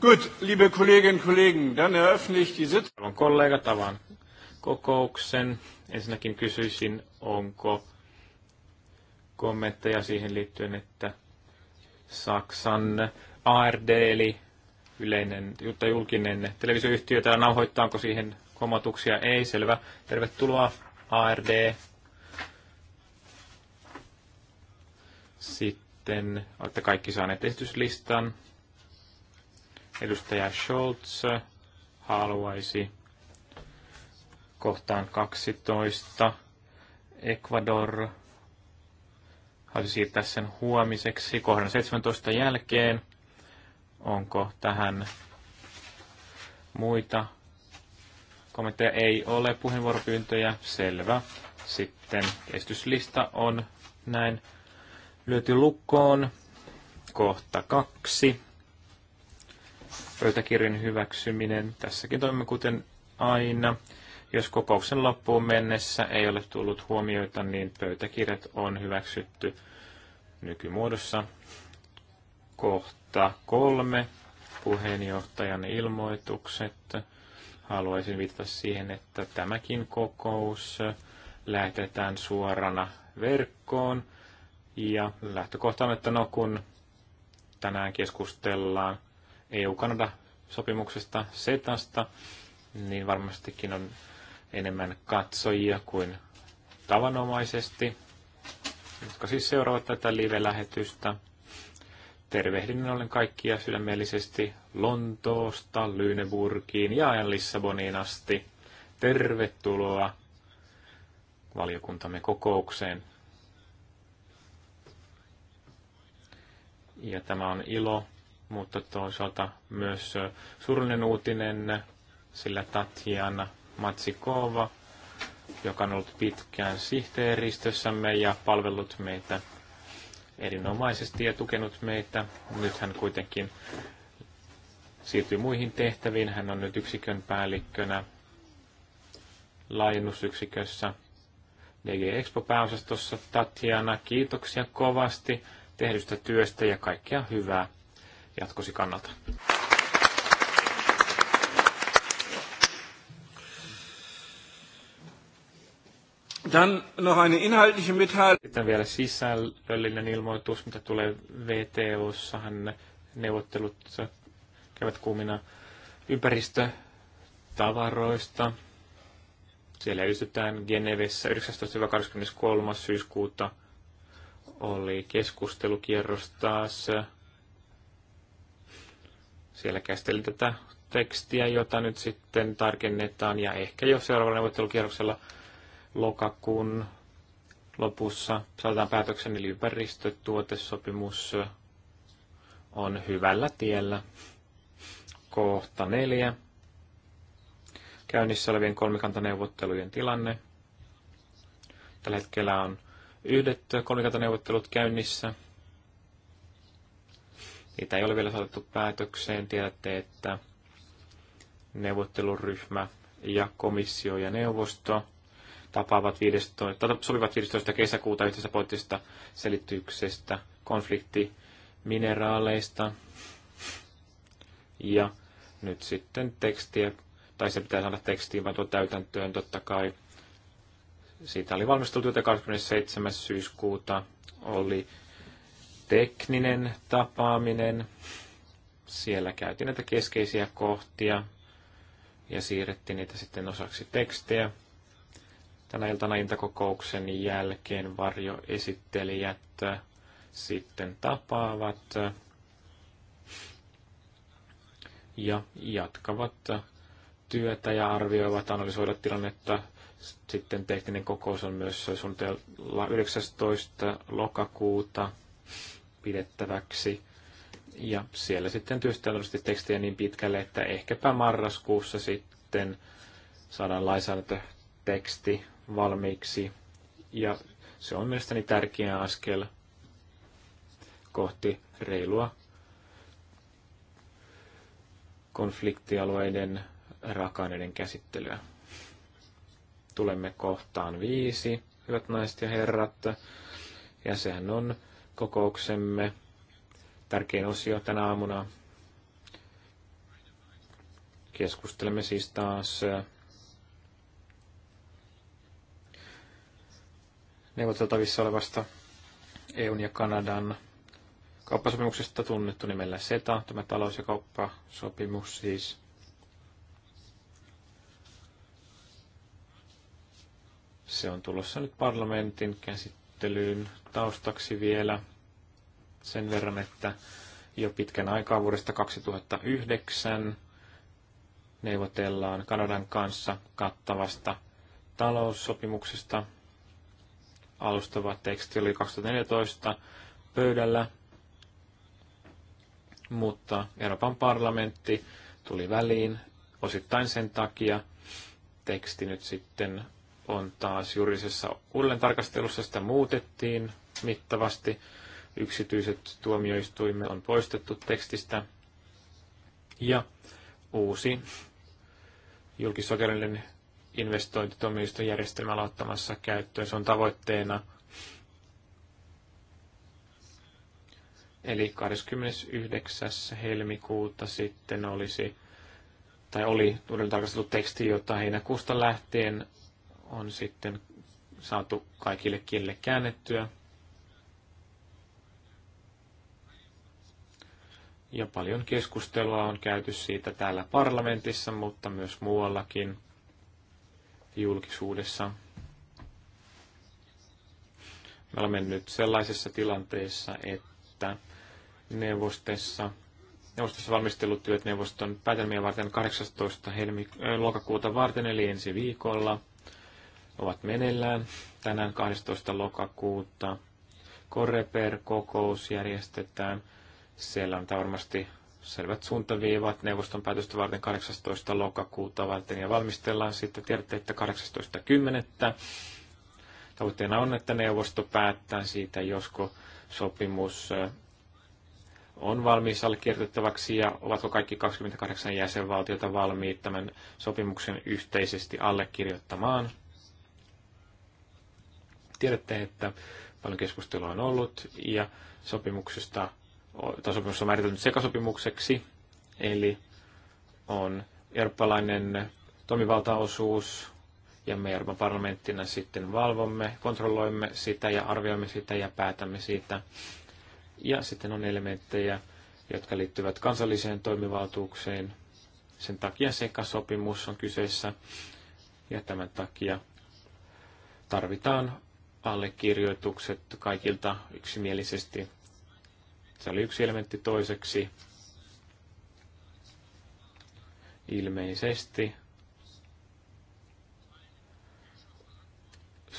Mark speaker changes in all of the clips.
Speaker 1: Gut, liebe Kolleginnen Kollegen, dann eröffne ich die Sitzung. kollegat Tavan, kokouksen. Ensinnäkin kysyisin, onko kommentteja siihen liittyen, että Saksan ARD eli yleinen tai julkinen televisioyhtiö täällä nauhoittaa, siihen komotuksia? Ei, selvä. Tervetuloa ARD. Sitten olette kaikki saaneet esityslistan. Edustaja Scholz haluaisi kohtaan 12. Ecuador haluaisi siirtää sen huomiseksi kohdan 17 jälkeen. Onko tähän muita kommentteja? Ei ole puheenvuoropyyntöjä. Selvä. Sitten esityslista on näin lyöty lukkoon. Kohta kaksi pöytäkirjan hyväksyminen. Tässäkin toimimme kuten aina. Jos kokouksen loppuun mennessä ei ole tullut huomioita, niin pöytäkirjat on hyväksytty nykymuodossa. Kohta kolme, puheenjohtajan ilmoitukset. Haluaisin viitata siihen, että tämäkin kokous lähetetään suorana verkkoon. Ja lähtökohta on, että no kun tänään keskustellaan EU-Kanada-sopimuksesta SETAsta, niin varmastikin on enemmän katsojia kuin tavanomaisesti, jotka siis seuraavat tätä live-lähetystä. Tervehdin olen kaikkia sydämellisesti Lontoosta, Lyneburgiin ja ajan Lissaboniin asti. Tervetuloa valiokuntamme kokoukseen. Ja tämä on ilo mutta toisaalta myös surullinen uutinen, sillä Tatjana Matsikova, joka on ollut pitkään sihteeristössämme ja palvellut meitä erinomaisesti ja tukenut meitä. Nyt hän kuitenkin siirtyy muihin tehtäviin. Hän on nyt yksikön päällikkönä laajennusyksikössä DG Expo pääosastossa. Tatjana, kiitoksia kovasti tehdystä työstä ja kaikkea hyvää jatkosi kannalta. Dann noch eine inhaltliche Mitteilung. Sitten vielä sisällöllinen ilmoitus, mitä tulee VTOssahan neuvottelut käyvät kuumina ympäristötavaroista. Siellä ystytään Genevessä 19-23. syyskuuta oli keskustelukierros taas siellä käsitellään tätä tekstiä, jota nyt sitten tarkennetaan ja ehkä jo seuraavalla neuvottelukierroksella lokakuun lopussa saadaan päätöksen, eli ympäristötuotesopimus on hyvällä tiellä. Kohta neljä. Käynnissä olevien kolmikantaneuvottelujen tilanne. Tällä hetkellä on yhdet kolmikantaneuvottelut käynnissä. Niitä ei ole vielä saatettu päätökseen. Tiedätte, että neuvotteluryhmä ja komissio ja neuvosto tapaavat 15, sopivat 15. kesäkuuta yhteisestä poliittisesta selityksestä konfliktimineraaleista. Ja nyt sitten tekstiä, tai se pitää saada tekstiin, vaan tuo täytäntöön totta kai. Siitä oli valmisteltu 27. syyskuuta oli tekninen tapaaminen. Siellä käytiin näitä keskeisiä kohtia ja siirrettiin niitä sitten osaksi tekstejä. Tänä iltana intakokouksen jälkeen varjoesittelijät sitten tapaavat ja jatkavat työtä ja arvioivat, analysoida tilannetta. Sitten tekninen kokous on myös suunnitella 19. lokakuuta pidettäväksi. Ja siellä sitten työstellään tekstiä niin pitkälle, että ehkäpä marraskuussa sitten saadaan lainsäädäntöteksti valmiiksi. Ja se on mielestäni tärkeä askel kohti reilua konfliktialueiden rakaneiden käsittelyä. Tulemme kohtaan viisi, hyvät naiset ja herrat. Ja sehän on kokouksemme tärkein osio tänä aamuna. Keskustelemme siis taas äh, neuvoteltavissa olevasta EUn ja Kanadan kauppasopimuksesta tunnettu nimellä SETA, tämä talous- ja kauppasopimus siis. Se on tulossa nyt parlamentin käsittelyyn käsittelyyn taustaksi vielä sen verran, että jo pitkän aikaa vuodesta 2009 neuvotellaan Kanadan kanssa kattavasta taloussopimuksesta. Alustava teksti oli 2014 pöydällä, mutta Euroopan parlamentti tuli väliin osittain sen takia. Teksti nyt sitten on taas juridisessa tarkastelussa sitä muutettiin mittavasti. Yksityiset tuomioistuimet on poistettu tekstistä. Ja uusi julkisoikeudellinen järjestelmä ottamassa käyttöön. Se on tavoitteena Eli 29. helmikuuta sitten olisi, tai oli uudelleen tarkasteltu teksti, jota heinäkuusta lähtien on sitten saatu kaikille kielille käännettyä. Ja paljon keskustelua on käyty siitä täällä parlamentissa, mutta myös muuallakin julkisuudessa. Me olemme nyt sellaisessa tilanteessa, että neuvostossa neuvostossa valmistelutyöt neuvoston päätelmiä varten 18. Helmi- lokakuuta varten, eli ensi viikolla – ovat meneillään. Tänään 12. lokakuuta Koreper-kokous järjestetään. Siellä on varmasti selvät suuntaviivat neuvoston päätöstä varten 18. lokakuuta varten ja valmistellaan sitten tiedätte, että 18.10. Tavoitteena on, että neuvosto päättää siitä, josko sopimus on valmis allekirjoitettavaksi ja ovatko kaikki 28 jäsenvaltiota valmiit tämän sopimuksen yhteisesti allekirjoittamaan. Tiedätte, että paljon keskustelua on ollut ja sopimuksesta, tai sopimus on määritelty sekasopimukseksi, eli on eurooppalainen toimivaltaosuus, ja me Euroopan parlamenttina sitten valvomme, kontrolloimme sitä ja arvioimme sitä ja päätämme siitä. Ja sitten on elementtejä, jotka liittyvät kansalliseen toimivaltuukseen. Sen takia sekasopimus on kyseessä ja tämän takia tarvitaan allekirjoitukset kaikilta yksimielisesti. Se oli yksi elementti toiseksi. Ilmeisesti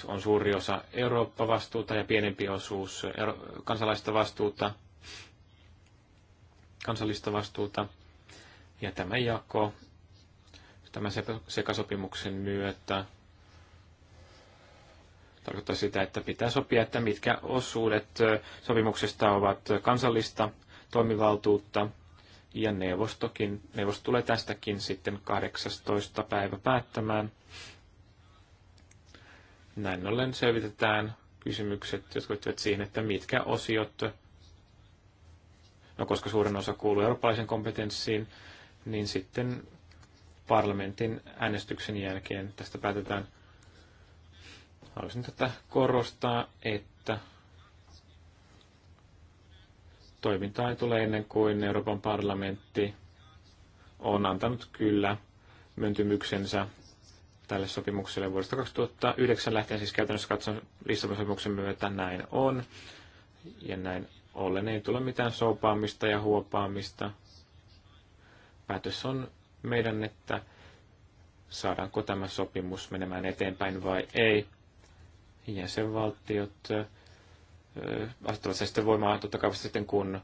Speaker 1: on suuri osa Eurooppa-vastuuta ja pienempi osuus kansalaista vastuuta, kansallista vastuuta. Ja tämä jako tämän sekasopimuksen myötä tarkoittaa sitä, että pitää sopia, että mitkä osuudet sopimuksesta ovat kansallista toimivaltuutta. Ja neuvostokin, neuvosto tulee tästäkin sitten 18. päivä päättämään. Näin ollen selvitetään kysymykset, jotka liittyvät siihen, että mitkä osiot, no koska suurin osa kuuluu eurooppalaisen kompetenssiin, niin sitten parlamentin äänestyksen jälkeen tästä päätetään Haluaisin tätä korostaa, että toiminta ei tule ennen kuin Euroopan parlamentti on antanut kyllä myöntymyksensä tälle sopimukselle vuodesta 2009 lähtien, siis käytännössä katson Lissabon sopimuksen myötä näin on, ja näin ollen ei tule mitään soupaamista ja huopaamista. Päätös on meidän, että saadaanko tämä sopimus menemään eteenpäin vai ei jäsenvaltiot asettavat sen sitten voimaan totta kai sitten, kun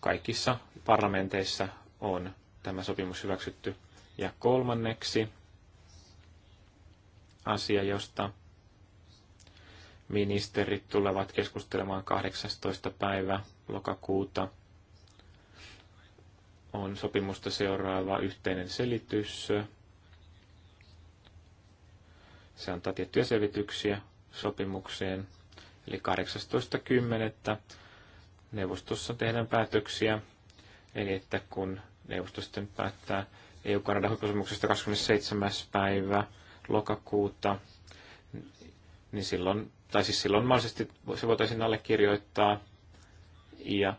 Speaker 1: kaikissa parlamenteissa on tämä sopimus hyväksytty. Ja kolmanneksi asia, josta ministerit tulevat keskustelemaan 18. päivä lokakuuta, on sopimusta seuraava yhteinen selitys. Se antaa tiettyjä selvityksiä, sopimukseen. Eli 18.10. neuvostossa tehdään päätöksiä. Eli että kun neuvosto sitten päättää EU-Kanadan huippusopimuksesta 27. päivä lokakuuta, niin silloin, tai siis silloin mahdollisesti se voitaisiin allekirjoittaa ja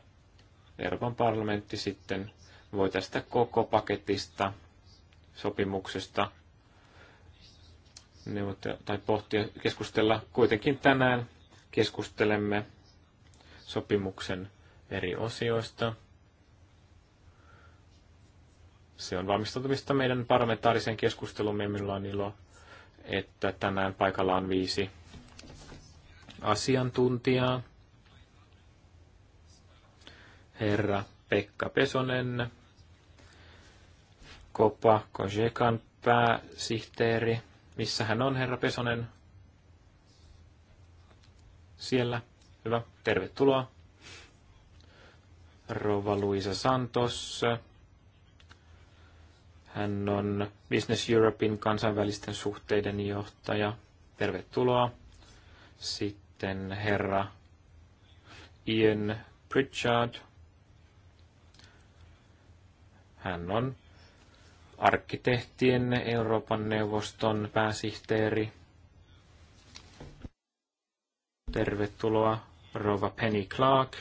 Speaker 1: Euroopan parlamentti sitten voi tästä koko paketista sopimuksesta neuvotella tai pohtia, keskustella. Kuitenkin tänään keskustelemme sopimuksen eri osioista. Se on valmistautumista meidän parlamentaariseen keskustelumme, Meillä on ilo, että tänään paikalla on viisi asiantuntijaa. Herra Pekka Pesonen, Kopa Kojekan pääsihteeri, missä hän on, herra Pesonen? Siellä. Hyvä. Tervetuloa. Rova Luisa Santos. Hän on Business Europein kansainvälisten suhteiden johtaja. Tervetuloa. Sitten herra Ian Pritchard. Hän on arkkitehtien Euroopan neuvoston pääsihteeri. Tervetuloa Rova Penny Clark.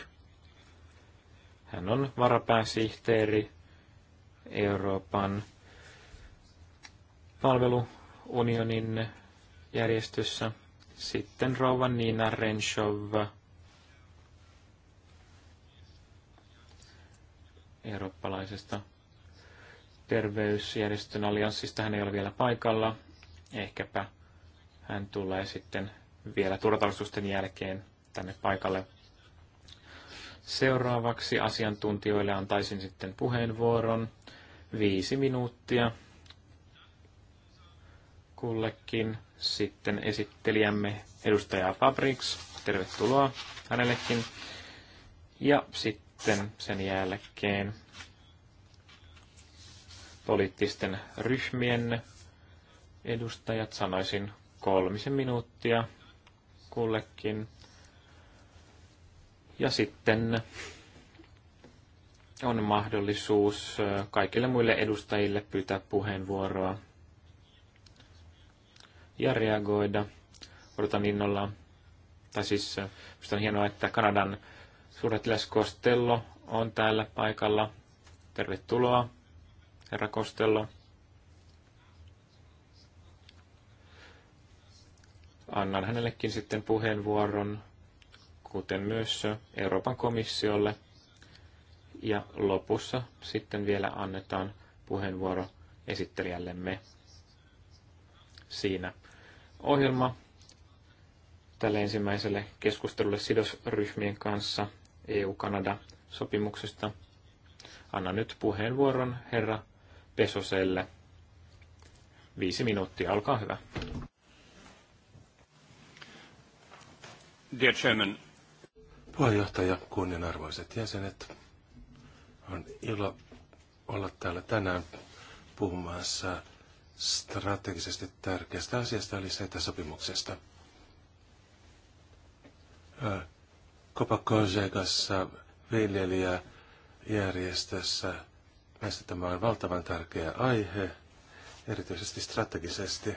Speaker 1: Hän on varapääsihteeri Euroopan palveluunionin järjestössä. Sitten Rova Nina Renshov, eurooppalaisesta terveysjärjestön allianssista. Hän ei ole vielä paikalla. Ehkäpä hän tulee sitten vielä turvallisuusten jälkeen tänne paikalle. Seuraavaksi asiantuntijoille antaisin sitten puheenvuoron. Viisi minuuttia kullekin. Sitten esittelijämme edustaja Fabriks. Tervetuloa hänellekin. Ja sitten sen jälkeen poliittisten ryhmien edustajat, sanoisin kolmisen minuuttia kullekin. Ja sitten on mahdollisuus kaikille muille edustajille pyytää puheenvuoroa ja reagoida. Odotan innolla, tai siis minusta on hienoa, että Kanadan suurlähettiläs Costello on täällä paikalla. Tervetuloa herra Kostello, Annan hänellekin sitten puheenvuoron, kuten myös Euroopan komissiolle. Ja lopussa sitten vielä annetaan puheenvuoro esittelijällemme. Siinä ohjelma tälle ensimmäiselle keskustelulle sidosryhmien kanssa EU-Kanada-sopimuksesta. Anna nyt puheenvuoron herra Pesoselle. Viisi minuuttia, olkaa hyvä.
Speaker 2: Dear Chairman. Puheenjohtaja, kunnianarvoiset jäsenet, on ilo olla täällä tänään puhumassa strategisesti tärkeästä asiasta eli CETA-sopimuksesta. Copacosegassa viljelijäjärjestössä Meistä tämä on valtavan tärkeä aihe, erityisesti strategisesti.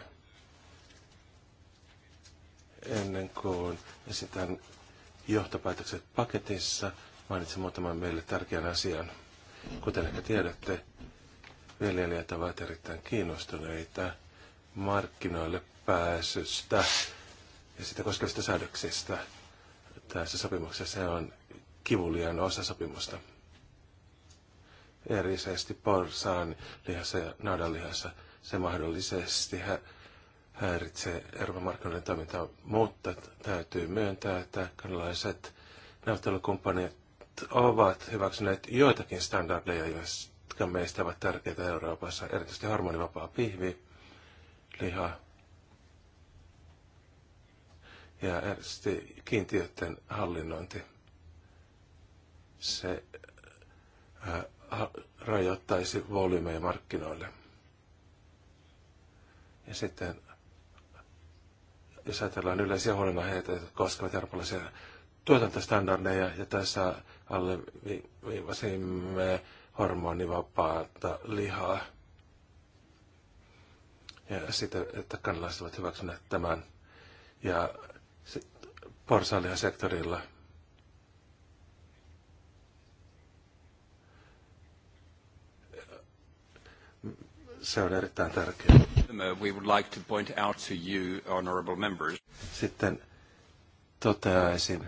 Speaker 2: Ennen kuin esitän johtopäätökset paketissa, mainitsen muutaman meille tärkeän asian. Kuten ehkä tiedätte, viljelijät ovat erittäin kiinnostuneita markkinoille pääsystä ja sitä koskevista säädöksistä. Tässä sopimuksessa se on kivulian osa sopimusta erisesti porsaan lihassa ja lihassa. Se mahdollisesti hä- häiritsee ervomarkkinoiden toimintaa, mutta täytyy myöntää, että kanalaiset neuvottelukumppanit ovat hyväksyneet joitakin standardeja, jotka meistä ovat tärkeitä Euroopassa, erityisesti hormonivapaa pihvi, liha ja erityisesti kiintiöiden hallinnointi. Se ää, äh, rajoittaisi volyymeja markkinoille. Ja sitten, jos ajatellaan yleisiä huolenaiheita, jotka koskevat eurooppalaisia tuotantostandardeja, ja tässä alle viivasimme hormonivapaata lihaa. Ja sitten että kannalaiset ovat hyväksyneet tämän. Ja porsaalihasektorilla sektorilla se on erittäin tärkeää. Um, uh, we would like to point out to you, honorable members. Sitten toteaisin,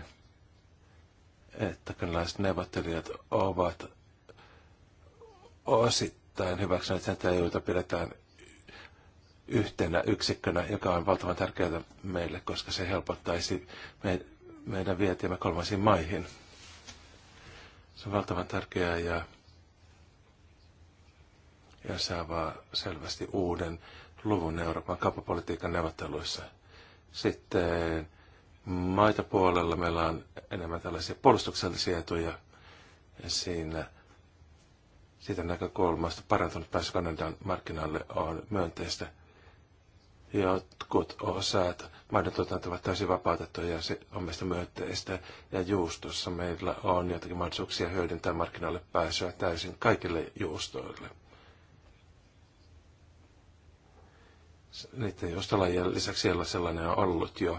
Speaker 2: että kanalaiset neuvottelijat ovat osittain hyväksyneet sen, että EUta pidetään yhtenä yksikkönä, joka on valtavan tärkeää meille, koska se helpottaisi me, meidän vietiämme kolmansiin maihin. Se on valtavan tärkeää ja ja se avaa selvästi uuden luvun Euroopan kauppapolitiikan neuvotteluissa. Sitten maita puolella meillä on enemmän tällaisia puolustuksellisia etuja siinä siitä näkökulmasta parantunut pääsy Kanadan markkinoille on myönteistä. Jotkut osat maiden tuotanto ovat täysin vapautettuja ja se on meistä myönteistä. Ja juustossa meillä on jotakin mahdollisuuksia hyödyntää markkinoille pääsyä täysin kaikille juustoille. niiden ostolajien lisäksi siellä sellainen on ollut jo.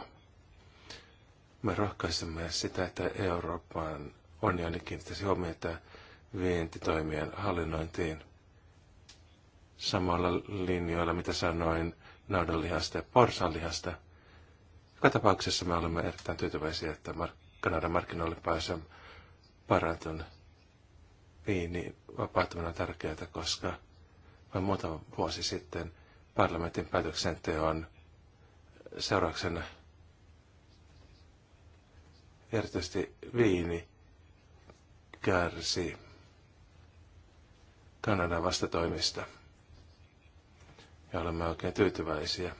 Speaker 2: Me rohkaisemme sitä, että Euroopan unioni kiinnittäisi huomiota vientitoimien hallinnointiin samalla linjoilla, mitä sanoin naudanlihasta ja porsanlihasta. Joka tapauksessa me olemme erittäin tyytyväisiä, että Kanadan markkinoille pääsee parantun viini vapauttaminen on tärkeää, koska vain muutama vuosi sitten – parlamentin päätöksenteon seurauksena. Erityisesti Viini kärsi Kanadan vastatoimista. Ja olemme oikein tyytyväisiä,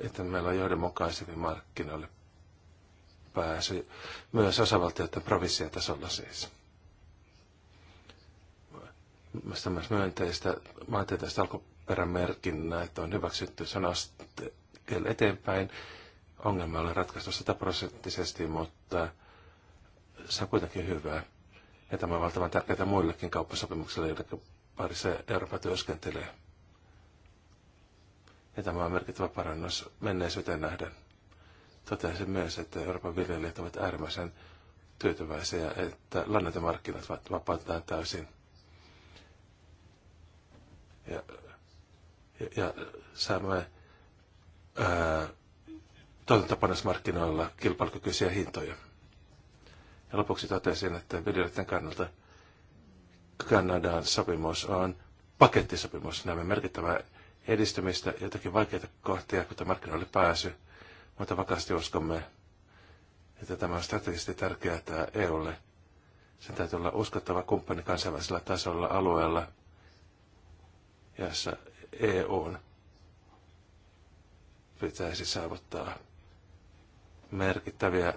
Speaker 2: että meillä on johdonmukaisempi markkinoille pääsy myös osavaltioiden provinssiatasolla siis mä myös myönteistä maantieteistä että on hyväksytty, se on askel eteenpäin. Ongelma ei ratkaistu sataprosenttisesti, mutta se on kuitenkin hyvää. Ja tämä on valtavan tärkeää muillekin kauppasopimuksille, joiden parissa Eurooppa työskentelee. Ja tämä on merkittävä parannus menneisyyteen nähden. Totesin myös, että Euroopan viljelijät ovat äärimmäisen tyytyväisiä, että lannoitemarkkinat vapautetaan täysin ja, ja, ja saamme tuotantopanosmarkkinoilla kilpailukykyisiä hintoja. Ja lopuksi totesin, että viljelijöiden kannalta Kanadan sopimus on pakettisopimus. nämä merkittävää edistymistä, jotakin vaikeita kohtia, kuten markkinoille pääsy, mutta vakaasti uskomme, että tämä on strategisesti tärkeää EUlle. Sen täytyy olla uskottava kumppani kansainvälisellä tasolla alueella – jossa EU pitäisi saavuttaa merkittäviä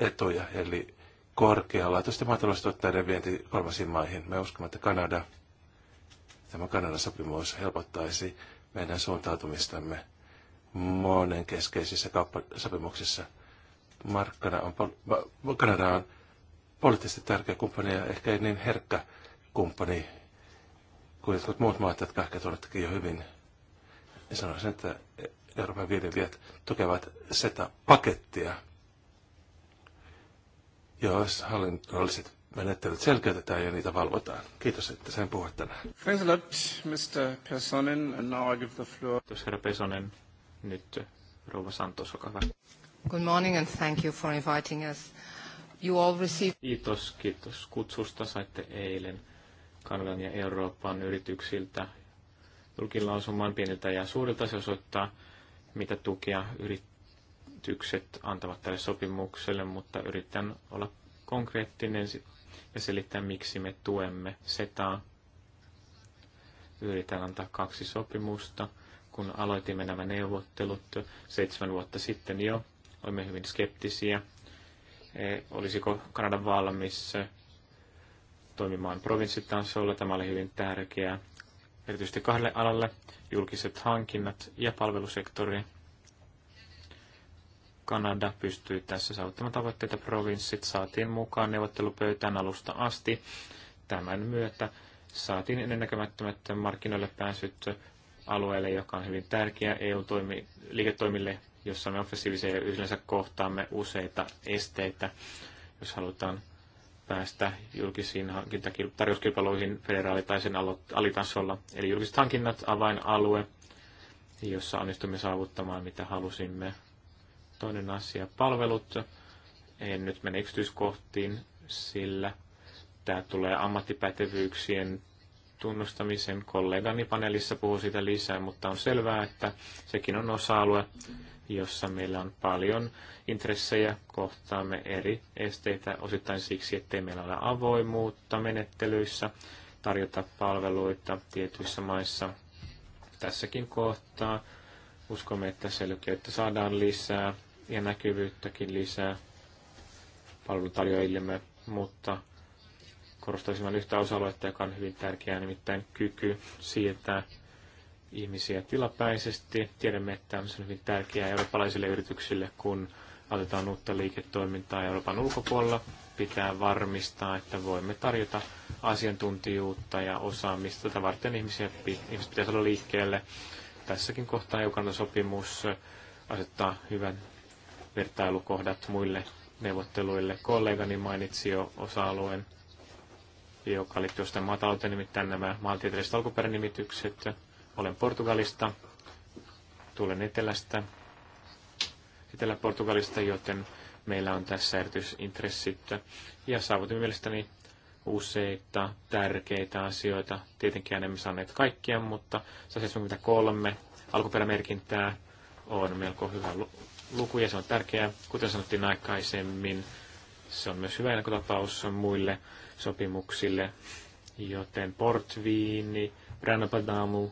Speaker 2: etuja, eli korkealaatuisten maataloustuotteiden vienti kolmasiin maihin. Me uskomme, että Kanada, tämä Kanadan sopimus helpottaisi meidän suuntautumistamme monen keskeisissä kauppasopimuksissa. Markkana on, Kanada on poliittisesti tärkeä kumppani ja ehkä ei niin herkkä kumppani kuin jotkut muut maat, jotka ehkä tunnettekin jo hyvin, niin sanoisin, että Euroopan viljelijät tukevat seta pakettia, jos hallinnolliset menettelyt selkeytetään ja niitä valvotaan. Kiitos, että sen puhuit tänään. Thanks a lot, Mr.
Speaker 1: Personen, and now I give the floor. Kiitos, herra Pesonen. Nyt rouva Santos, olkaa hyvä. Good morning and thank you for inviting us. You all received... Kiitos, kiitos kutsusta. Saitte eilen Kanadan ja Euroopan yrityksiltä julkilausumaan pieniltä ja suurilta. Se osoittaa, mitä tukea yritykset antavat tälle sopimukselle, mutta yritän olla konkreettinen ja selittää, miksi me tuemme SETAa. Yritän antaa kaksi sopimusta. Kun aloitimme nämä neuvottelut seitsemän vuotta sitten jo, olimme hyvin skeptisiä. E, olisiko Kanada valmis toimimaan provinssitasolla. Tämä oli hyvin tärkeää, erityisesti kahdelle alalle, julkiset hankinnat ja palvelusektori. Kanada pystyi tässä saavuttamaan tavoitteita. Provinssit saatiin mukaan neuvottelupöytään alusta asti. Tämän myötä saatiin ennennäkemättömät markkinoille pääsyt alueelle, joka on hyvin tärkeä EU-liiketoimille, jossa me offensiivisia yleensä kohtaamme useita esteitä, jos halutaan päästä julkisiin tarjouskilpailuihin federaali- tai sen alitasolla. Eli julkiset hankinnat, avainalue, jossa onnistumme saavuttamaan mitä halusimme. Toinen asia, palvelut. En nyt mene yksityiskohtiin, sillä tämä tulee ammattipätevyyksien tunnustamisen. Kollegani paneelissa puhuu siitä lisää, mutta on selvää, että sekin on osa-alue, jossa meillä on paljon intressejä, kohtaamme eri esteitä osittain siksi, ettei meillä ole avoimuutta menettelyissä, tarjota palveluita tietyissä maissa. Tässäkin kohtaa uskomme, että selkeyttä saadaan lisää ja näkyvyyttäkin lisää palvelutarjoajillemme, mutta korostaisin vain yhtä osa-aluetta, joka on hyvin tärkeää, nimittäin kyky sietää ihmisiä tilapäisesti. Tiedämme, että tämä on hyvin tärkeää eurooppalaisille yrityksille, kun aloitetaan uutta liiketoimintaa Euroopan ulkopuolella. Pitää varmistaa, että voimme tarjota asiantuntijuutta ja osaamista. Tätä varten ihmisiä, ihmiset pitäisi olla liikkeelle. Tässäkin kohtaa Eukanon sopimus asettaa hyvän vertailukohdat muille neuvotteluille. Kollegani mainitsi jo osa-alueen, joka liittyy jostain maatalouteen, nimittäin nämä maantieteelliset alkuperänimitykset olen Portugalista, tulen etelästä, Etelä-Portugalista, joten meillä on tässä erityisintressit ja saavutin mielestäni useita tärkeitä asioita. Tietenkin emme saaneet kaikkia, mutta 173 alkuperämerkintää on melko hyvä luku ja se on tärkeää. Kuten sanottiin aikaisemmin, se on myös hyvä ennakkotapaus muille sopimuksille, joten portviini, Branapadamu,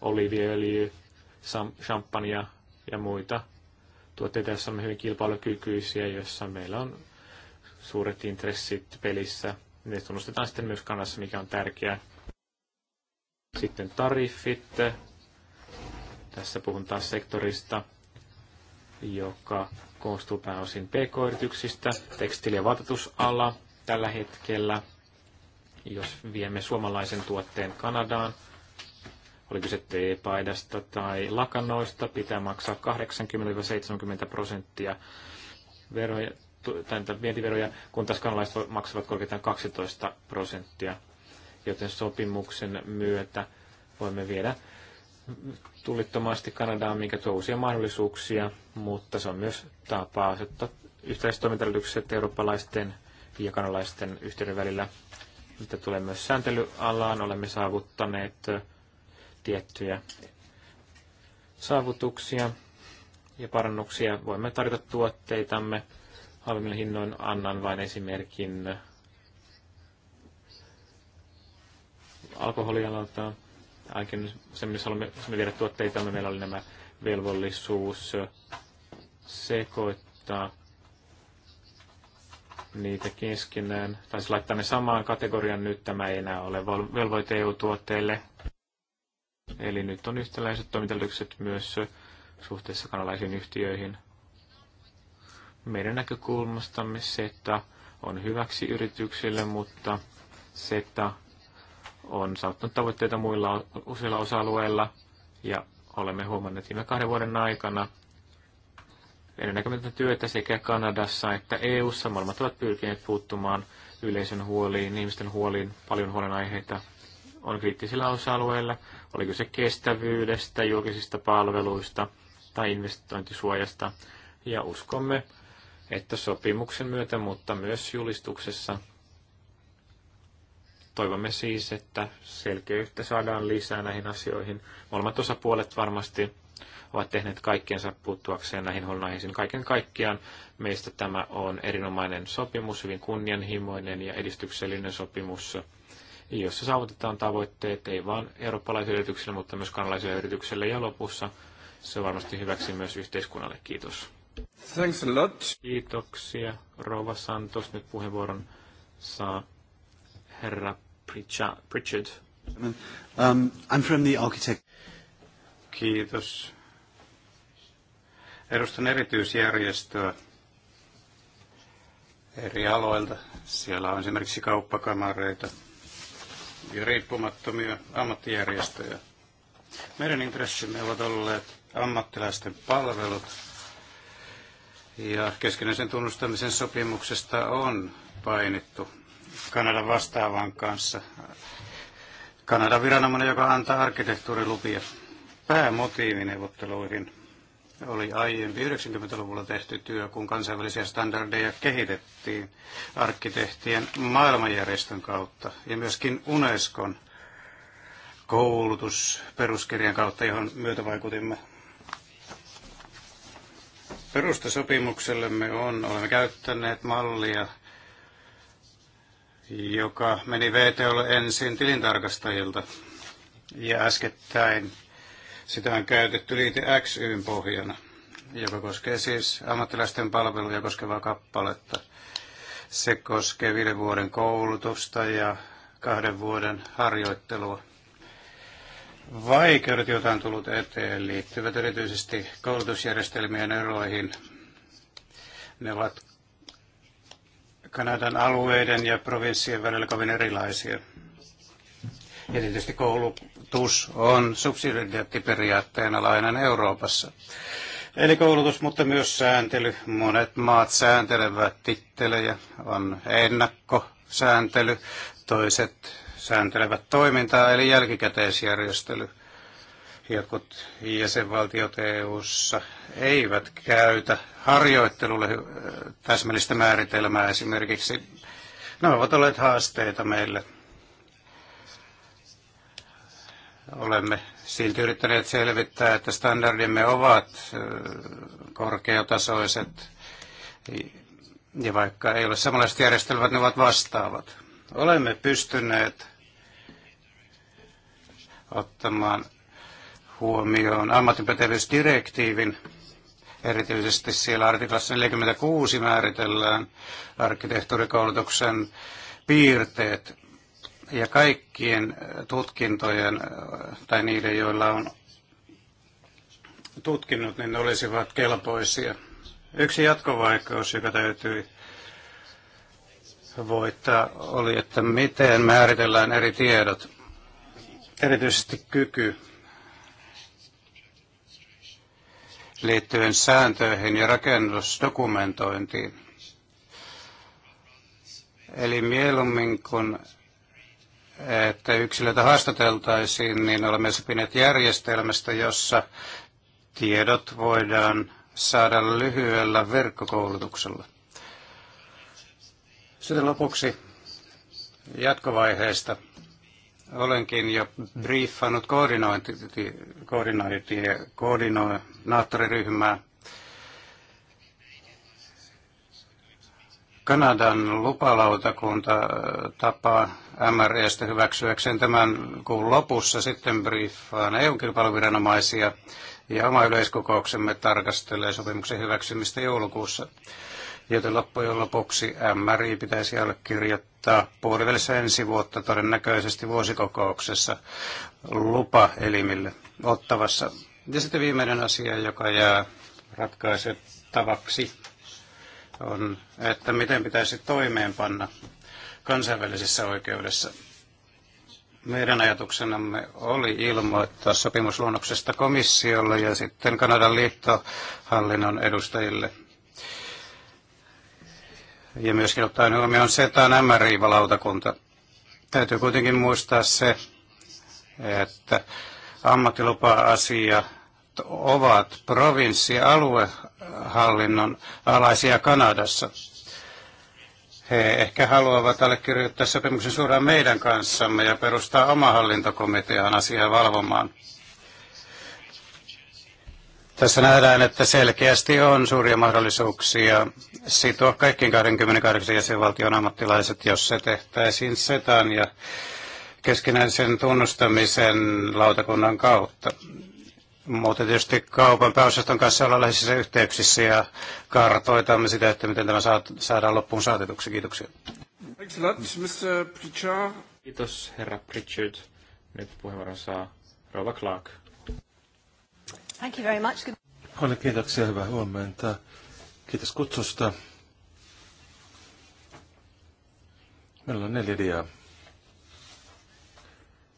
Speaker 1: oliiviöljy, champagne ja muita tuotteita, joissa on hyvin kilpailukykyisiä, joissa meillä on suuret intressit pelissä. Ne tunnustetaan sitten myös kannassa, mikä on tärkeää. Sitten tariffit. Tässä puhun taas sektorista, joka koostuu pääosin pk-yrityksistä, tekstiili- ja vaatetusala tällä hetkellä. Jos viemme suomalaisen tuotteen Kanadaan, oli kyse teepaidasta tai lakanoista, pitää maksaa 80-70 prosenttia veroja, tai vientiveroja, kun taas kanalaiset maksavat korkeintaan 12 prosenttia. Joten sopimuksen myötä voimme viedä tullittomasti Kanadaan, mikä tuo uusia mahdollisuuksia, mutta se on myös tapa asettaa yhtäläiset eurooppalaisten ja kanalaisten yhteyden välillä. Mitä tulee myös sääntelyalaan, olemme saavuttaneet tiettyjä saavutuksia ja parannuksia. Voimme tarjota tuotteitamme halvemmilla hinnoin. Annan vain esimerkin alkoholialalta. Se, missä haluamme viedä tuotteitamme, meillä oli nämä velvollisuus sekoittaa niitä keskenään. Tai laittaa ne samaan kategorian nyt, tämä ei enää ole velvoite EU-tuotteille. Eli nyt on yhtäläiset toimintaedellytykset myös suhteessa kanalaisiin yhtiöihin. Meidän näkökulmastamme SETA on hyväksi yrityksille, mutta SETA on saattanut tavoitteita muilla useilla osa-alueilla ja olemme huomanneet viime kahden vuoden aikana ennennäkemätöntä työtä sekä Kanadassa että EU-ssa. Molemmat ovat pyrkineet puuttumaan yleisön huoliin, ihmisten huoliin, paljon huolenaiheita on kriittisillä osa-alueilla, oliko se kestävyydestä, julkisista palveluista tai investointisuojasta. Ja uskomme, että sopimuksen myötä, mutta myös julistuksessa toivomme siis, että selkeyttä saadaan lisää näihin asioihin. Molemmat osapuolet varmasti ovat tehneet kaikkiensa puuttuakseen näihin huolenaiheisiin. Kaiken kaikkiaan meistä tämä on erinomainen sopimus, hyvin kunnianhimoinen ja edistyksellinen sopimus jossa saavutetaan tavoitteet ei vain eurooppalaisille yrityksille, mutta myös kanalaisille yrityksille. Ja lopussa se on varmasti hyväksi myös yhteiskunnalle. Kiitos. Thanks a lot. Kiitoksia. Rova Santos nyt puheenvuoron saa herra Pritchard. Um, I'm from the architect. Kiitos.
Speaker 3: Edustan erityisjärjestöä eri aloilta. Siellä on esimerkiksi kauppakamareita, ja riippumattomia ammattijärjestöjä. Meidän intressimme ovat olleet ammattilaisten palvelut ja keskinäisen tunnustamisen sopimuksesta on painittu Kanadan vastaavan kanssa. Kanadan viranomainen, joka antaa arkkitehtuurilupia. Päämotiivi neuvotteluihin oli aiempi 90-luvulla tehty työ, kun kansainvälisiä standardeja kehitettiin arkkitehtien maailmanjärjestön kautta ja myöskin Unescon koulutusperuskirjan kautta, johon vaikutimme. Perustasopimuksellemme on, olemme käyttäneet mallia, joka meni VTOlle ensin tilintarkastajilta ja äskettäin sitä on käytetty liite XYn pohjana, joka koskee siis ammattilaisten palveluja koskevaa kappaletta. Se koskee viiden vuoden koulutusta ja kahden vuoden harjoittelua. Vaikeudet, joita on tullut eteen, liittyvät erityisesti koulutusjärjestelmien eroihin. Ne ovat Kanadan alueiden ja provinssien välillä kovin erilaisia. Ja tietysti koulu, koulutus on subsidiariteettiperiaatteen alainen Euroopassa. Eli koulutus, mutta myös sääntely. Monet maat sääntelevät tittelejä, on ennakkosääntely, toiset sääntelevät toimintaa, eli jälkikäteisjärjestely. Jotkut jäsenvaltiot EU-ssa eivät käytä harjoittelulle täsmällistä määritelmää esimerkiksi. Nämä ovat olleet haasteita meille Olemme silti yrittäneet selvittää, että standardimme ovat korkeatasoiset ja vaikka ei ole samanlaiset järjestelmät, ne ovat vastaavat. Olemme pystyneet ottamaan huomioon ammattipätevyysdirektiivin. Erityisesti siellä artiklassa 46 määritellään arkkitehtuurikoulutuksen piirteet ja kaikkien äh, tutkintojen äh, tai niiden, joilla on tutkinnut, niin ne olisivat kelpoisia. Yksi jatkovaikeus, joka täytyy voittaa, oli, että miten määritellään eri tiedot, erityisesti kyky liittyen sääntöihin ja rakennusdokumentointiin. Eli mieluummin kun että yksilöitä haastateltaisiin, niin olemme sopineet järjestelmästä, jossa tiedot voidaan saada lyhyellä verkkokoulutuksella. Sitten lopuksi jatkovaiheesta. Olenkin jo briefannut koordinointi, koordinaattoriryhmää Kanadan lupalautakunta tapaa MREstä hyväksyäkseen tämän kuun lopussa. Sitten briefaan eu kilpailuviranomaisia ja oma yleiskokouksemme tarkastelee sopimuksen hyväksymistä joulukuussa. Joten loppujen lopuksi MRI pitäisi allekirjoittaa puolivälissä ensi vuotta todennäköisesti vuosikokouksessa lupaelimille ottavassa. Ja sitten viimeinen asia, joka jää ratkaisettavaksi on, että miten pitäisi toimeenpanna kansainvälisessä oikeudessa. Meidän ajatuksenamme oli ilmoittaa sopimusluonnoksesta komissiolle ja sitten Kanadan liittohallinnon edustajille. Ja myöskin ottaen huomioon SETAan MRI-valautakunta. Täytyy kuitenkin muistaa se, että ammattilupa-asia ovat provinssialuehallinnon alaisia Kanadassa he ehkä haluavat allekirjoittaa sopimuksen suoraan meidän kanssamme ja perustaa oma hallintokomitean asiaa valvomaan. Tässä nähdään, että selkeästi on suuria mahdollisuuksia sitoa kaikkiin 28 jäsenvaltion ammattilaiset, jos se tehtäisiin SETAn ja keskinäisen tunnustamisen lautakunnan kautta. Muuten tietysti kaupan pääosaston kanssa ollaan läheisissä yhteyksissä ja kartoitamme sitä, että miten tämä saadaan loppuun saatetuksi. Kiitoksia.
Speaker 1: Kiitos, herra Pritchard. Nyt puheenvuoron saa Rova Clark.
Speaker 3: Thank you very much.
Speaker 1: Good... kiitoksia,
Speaker 2: hyvää huomenta. Kiitos kutsusta. Meillä on neljä diaa.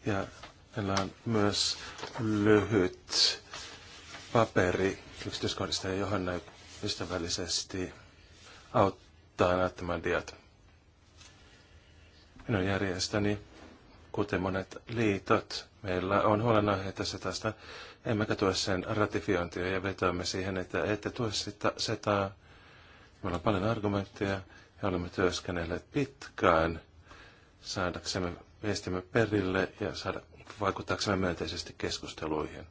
Speaker 2: Ja Meillä myös lyhyt paperi yksityiskohdista ja Johanna ystävällisesti auttaa näyttämään diat. Minun järjestäni, kuten monet liitot, meillä on huolenaihe tässä tästä, emmekä tue sen ratifiointia ja vetoamme siihen, että ette tue sitä, setaa. Meillä on paljon argumentteja ja olemme työskennelleet pitkään saadaksemme viestimme perille ja saada vaikuttaaksemme myönteisesti keskusteluihin.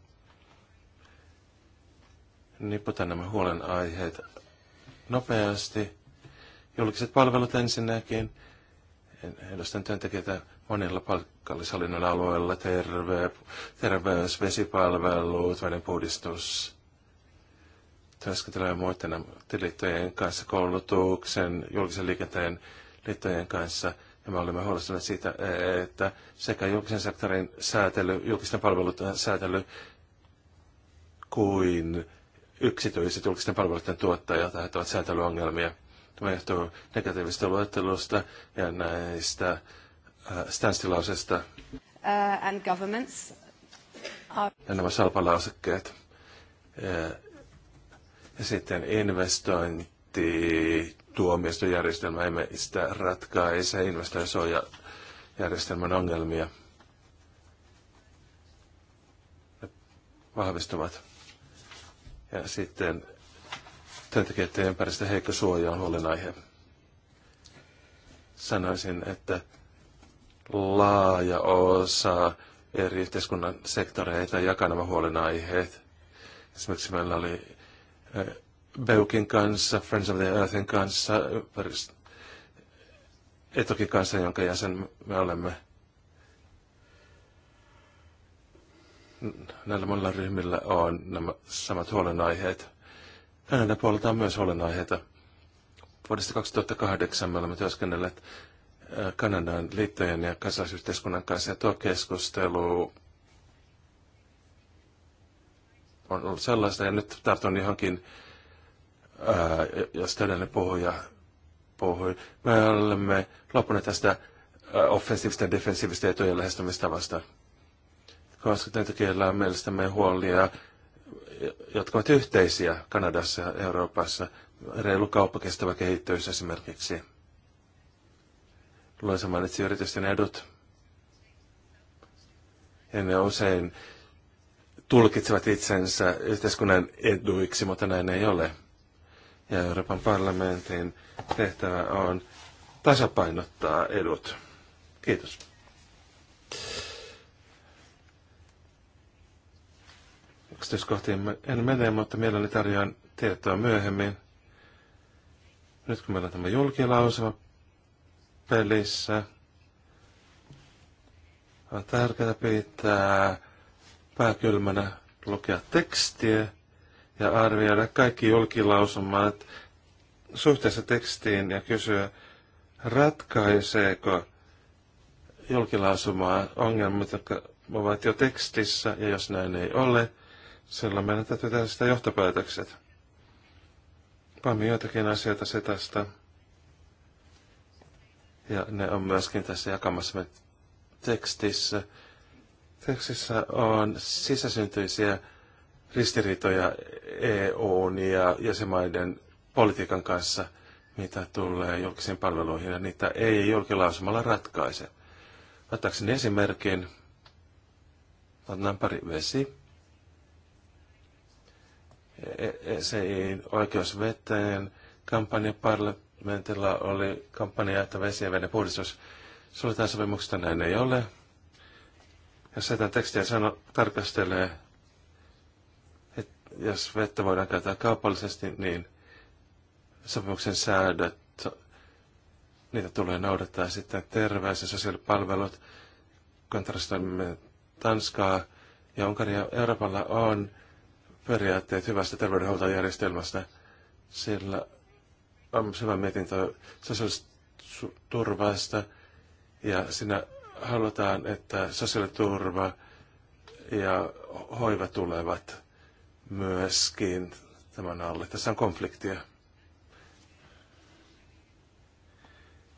Speaker 2: Niputan nämä huolenaiheet nopeasti. Julkiset palvelut ensinnäkin. Edustan työntekijöitä monilla palkallishallinnon alueilla. Terve, terveys, vesipalvelut, puhdistus. Työskentelee muiden liittojen kanssa, koulutuksen, julkisen liikenteen liittojen kanssa – ja me olemme huolestuneet siitä, että sekä julkisen sektorin säätely, julkisten palveluiden säätely kuin yksityiset julkisten palveluiden tuottajat aiheuttavat säätelyongelmia. Tämä johtuu negatiivisesta luettelusta ja näistä äh, standstillausesta. Uh, and
Speaker 3: governments are...
Speaker 2: Ja nämä salpalausekkeet. Ja, ja sitten investointi tuomioistuinjärjestelmä emme sitä ratkaise järjestelmän ongelmia. Ne vahvistuvat. Ja sitten työntekijöiden ympäristö heikko suoja on huolenaihe. Sanoisin, että laaja osa eri yhteiskunnan sektoreita jakaa nämä huolenaiheet. Esimerkiksi meillä oli eh, Beukin kanssa, Friends of the Earthin kanssa, Etokin kanssa, jonka jäsen me olemme. Näillä monilla ryhmillä on nämä samat huolenaiheet. Kanadan puolelta on myös huolenaiheita. Vuodesta 2008 me olemme työskennelleet äh, Kanadan liittojen ja kansalaisyhteiskunnan kanssa, ja tuo keskustelu on ollut sellaista, ja nyt tartun johonkin ää, jos edellinen puhuja puhui. Me olemme loppuneet tästä offensiivista ja defensiivistä etujen lähestymistavasta, koska työntekijöillä on mielestämme huolia, jotka ovat yhteisiä Kanadassa ja Euroopassa. Reilu kauppa, kestävä kehitys esimerkiksi. saman itse yritysten edut. Ja ne usein tulkitsevat itsensä yhteiskunnan eduiksi, mutta näin ei ole ja Euroopan parlamentin tehtävä on tasapainottaa edut. Kiitos. Yksityiskohtiin en mene, mutta mielelläni tarjoan tietoa myöhemmin. Nyt kun meillä on tämä julkilausuma pelissä, on tärkeää pitää pääkylmänä lukea tekstiä ja arvioida kaikki julkilausumat suhteessa tekstiin ja kysyä, ratkaiseeko julkilausumaa ongelmat, jotka ovat jo tekstissä, ja jos näin ei ole, silloin meidän täytyy tehdä sitä johtopäätökset. Pami joitakin asioita se tästä. Ja ne on myöskin tässä jakamassamme tekstissä. Tekstissä on sisäsyntyisiä ristiriitoja EUn ja jäsenmaiden politiikan kanssa, mitä tulee julkisiin palveluihin, ja niitä ei julkilausumalla ratkaise. Ottaakseni esimerkin, otetaan pari vesi. ECIin e oikeus veteen kampanja parlamentilla oli kampanja, että vesi ja veden puhdistus suljetaan sopimuksesta, näin ei ole. Jos tämän tekstiä sano, tarkastelee jos vettä voidaan käyttää kaupallisesti, niin sopimuksen säädöt, niitä tulee noudattaa sitten terveys- ja sosiaalipalvelut. Kontrastoimme Tanskaa ja Unkaria. Euroopalla on periaatteet hyvästä terveydenhuoltojärjestelmästä. Sillä on hyvä mietintö sosiaaliturvasta ja siinä halutaan, että sosiaaliturva ja hoiva tulevat myöskin tämän alle. Tässä on konfliktia.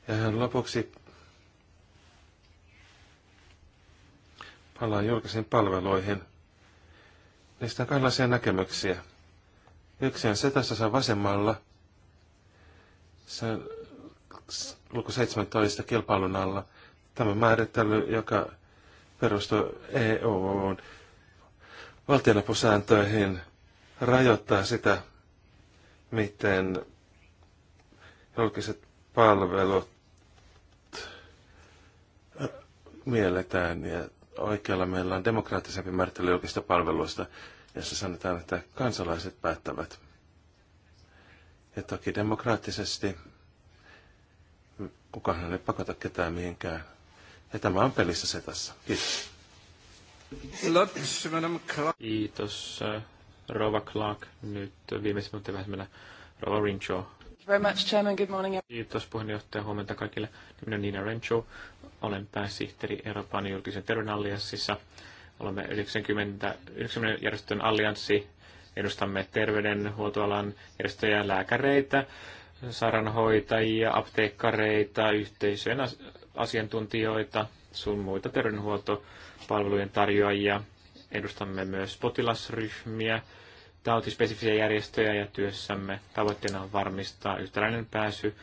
Speaker 2: Ja lopuksi palaan julkisiin palveluihin. Niistä on kaikenlaisia näkemyksiä. Yksi on se tässä vasemmalla. Se on luku 17 kilpailun alla. Tämä määrittely, joka perustuu on. E valtionapusääntöihin rajoittaa sitä, miten julkiset palvelut mielletään ja oikealla meillä on demokraattisempi määrittely julkista palveluista, jossa sanotaan, että kansalaiset päättävät. Ja toki demokraattisesti kukaan ei pakota ketään mihinkään. Ja tämä on pelissä se tässä. Kiitos.
Speaker 1: Kiitos, äh, Rova Clark. Nyt viimeisen minuutin vähän mennä Rova Rincho. Very much, Chairman. Good morning. Kiitos puheenjohtaja. Huomenta kaikille. olen Nina Rencho. Olen pääsihteeri Euroopan julkisen terveyden allianssissa. Olemme 90, 90 järjestön allianssi. Edustamme terveydenhuoltoalan järjestöjä, lääkäreitä, sairaanhoitajia, apteekkareita, yhteisöjen asiantuntijoita, sun muita terveydenhuoltoa palvelujen tarjoajia, edustamme myös potilasryhmiä, tautispesifisiä järjestöjä ja työssämme tavoitteena on varmistaa yhtäläinen pääsy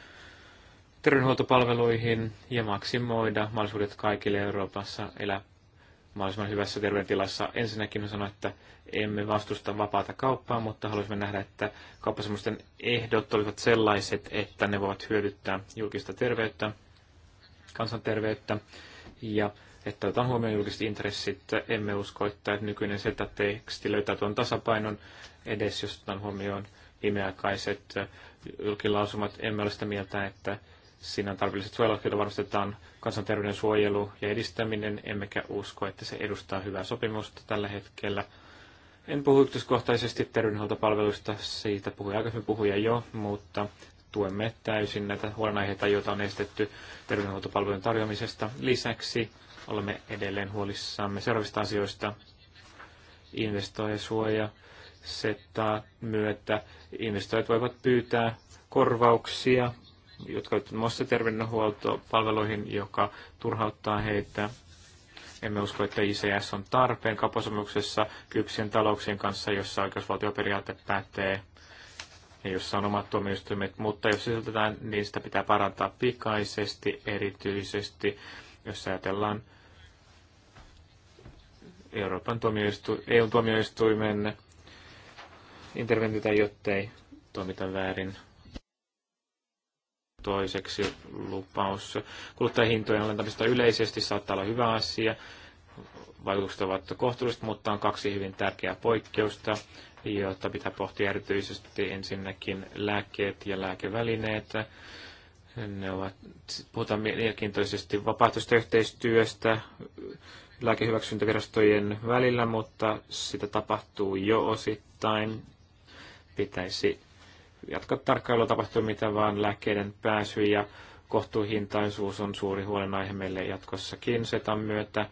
Speaker 1: terveydenhuoltopalveluihin ja maksimoida mahdollisuudet kaikille Euroopassa elää mahdollisimman hyvässä terveydentilassa. Ensinnäkin on sanoa, että emme vastusta vapaata kauppaa, mutta haluaisimme nähdä, että kauppasemusten ehdot olivat sellaiset, että ne voivat hyödyttää julkista terveyttä, kansanterveyttä ja että otetaan huomioon julkiset intressit. Emme usko, että nykyinen SETA-teksti löytää tuon tasapainon edes, jos otetaan huomioon viimeaikaiset julkilausumat. Emme ole sitä mieltä, että siinä on tarpeelliset suojelut, joilla varmistetaan kansanterveyden suojelu ja edistäminen, emmekä usko, että se edustaa hyvää sopimusta tällä hetkellä. En puhu yksityiskohtaisesti terveydenhuoltopalveluista, siitä puhui aikaisemmin puhuja jo, mutta tuemme täysin näitä huolenaiheita, joita on estetty terveydenhuoltopalvelujen tarjoamisesta. Lisäksi Olemme edelleen huolissamme seuraavista asioista. Investoijasuoja, setta myötä investoijat voivat pyytää korvauksia, jotka ovat muassa terveydenhuoltopalveluihin, joka turhauttaa heitä. Emme usko, että ICS on tarpeen kauppasopimuksessa kypsien talouksien kanssa, jossa oikeusvaltioperiaate pätee ja jossa on omat tuomioistuimet, mutta jos sisältetään, niin sitä pitää parantaa pikaisesti, erityisesti jos ajatellaan Euroopan tuomioistu, EUn tuomioistuimen interventiota, jottei toimita väärin. Toiseksi lupaus kuluttajahintojen alentamista yleisesti saattaa olla hyvä asia. Vaikutukset ovat kohtuulliset, mutta on kaksi hyvin tärkeää poikkeusta, joita pitää pohtia erityisesti ensinnäkin lääkkeet ja lääkevälineet. Ne ovat, puhutaan mielenkiintoisesti vapaaehtoisesta yhteistyöstä, lääkehyväksyntävirastojen välillä, mutta sitä tapahtuu jo osittain. Pitäisi jatkaa tarkkailua tapahtuu mitä vaan lääkkeiden pääsy ja kohtuuhintaisuus on suuri huolenaihe meille jatkossakin setan myötä.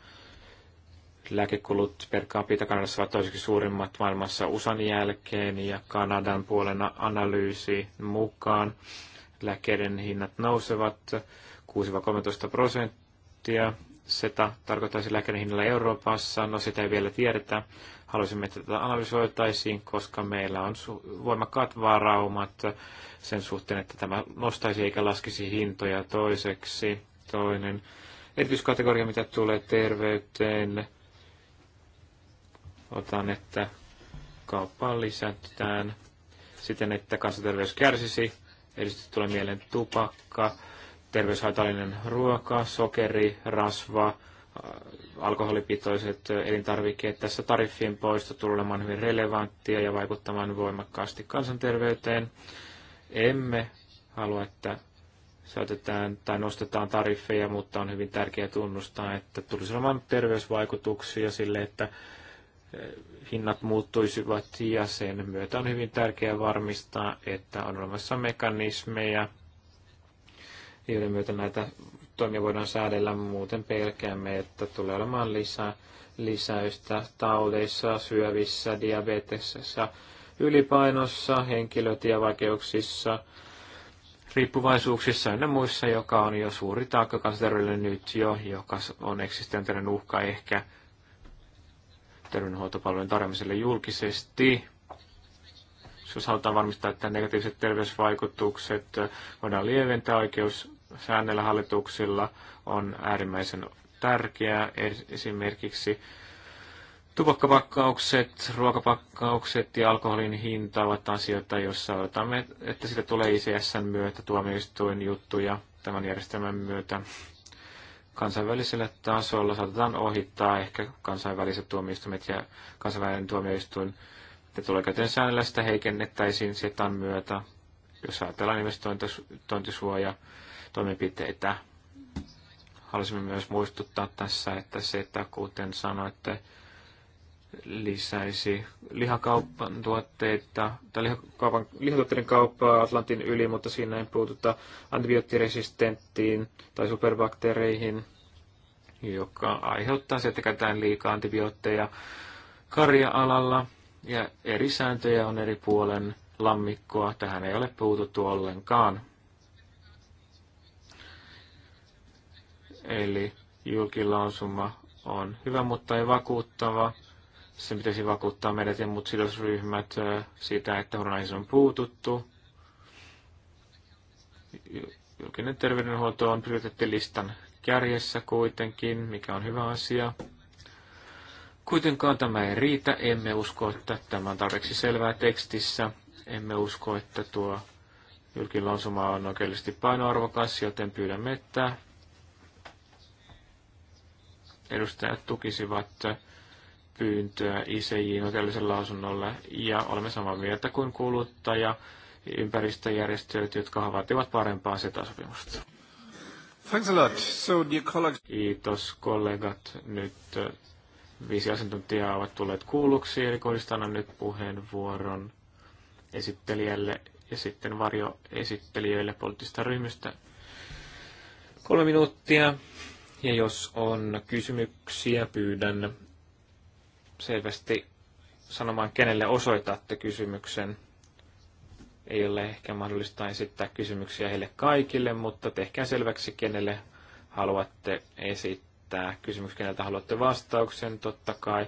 Speaker 1: Lääkekulut per capita Kanadassa ovat toiseksi suurimmat maailmassa USAn jälkeen ja Kanadan puolena analyysi mukaan lääkkeiden hinnat nousevat 6-13 prosenttia SETA tarkoittaisi lääkärin hinnalla Euroopassa. No sitä ei vielä tiedetä. Haluaisimme, että tätä analysoitaisiin, koska meillä on voimakkaat varaumat sen suhteen, että tämä nostaisi eikä laskisi hintoja toiseksi. Toinen erityiskategoria, mitä tulee terveyteen, otan, että kauppaan lisätään siten, että kansanterveys kärsisi. Erityisesti tulee mieleen tupakka, terveyshaitallinen ruoka, sokeri, rasva, äh, alkoholipitoiset äh, elintarvikkeet. Tässä tariffien poisto tulee olemaan hyvin relevanttia ja vaikuttamaan voimakkaasti kansanterveyteen. Emme halua, että säätetään tai nostetaan tariffeja, mutta on hyvin tärkeää tunnustaa, että tulisi olemaan terveysvaikutuksia sille, että äh, hinnat muuttuisivat ja sen myötä on hyvin tärkeää varmistaa, että on olemassa mekanismeja, joiden myötä näitä toimia voidaan säädellä. Muuten pelkäämme, että tulee olemaan lisää lisäystä taudeissa, syövissä, diabetesissa, ylipainossa, henkilötievaikeuksissa, riippuvaisuuksissa ja muissa, joka on jo suuri taakka kansanterveydelle nyt jo, joka on eksistentinen uhka ehkä terveydenhuoltopalvelujen tarjoamiselle julkisesti. Jos halutaan varmistaa, että negatiiviset terveysvaikutukset voidaan lieventää, oikeus säännellä hallituksilla on äärimmäisen tärkeää. Esimerkiksi tupakkapakkaukset, ruokapakkaukset ja alkoholin hinta ovat asioita, joissa odotamme, että siitä tulee ICSn myötä tuomioistuin juttuja tämän järjestelmän myötä. Kansainvälisellä tasolla saatetaan ohittaa ehkä kansainväliset tuomioistuimet ja kansainvälinen tuomioistuin ja tulokäytön säännöllä sitä heikennettäisiin setan myötä, jos ajatellaan investointisuoja toimenpiteitä. Haluaisimme myös muistuttaa tässä, että se, että kuten sanoitte, lisäisi lihakaupan tuotteita, tai lihakaupan, lihatuotteiden kauppaa Atlantin yli, mutta siinä ei puututa antibioottiresistenttiin tai superbakteereihin, joka aiheuttaa se, että käytetään liikaa antibiootteja karja-alalla. Ja eri sääntöjä on eri puolen lammikkoa. Tähän ei ole puututtu ollenkaan. Eli julkilausuma on hyvä, mutta ei vakuuttava. Se pitäisi vakuuttaa meidät ja muut sidosryhmät siitä, että koronaihin on puututtu. Julkinen terveydenhuolto on prioriteettilistan kärjessä kuitenkin, mikä on hyvä asia. Kuitenkaan tämä ei riitä. Emme usko, että tämä on tarpeeksi selvää tekstissä. Emme usko, että tuo julkilausuma on oikeudellisesti painoarvokas, joten pyydämme, että edustajat tukisivat pyyntöä ICJin oikeudellisen lausunnolle ja olemme samaa mieltä kuin kuluttaja ympäristöjärjestöt, jotka vaativat parempaa SETA-sopimusta. Thanks a lot. So, dear colleagues... Kiitos kollegat. Nyt äh, viisi asiantuntijaa ovat tulleet kuulluksi, eli kohdistan nyt puheenvuoron esittelijälle ja sitten varjoesittelijöille poliittista ryhmistä. Kolme minuuttia. Ja jos on kysymyksiä, pyydän selvästi sanomaan, kenelle osoitatte kysymyksen. Ei ole ehkä mahdollista esittää kysymyksiä heille kaikille, mutta tehkää selväksi, kenelle haluatte esittää kysymys, keneltä haluatte vastauksen. Totta kai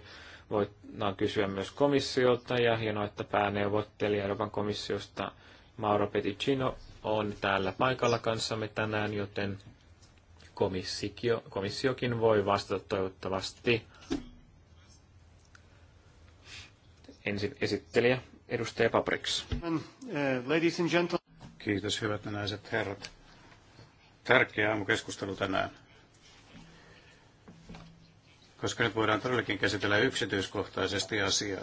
Speaker 1: voidaan kysyä myös komissiolta ja hienoa, että pääneuvottelija Euroopan komissiosta Mauro Peticino on täällä paikalla kanssamme tänään, joten komissiokin voi vastata toivottavasti. Ensin esittelijä, edustaja Papriks. Uh, ladies and gentlemen.
Speaker 3: Kiitos hyvät naiset herrat. Tärkeä aamukeskustelu tänään. Koska nyt voidaan todellakin käsitellä yksityiskohtaisesti asiaa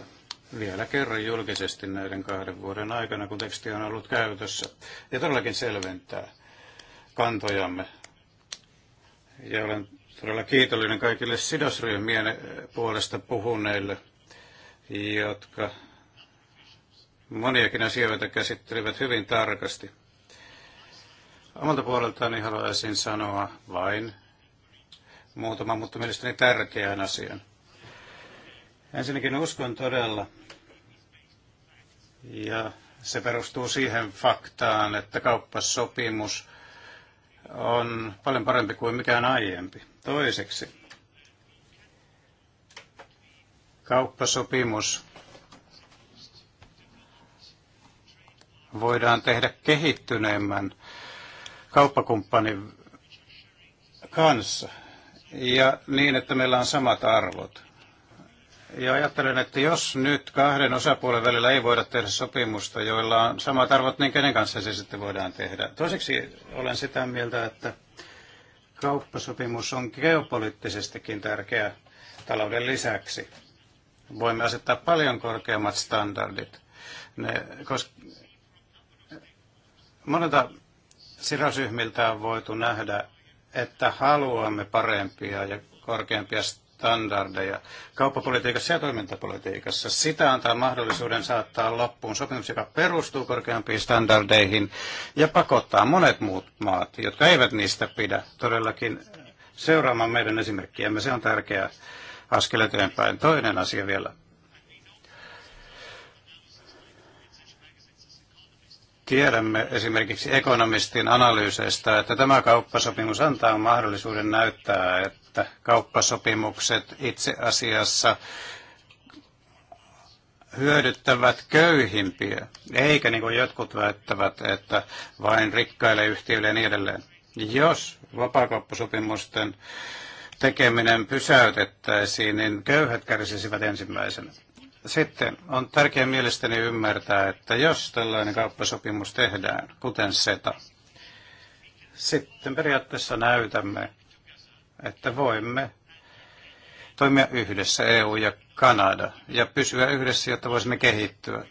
Speaker 3: vielä kerran julkisesti näiden kahden vuoden aikana, kun teksti on ollut käytössä, ja todellakin selventää kantojamme ja olen todella kiitollinen kaikille sidosryhmien puolesta puhuneille, jotka moniakin asioita käsittelivät hyvin tarkasti. Omalta puoleltani haluaisin sanoa vain muutama, mutta mielestäni tärkeän asian. Ensinnäkin uskon todella, ja se perustuu siihen faktaan, että kauppasopimus on paljon parempi kuin mikään aiempi. Toiseksi, kauppasopimus voidaan tehdä kehittyneemmän kauppakumppanin kanssa ja niin, että meillä on samat arvot. Ja ajattelen, että jos nyt kahden osapuolen välillä ei voida tehdä sopimusta, joilla on samat arvot, niin kenen kanssa se sitten voidaan tehdä. Toiseksi olen sitä mieltä, että kauppasopimus on geopoliittisestikin tärkeä talouden lisäksi. Voimme asettaa paljon korkeammat standardit. Ne, koska monelta sidosryhmiltä on voitu nähdä, että haluamme parempia ja korkeampia standardeja standardeja kauppapolitiikassa ja toimintapolitiikassa. Sitä antaa mahdollisuuden saattaa loppuun sopimus, joka perustuu korkeampiin standardeihin ja pakottaa monet muut maat, jotka eivät niistä pidä, todellakin seuraamaan meidän esimerkkiämme. Se on tärkeä askel eteenpäin. Toinen asia vielä. Tiedämme esimerkiksi ekonomistin analyyseista, että tämä kauppasopimus antaa mahdollisuuden näyttää, että että kauppasopimukset itse asiassa hyödyttävät köyhimpiä, eikä niin kuin jotkut väittävät, että vain rikkaille yhtiöille ja niin edelleen. Jos vapaakauppasopimusten tekeminen pysäytettäisiin, niin köyhät kärsisivät ensimmäisenä. Sitten on tärkeää mielestäni ymmärtää, että jos tällainen kauppasopimus tehdään, kuten SETA, sitten periaatteessa näytämme, että voimme toimia yhdessä EU ja Kanada ja pysyä yhdessä, jotta voisimme kehittyä.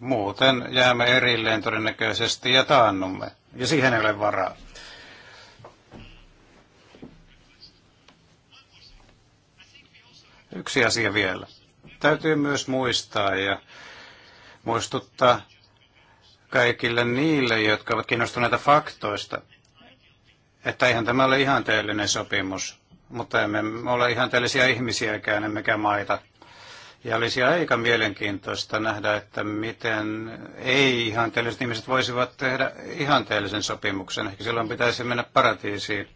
Speaker 3: Muuten jäämme erilleen todennäköisesti ja taannumme, ja siihen ei ole varaa. Yksi asia vielä. Täytyy myös muistaa ja muistuttaa kaikille niille, jotka ovat kiinnostuneita faktoista, että eihän tämä ole ihanteellinen sopimus, mutta emme ole ihanteellisia ihmisiäkään, emmekä maita. Ja olisi aika mielenkiintoista nähdä, että miten ei-ihanteelliset ihmiset voisivat tehdä ihanteellisen sopimuksen. Ehkä silloin pitäisi mennä paratiisiin.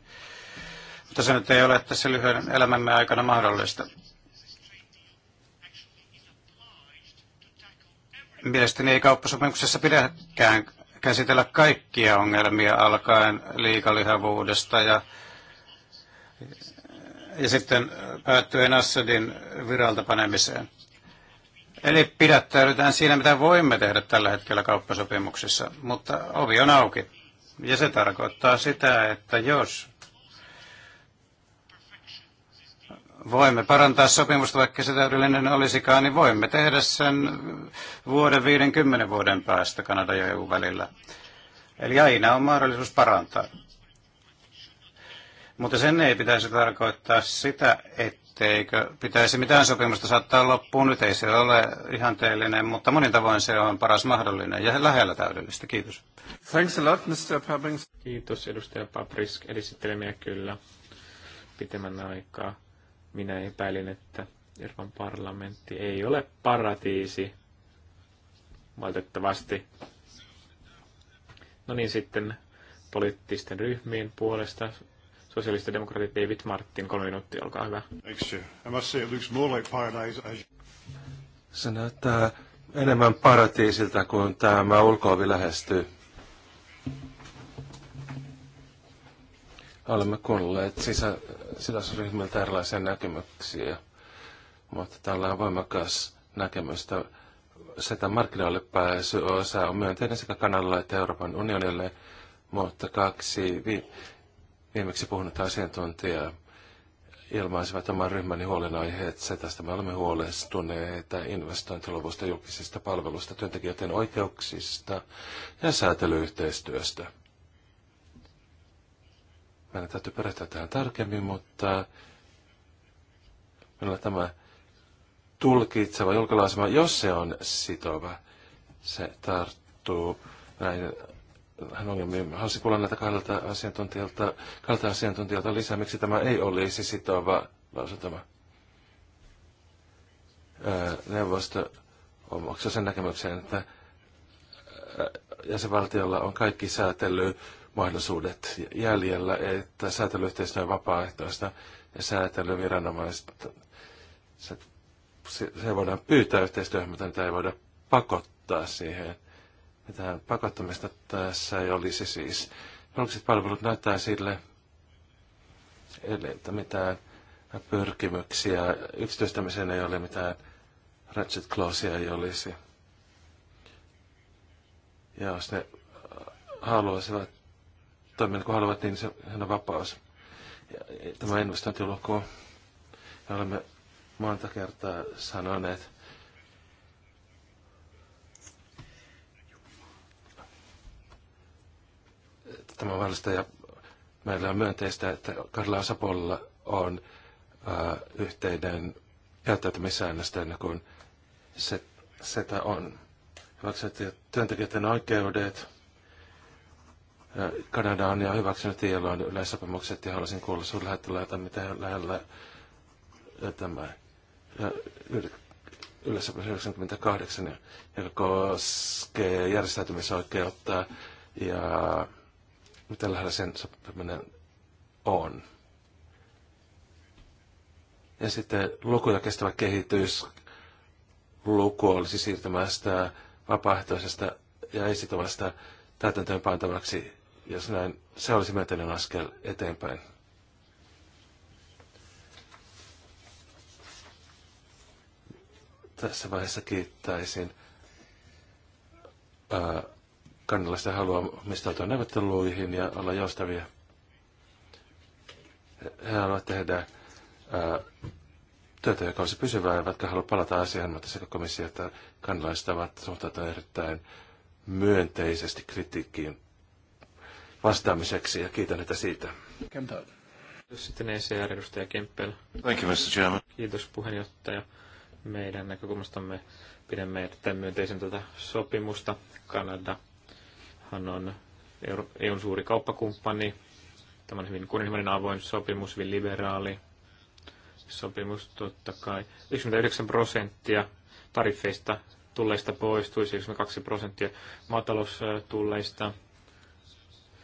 Speaker 3: Mutta se nyt ei ole tässä lyhyen elämämme aikana mahdollista. Mielestäni ei kauppasopimuksessa pidäkään käsitellä kaikkia ongelmia alkaen liikalihavuudesta ja, ja sitten päättyen Assadin viralta panemiseen. Eli pidättäydytään siinä, mitä voimme tehdä tällä hetkellä kauppasopimuksissa, mutta ovi on auki. Ja se tarkoittaa sitä, että jos voimme parantaa sopimusta, vaikka se täydellinen olisikaan, niin voimme tehdä sen vuoden 50 vuoden päästä Kanada ja EU välillä. Eli aina on mahdollisuus parantaa. Mutta sen ei pitäisi tarkoittaa sitä, etteikö pitäisi mitään sopimusta saattaa loppuun. Nyt ei se ole ihanteellinen, mutta monin tavoin se on paras mahdollinen ja lähellä
Speaker 1: täydellistä. Kiitos. Thanks a lot, Mr. Pabrings. Kiitos, edustaja Paprisk. Esittelemme kyllä pitemmän aikaa minä epäilin, että Euroopan parlamentti ei ole paratiisi, valitettavasti. No niin, sitten poliittisten ryhmien puolesta sosialistidemokraatti David Martin, kolme minuuttia, olkaa hyvä.
Speaker 2: Se näyttää enemmän paratiisilta kuin tämä ulkoovi lähestyy. olemme kuulleet sisä, sidosryhmiltä erilaisia näkemyksiä, mutta tällä on voimakas näkemystä. Setä markkinoille pääsy osa on myönteinen sekä Kanadalle että Euroopan unionille, mutta kaksi vi- viimeksi puhunut asiantuntijaa ilmaisivat oman ryhmäni huolenaiheet. Se tästä me olemme huolestuneita investointiluvusta, julkisista palveluista, työntekijöiden oikeuksista ja säätelyyhteistyöstä meidän täytyy perehtyä tähän tarkemmin, mutta meillä tämä tulkitseva julkilausuma, jos se on sitova, se tarttuu näin hän ongelmiin. Haluaisin kuulla näitä kahdelta asiantuntijalta, kahdelta asiantuntijalta lisää, miksi tämä ei olisi sitova lausuntoma. Neuvosto on sen näkemykseen, että jäsenvaltiolla on kaikki säätely mahdollisuudet jäljellä, että säätelyyhteisö on vapaaehtoista ja säätelyviranomaista. Se, se, se voidaan pyytää yhteistyöhön, mutta niitä ei voida pakottaa siihen. Mitään pakottamista tässä ei olisi siis. Julkiset palvelut näyttää sille, että mitään pyrkimyksiä yksityistämiseen ei ole mitään ratchet clausea ei olisi. Ja jos ne haluaisivat toimia kun haluavat, niin se on vapaus. Ja tämä investointiluku, ja olemme monta kertaa sanoneet, että tämä on vallista ja meillä on myönteistä, että kahdella osapuolella on ää, yhteinen käyttäytymissäännöstä ennen kuin se, sitä on. Hyväksytty työntekijöiden oikeudet, Kanada on jo hyväksynyt ILOn yleissopimukset ja haluaisin kuulla suurlähettiläiltä, miten lähellä tämä yleissopimus 98, joka koskee järjestäytymisoikeutta ja miten lähellä sen sopiminen on. Ja sitten ja kestävä kehitys. Luku olisi siirtymästä vapaaehtoisesta ja esitovasta pantavaksi jos näin, se olisi myönteinen askel eteenpäin. Tässä vaiheessa kiittäisin kannalaisten halua mistautua neuvotteluihin ja olla joustavia. He haluavat tehdä ää, työtä, joka olisi pysyvää, eivätkä halua palata asiaan, mutta sekä komissio että kannalaiset ovat suhtautuneet erittäin myönteisesti kritiikkiin vastaamiseksi ja kiitän heitä siitä.
Speaker 1: Sitten ECR-edustaja Kemppel. Thank you, Mr. Chairman. Kiitos puheenjohtaja. Meidän näkökulmastamme pidämme tätä myönteisen tätä sopimusta. Kanada hän on EUn suuri kauppakumppani. Tämä on hyvin kunnianhimoinen avoin sopimus, hyvin liberaali sopimus totta kai. 99 prosenttia tariffeista tulleista poistuisi, 92 prosenttia maataloustulleista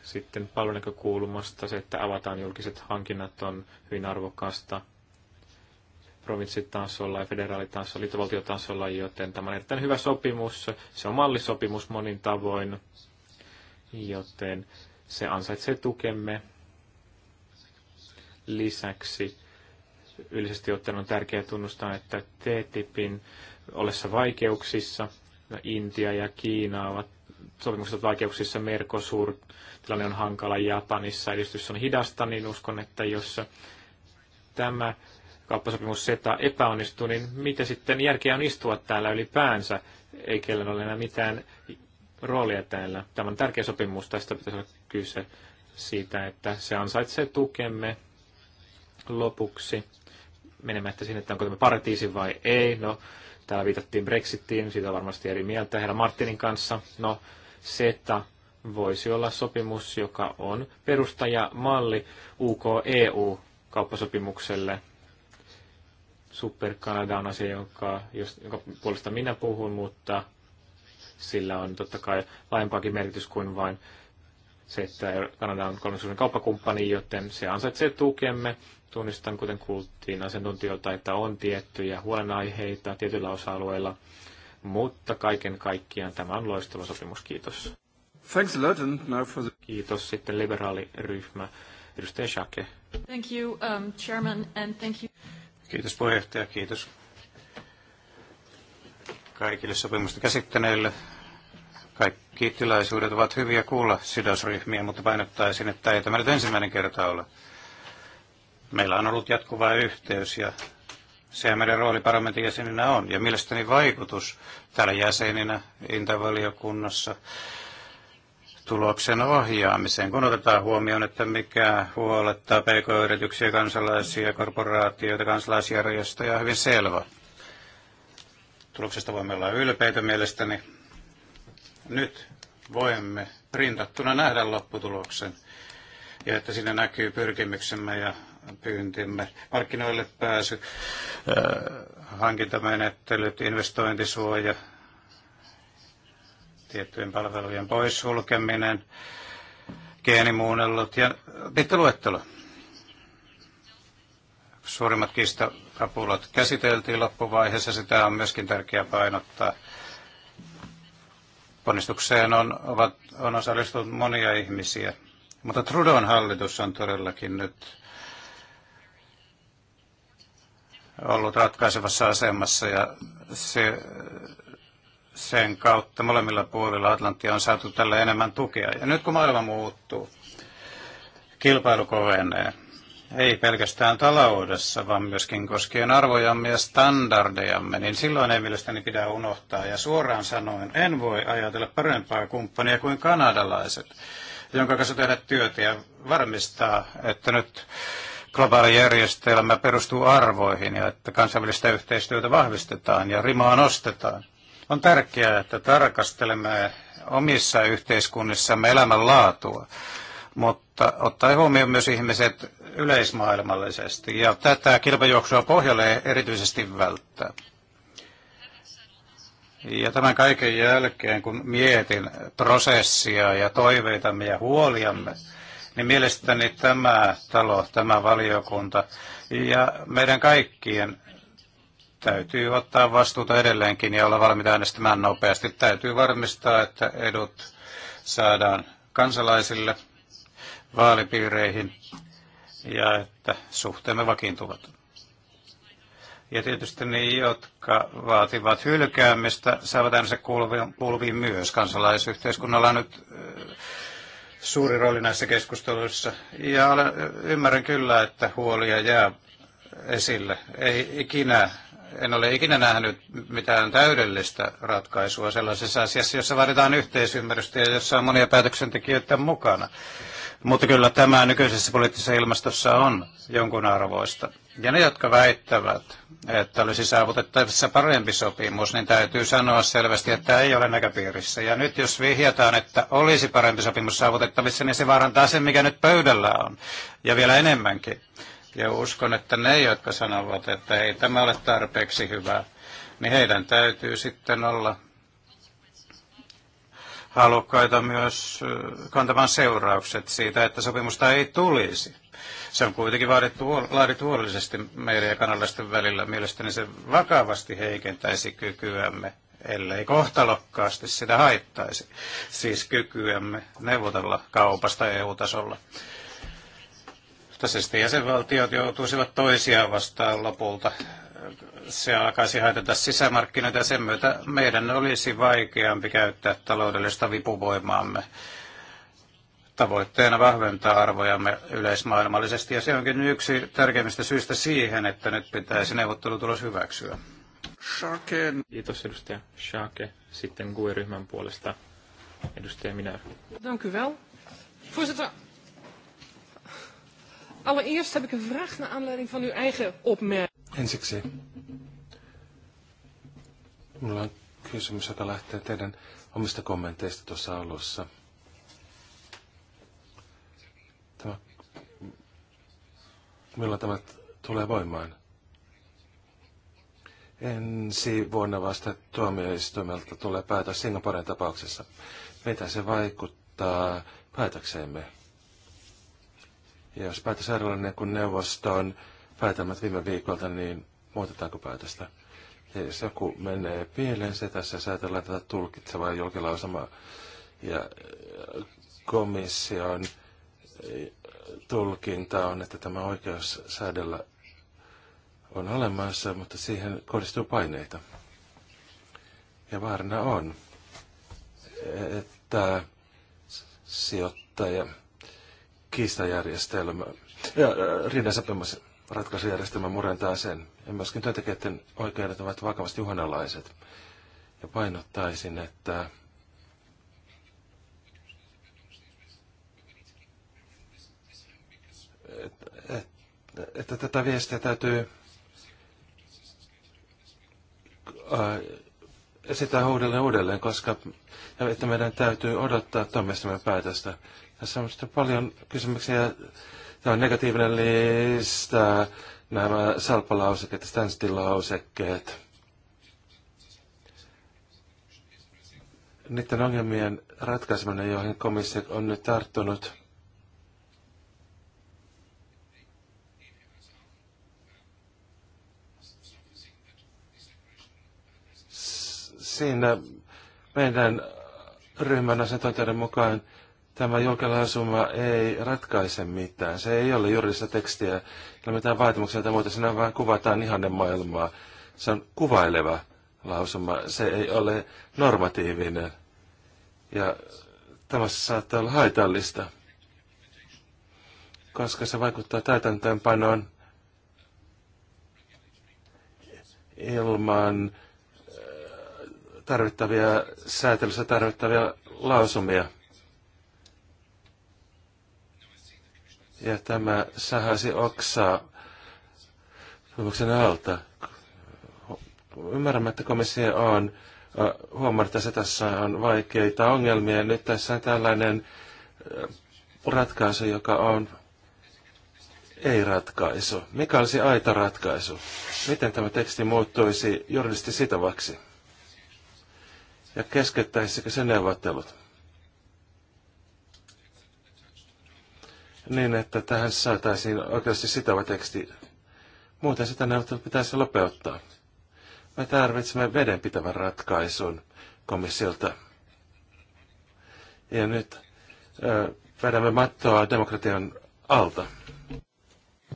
Speaker 1: sitten palvelunäkökulmasta se, että avataan julkiset hankinnat on hyvin arvokasta provinssitasolla ja federaalitasolla, liittovaltiotasolla, joten tämä on erittäin hyvä sopimus. Se on mallisopimus monin tavoin, joten se ansaitsee tukemme. Lisäksi yleisesti ottaen on tärkeää tunnustaa, että TTIPin ollessa vaikeuksissa Intia ja Kiina ovat sopimukset vaikeuksissa, Mercosur, tilanne on hankala Japanissa, edistys on hidasta, niin uskon, että jos tämä kauppasopimus SETA epäonnistuu, niin mitä sitten järkeä on istua täällä ylipäänsä? Ei kellään ole enää mitään roolia täällä. Tämä on tärkeä sopimus, tästä pitäisi olla kyse siitä, että se ansaitsee tukemme lopuksi menemättä sinne, että onko tämä paratiisi vai ei. No, täällä viitattiin Brexittiin, siitä on varmasti eri mieltä herra Martinin kanssa. No, SETA voisi olla sopimus, joka on perustajamalli UK-EU-kauppasopimukselle. Super-Kanada on asia, jonka, jonka puolesta minä puhun, mutta sillä on totta kai laajempaakin merkitys kuin vain se, että Kanada on kolmen kauppakumppani, joten se ansaitsee tukemme. Tunnistan, kuten kuultiin asiantuntijoilta, että on tiettyjä huolenaiheita tietyillä osa-alueilla, mutta kaiken kaikkiaan tämä on loistava sopimus. Kiitos. Thanks a lot and now for the... Kiitos sitten liberaaliryhmä. Edustaja Schake.
Speaker 3: Thank you, um, chairman, and thank you. Kiitos puheenjohtaja, kiitos kaikille sopimusta käsittäneille. Kaikki tilaisuudet ovat hyviä kuulla sidosryhmiä, mutta painottaisin, että ei tämä nyt ensimmäinen kerta ole. Meillä on ollut jatkuva yhteys ja Sehän rooli parlamentin jäseninä on. Ja mielestäni vaikutus täällä jäseninä intavaliokunnassa tuloksen ohjaamiseen, kun otetaan huomioon, että mikä huolettaa pk-yrityksiä, kansalaisia, korporaatioita, kansalaisjärjestöjä on hyvin selvä. Tuloksesta voimme olla ylpeitä mielestäni. Nyt voimme printattuna nähdä lopputuloksen ja että siinä näkyy pyrkimyksemme ja pyyntimme, markkinoille pääsy, äh, hankintamenettelyt, investointisuoja, tiettyjen palvelujen poissulkeminen, geenimuunnellut ja pitkä luettelo. Suurimmat kiistakapulat käsiteltiin loppuvaiheessa, sitä on myöskin tärkeää painottaa. Ponnistukseen on, ovat, on osallistunut monia ihmisiä, mutta Trudon hallitus on todellakin nyt ollut ratkaisevassa asemassa ja se, sen kautta molemmilla puolilla Atlanttia on saatu tällä enemmän tukea. Ja nyt kun maailma muuttuu, kilpailu kovenee, ei pelkästään taloudessa, vaan myöskin koskien arvojamme ja standardejamme, niin silloin ei mielestäni pidä unohtaa. Ja suoraan sanoen, en voi ajatella parempaa kumppania kuin kanadalaiset, jonka kanssa tehdä työtä ja varmistaa, että nyt globaali järjestelmä perustuu arvoihin ja että kansainvälistä yhteistyötä vahvistetaan ja rimaa nostetaan. On tärkeää, että tarkastelemme omissa yhteiskunnissamme elämänlaatua, mutta ottaen huomioon myös ihmiset yleismaailmallisesti ja tätä kilpajuoksua pohjalle erityisesti välttää. Ja tämän kaiken jälkeen, kun mietin prosessia ja toiveitamme ja huoliamme, niin mielestäni tämä talo, tämä valiokunta ja meidän kaikkien täytyy ottaa vastuuta edelleenkin ja olla valmiita äänestämään nopeasti. Täytyy varmistaa, että edut saadaan kansalaisille vaalipiireihin ja että suhteemme vakiintuvat. Ja tietysti ne, jotka vaativat hylkäämistä, saavat äänensä kuuluviin, myös. Kansalaisyhteiskunnalla on nyt suuri rooli näissä keskusteluissa. Ja ymmärrän kyllä, että huolia jää esille. Ei ikinä, en ole ikinä nähnyt mitään täydellistä ratkaisua sellaisessa asiassa, jossa vaaditaan yhteisymmärrystä ja jossa on monia päätöksentekijöitä mukana. Mutta kyllä tämä nykyisessä poliittisessa ilmastossa on jonkun arvoista. Ja ne, jotka väittävät, että olisi saavutettavissa parempi sopimus, niin täytyy sanoa selvästi, että ei ole näköpiirissä. Ja nyt jos vihjataan, että olisi parempi sopimus saavutettavissa, niin se vaarantaa sen, mikä nyt pöydällä on. Ja vielä enemmänkin. Ja uskon, että ne, jotka sanovat, että ei tämä ole tarpeeksi hyvä, niin heidän täytyy sitten olla halukkaita myös kantamaan seuraukset siitä, että sopimusta ei tulisi se on kuitenkin vaadittu, laadittu huolellisesti meidän ja kanalaisten välillä. Mielestäni se vakavasti heikentäisi kykyämme, ellei kohtalokkaasti sitä haittaisi. Siis kykyämme neuvotella kaupasta EU-tasolla. Tässä sitten jäsenvaltiot joutuisivat toisiaan vastaan lopulta se alkaisi haitata sisämarkkinoita ja sen myötä meidän olisi vaikeampi käyttää taloudellista vipuvoimaamme tavoitteena vahventaa arvojamme yleismaailmallisesti, ja se onkin yksi tärkeimmistä syistä siihen, että nyt
Speaker 1: pitäisi neuvottelutulos hyväksyä. Shake. Kiitos edustaja Shake. Sitten GUE-ryhmän puolesta edustaja minä. Dank u wel. Voorzitter, allereerst heb ik een vraag naar aanleiding van uw eigen opmerking.
Speaker 2: Ensiksi. Minulla on kysymys, joka lähtee teidän omista kommenteista tuossa alussa. milloin tämä tulee voimaan? Ensi vuonna vasta tuomioistuimelta tulee päätös Singaporen tapauksessa. Mitä se vaikuttaa päätökseemme? Ja jos päätös on kun kuin neuvoston päätämät viime viikolta, niin muutetaanko päätöstä? Ja jos joku menee pieleen, se tässä säätellään tätä tulkitsevaa julkilausamaa ja äh, komission tulkinta on, että tämä oikeus säädellä on olemassa, mutta siihen kohdistuu paineita. Ja vaarana on, että sijoittaja kiistajärjestelmä ja äh, rinnasopimus ratkaisujärjestelmä murentaa sen. Ja myöskin työntekijöiden oikeudet ovat vakavasti uhanalaiset. Ja painottaisin, että että tätä viestiä täytyy äh, esittää uudelleen uudelleen, koska että meidän täytyy odottaa tuomioistuimen päätöstä. Tässä on paljon kysymyksiä. Tämä on negatiivinen lista, nämä salpalausekkeet, standstill-lausekkeet. Niiden ongelmien ratkaiseminen, joihin komissio on nyt tarttunut – siinä meidän ryhmän asiantuntijoiden mukaan tämä julkilausuma ei ratkaise mitään. Se ei ole juridista tekstiä, ja mitään vaatimuksia tai muuta, siinä vain kuvataan ihanne maailmaa. Se on kuvaileva lausuma, se ei ole normatiivinen. Ja tämä saattaa olla haitallista, koska se vaikuttaa täytäntöönpanoon ilman tarvittavia säätelyssä tarvittavia lausumia. Ja tämä sahasi oksaa sopimuksen alta. Ymmärrämme, että komissio on huomannut, että tässä on vaikeita ongelmia. Nyt tässä on tällainen ratkaisu, joka on ei-ratkaisu. Mikä olisi aita ratkaisu? Miten tämä teksti muuttuisi juridisesti sitovaksi? ja sekä se neuvottelut? Niin, että tähän saataisiin oikeasti sitova teksti. Muuten sitä neuvottelut pitäisi lopettaa. Me tarvitsemme vedenpitävän ratkaisun komissiolta. Ja nyt ö, vedämme mattoa demokratian alta.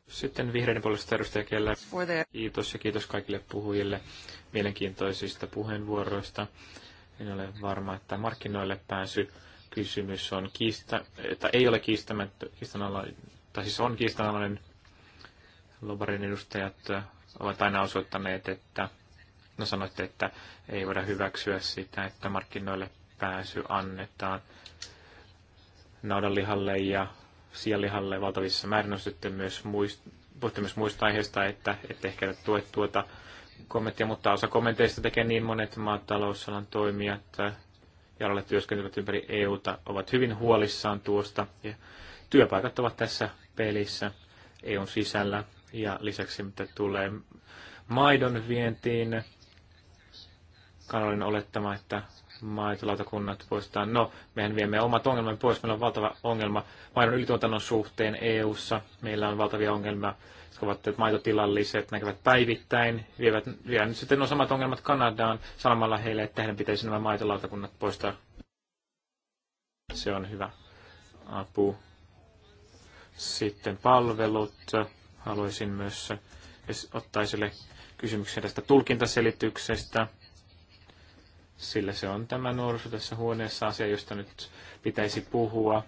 Speaker 1: Sitten vihreiden puolesta edustaja Keller. Kiitos ja kiitos kaikille puhujille mielenkiintoisista puheenvuoroista en ole varma, että markkinoille pääsy kysymys on kiista, että ei ole kiistämättä, kiistanalainen, tai siis on kiistanalainen. Lobarin edustajat ovat aina osoittaneet, että no sanoitte, että ei voida hyväksyä sitä, että markkinoille pääsy annetaan naudanlihalle ja sianlihalle valtavissa määrin. No sitten myös muist, puhutte myös muista aiheista, että että ehkä tue tuota kommenttia, mutta osa kommenteista tekee niin monet maatalousalan toimijat, joilla työskentelevät ympäri EUta, ovat hyvin huolissaan tuosta. Ja työpaikat ovat tässä pelissä EUn sisällä ja lisäksi mitä tulee maidon vientiin, kanalin olettama, että maitolautakunnat poistetaan. No, mehän viemme omat ongelmamme pois. Meillä on valtava ongelma maidon ylituotannon suhteen EU:ssa. Meillä on valtavia ongelmia jotka ovat maitotilalliset, näkevät päivittäin, vievät, vievät nyt sitten nuo samat ongelmat Kanadaan sanomalla heille, että heidän pitäisi nämä maitolautakunnat poistaa. Se on hyvä apu. Sitten palvelut. Haluaisin myös ottaa sille kysymyksen tästä tulkintaselityksestä, sillä se on tämä nuoriso tässä huoneessa asia, josta nyt pitäisi puhua,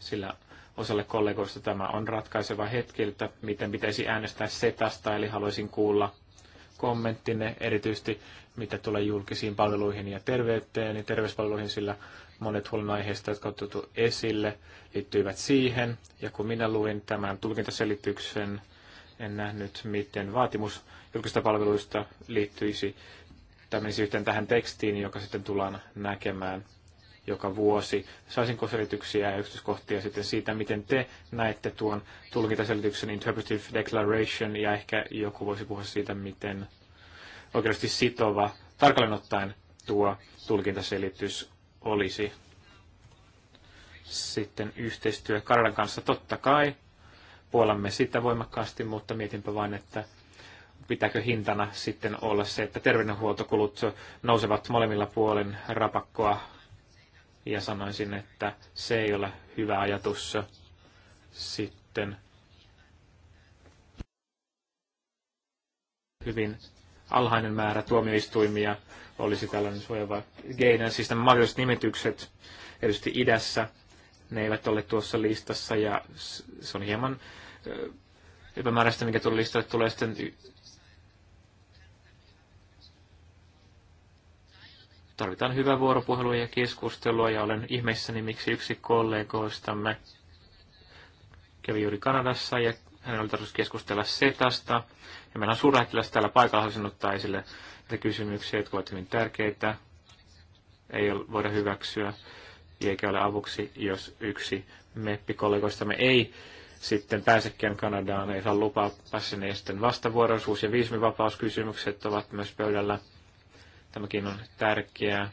Speaker 1: sillä osalle kollegoista tämä on ratkaiseva hetkeltä, miten pitäisi äänestää setasta, eli haluaisin kuulla kommenttinne erityisesti, mitä tulee julkisiin palveluihin ja terveyteen ja terveyspalveluihin, sillä monet huolenaiheista, jotka on tuotu esille, liittyivät siihen. Ja kun minä luin tämän tulkintaselityksen, en nähnyt, miten vaatimus julkisista palveluista liittyisi tämän yhteen tähän tekstiin, joka sitten tullaan näkemään joka vuosi. Saisinko selityksiä ja yksityiskohtia sitten siitä, miten te näette tuon tulkintaselityksen Interpretive Declaration ja ehkä joku voisi puhua siitä, miten oikeasti sitova, tarkalleen ottaen tuo tulkintaselitys olisi. Sitten yhteistyö Karalan kanssa totta kai. Puolamme sitä voimakkaasti, mutta mietinpä vain, että pitääkö hintana sitten olla se, että terveydenhuoltokulut nousevat molemmilla puolen rapakkoa ja sanoisin, että se ei ole hyvä ajatus sitten hyvin alhainen määrä tuomioistuimia olisi tällainen suojava geiden, siis nämä mahdolliset nimitykset, erityisesti idässä, ne eivät ole tuossa listassa ja se on hieman epämääräistä, mikä tuolla listalle tulee sitten Tarvitaan hyvää vuoropuhelua ja keskustelua ja olen ihmeissäni, miksi yksi kollegoistamme kävi juuri Kanadassa ja hänellä oli tarkoitus keskustella SETasta. Ja meillä on suurlähettiläs täällä paikalla, haluaisin ottaa esille että kysymyksiä, jotka ovat hyvin tärkeitä. Ei voida hyväksyä eikä ole avuksi, jos yksi meppikollegoistamme ei sitten pääsekään Kanadaan, ei saa lupaa päässä, niin sitten vastavuoroisuus ja viisumivapauskysymykset ovat myös pöydällä. Tämäkin on tärkeää.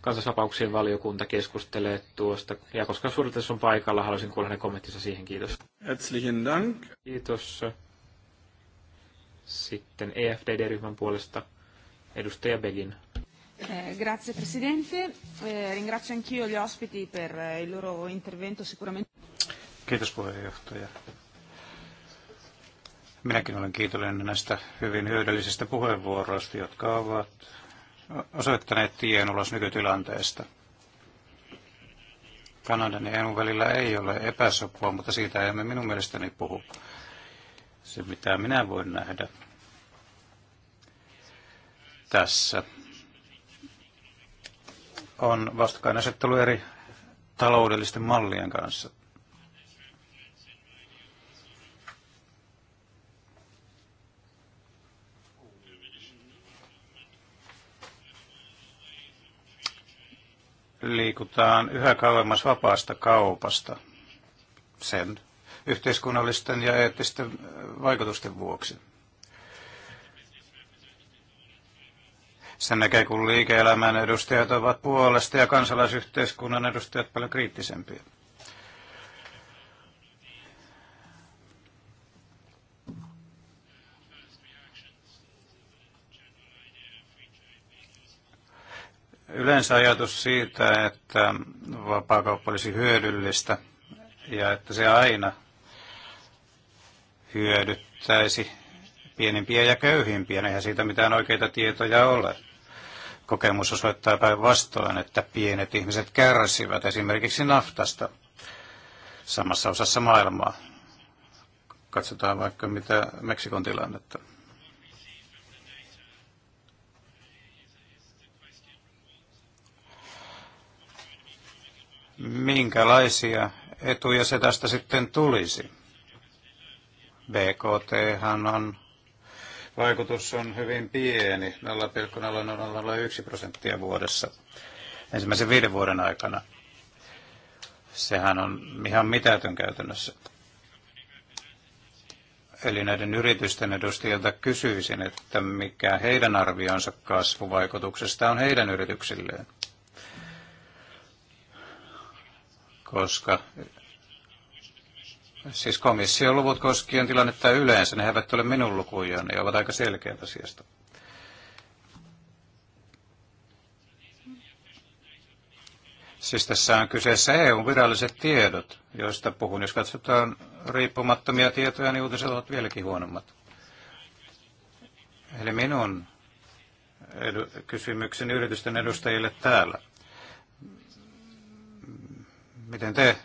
Speaker 1: Kansallisvapauksien valiokunta keskustelee tuosta. Ja koska suoritus on paikalla, haluaisin kuulla hänen kommenttinsa siihen. Kiitos.
Speaker 3: Herzlichen Dank. Kiitos.
Speaker 1: Sitten EFDD-ryhmän puolesta edustaja Begin.
Speaker 2: Eh, grazie Presidente, eh, ringrazio anch'io gli ospiti per eh, il loro intervento sicuramente.
Speaker 3: Kiitos puheenjohtaja. Minäkin olen kiitollinen näistä hyvin hyödyllisistä puheenvuoroista, jotka ovat osoittaneet tien ulos nykytilanteesta. Kanadan ja EUn välillä ei ole epäsopua, mutta siitä emme minun mielestäni puhu. Se, mitä minä voin nähdä tässä, on vastakkainasettelu eri taloudellisten mallien kanssa. liikutaan yhä kauemmas vapaasta kaupasta sen yhteiskunnallisten ja eettisten vaikutusten vuoksi. Sen näkee, kun liike-elämän edustajat ovat puolesta ja kansalaisyhteiskunnan edustajat paljon kriittisempiä. Yleensä ajatus siitä, että vapaakauppa olisi hyödyllistä ja että se aina hyödyttäisi pienimpiä ja köyhimpiä, no eihän siitä mitään oikeita tietoja ole. Kokemus osoittaa päinvastoin, että pienet ihmiset kärsivät esimerkiksi naftasta samassa osassa maailmaa. Katsotaan vaikka mitä Meksikon tilannetta. minkälaisia etuja se tästä sitten tulisi. BKT on vaikutus on hyvin pieni, 0,001 prosenttia vuodessa ensimmäisen viiden vuoden aikana. Sehän on ihan mitätön käytännössä. Eli näiden yritysten edustajilta kysyisin, että mikä heidän arvionsa kasvuvaikutuksesta on heidän yrityksilleen. koska siis komission luvut koskien tilannetta yleensä, ne eivät ole minun lukujani, ne ovat aika selkeät asiasta. Siis tässä on kyseessä EUn viralliset tiedot, joista puhun. Jos katsotaan riippumattomia tietoja, niin uutiset ovat vieläkin huonommat. Eli minun edu- yritysten edustajille täällä Miten te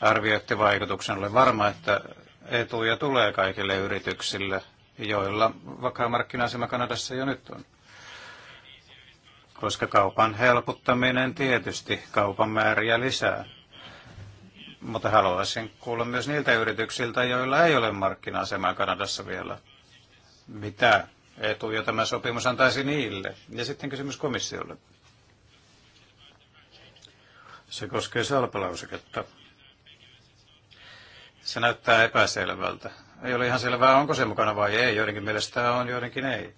Speaker 3: arvioitte vaikutuksen? Olen varma, että etuja tulee kaikille yrityksille, joilla vakaa markkina-asema Kanadassa jo nyt on. Koska kaupan helpottaminen tietysti kaupan määriä lisää. Mutta haluaisin kuulla myös niiltä yrityksiltä, joilla ei ole markkina-asemaa Kanadassa vielä. Mitä etuja tämä sopimus antaisi niille? Ja sitten kysymys komissiolle. Se koskee salpalauseketta. Se näyttää epäselvältä. Ei ole ihan selvää, onko se mukana vai ei. Joidenkin mielestä on, joidenkin ei.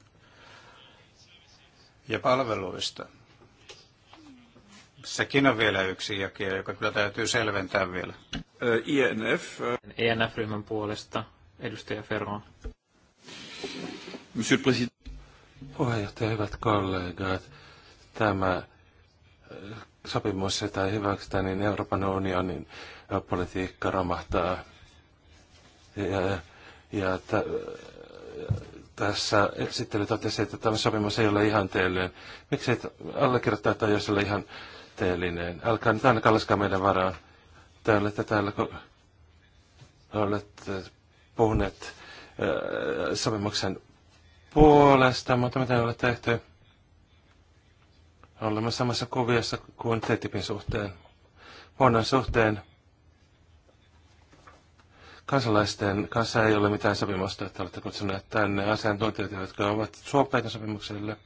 Speaker 3: Ja palveluista. Sekin on vielä yksi jakia, joka kyllä täytyy selventää vielä.
Speaker 1: INF. ENF-ryhmän puolesta edustaja Ferron.
Speaker 2: Monsieur le Puheenjohtaja, hyvät kollegat. Tämä sopimus ei hyväksytä, niin Euroopan unionin politiikka romahtaa. Ja, ja t- tässä esittely totesi, että tämä sopimus ei ole teellinen. Miksi et allekirjoittaa että jos ole ihan teellinen? Älkää nyt aina laskaa meidän varaan. Te olette täällä, kun olette puhuneet sopimuksen puolesta, mutta mitä olette tehty? olemme samassa kuviossa kuin TTIPin suhteen. Huonon suhteen kansalaisten kanssa ei ole mitään sopimusta, että olette kutsuneet tänne asiantuntijoita, jotka ovat suopeita sopimukselle.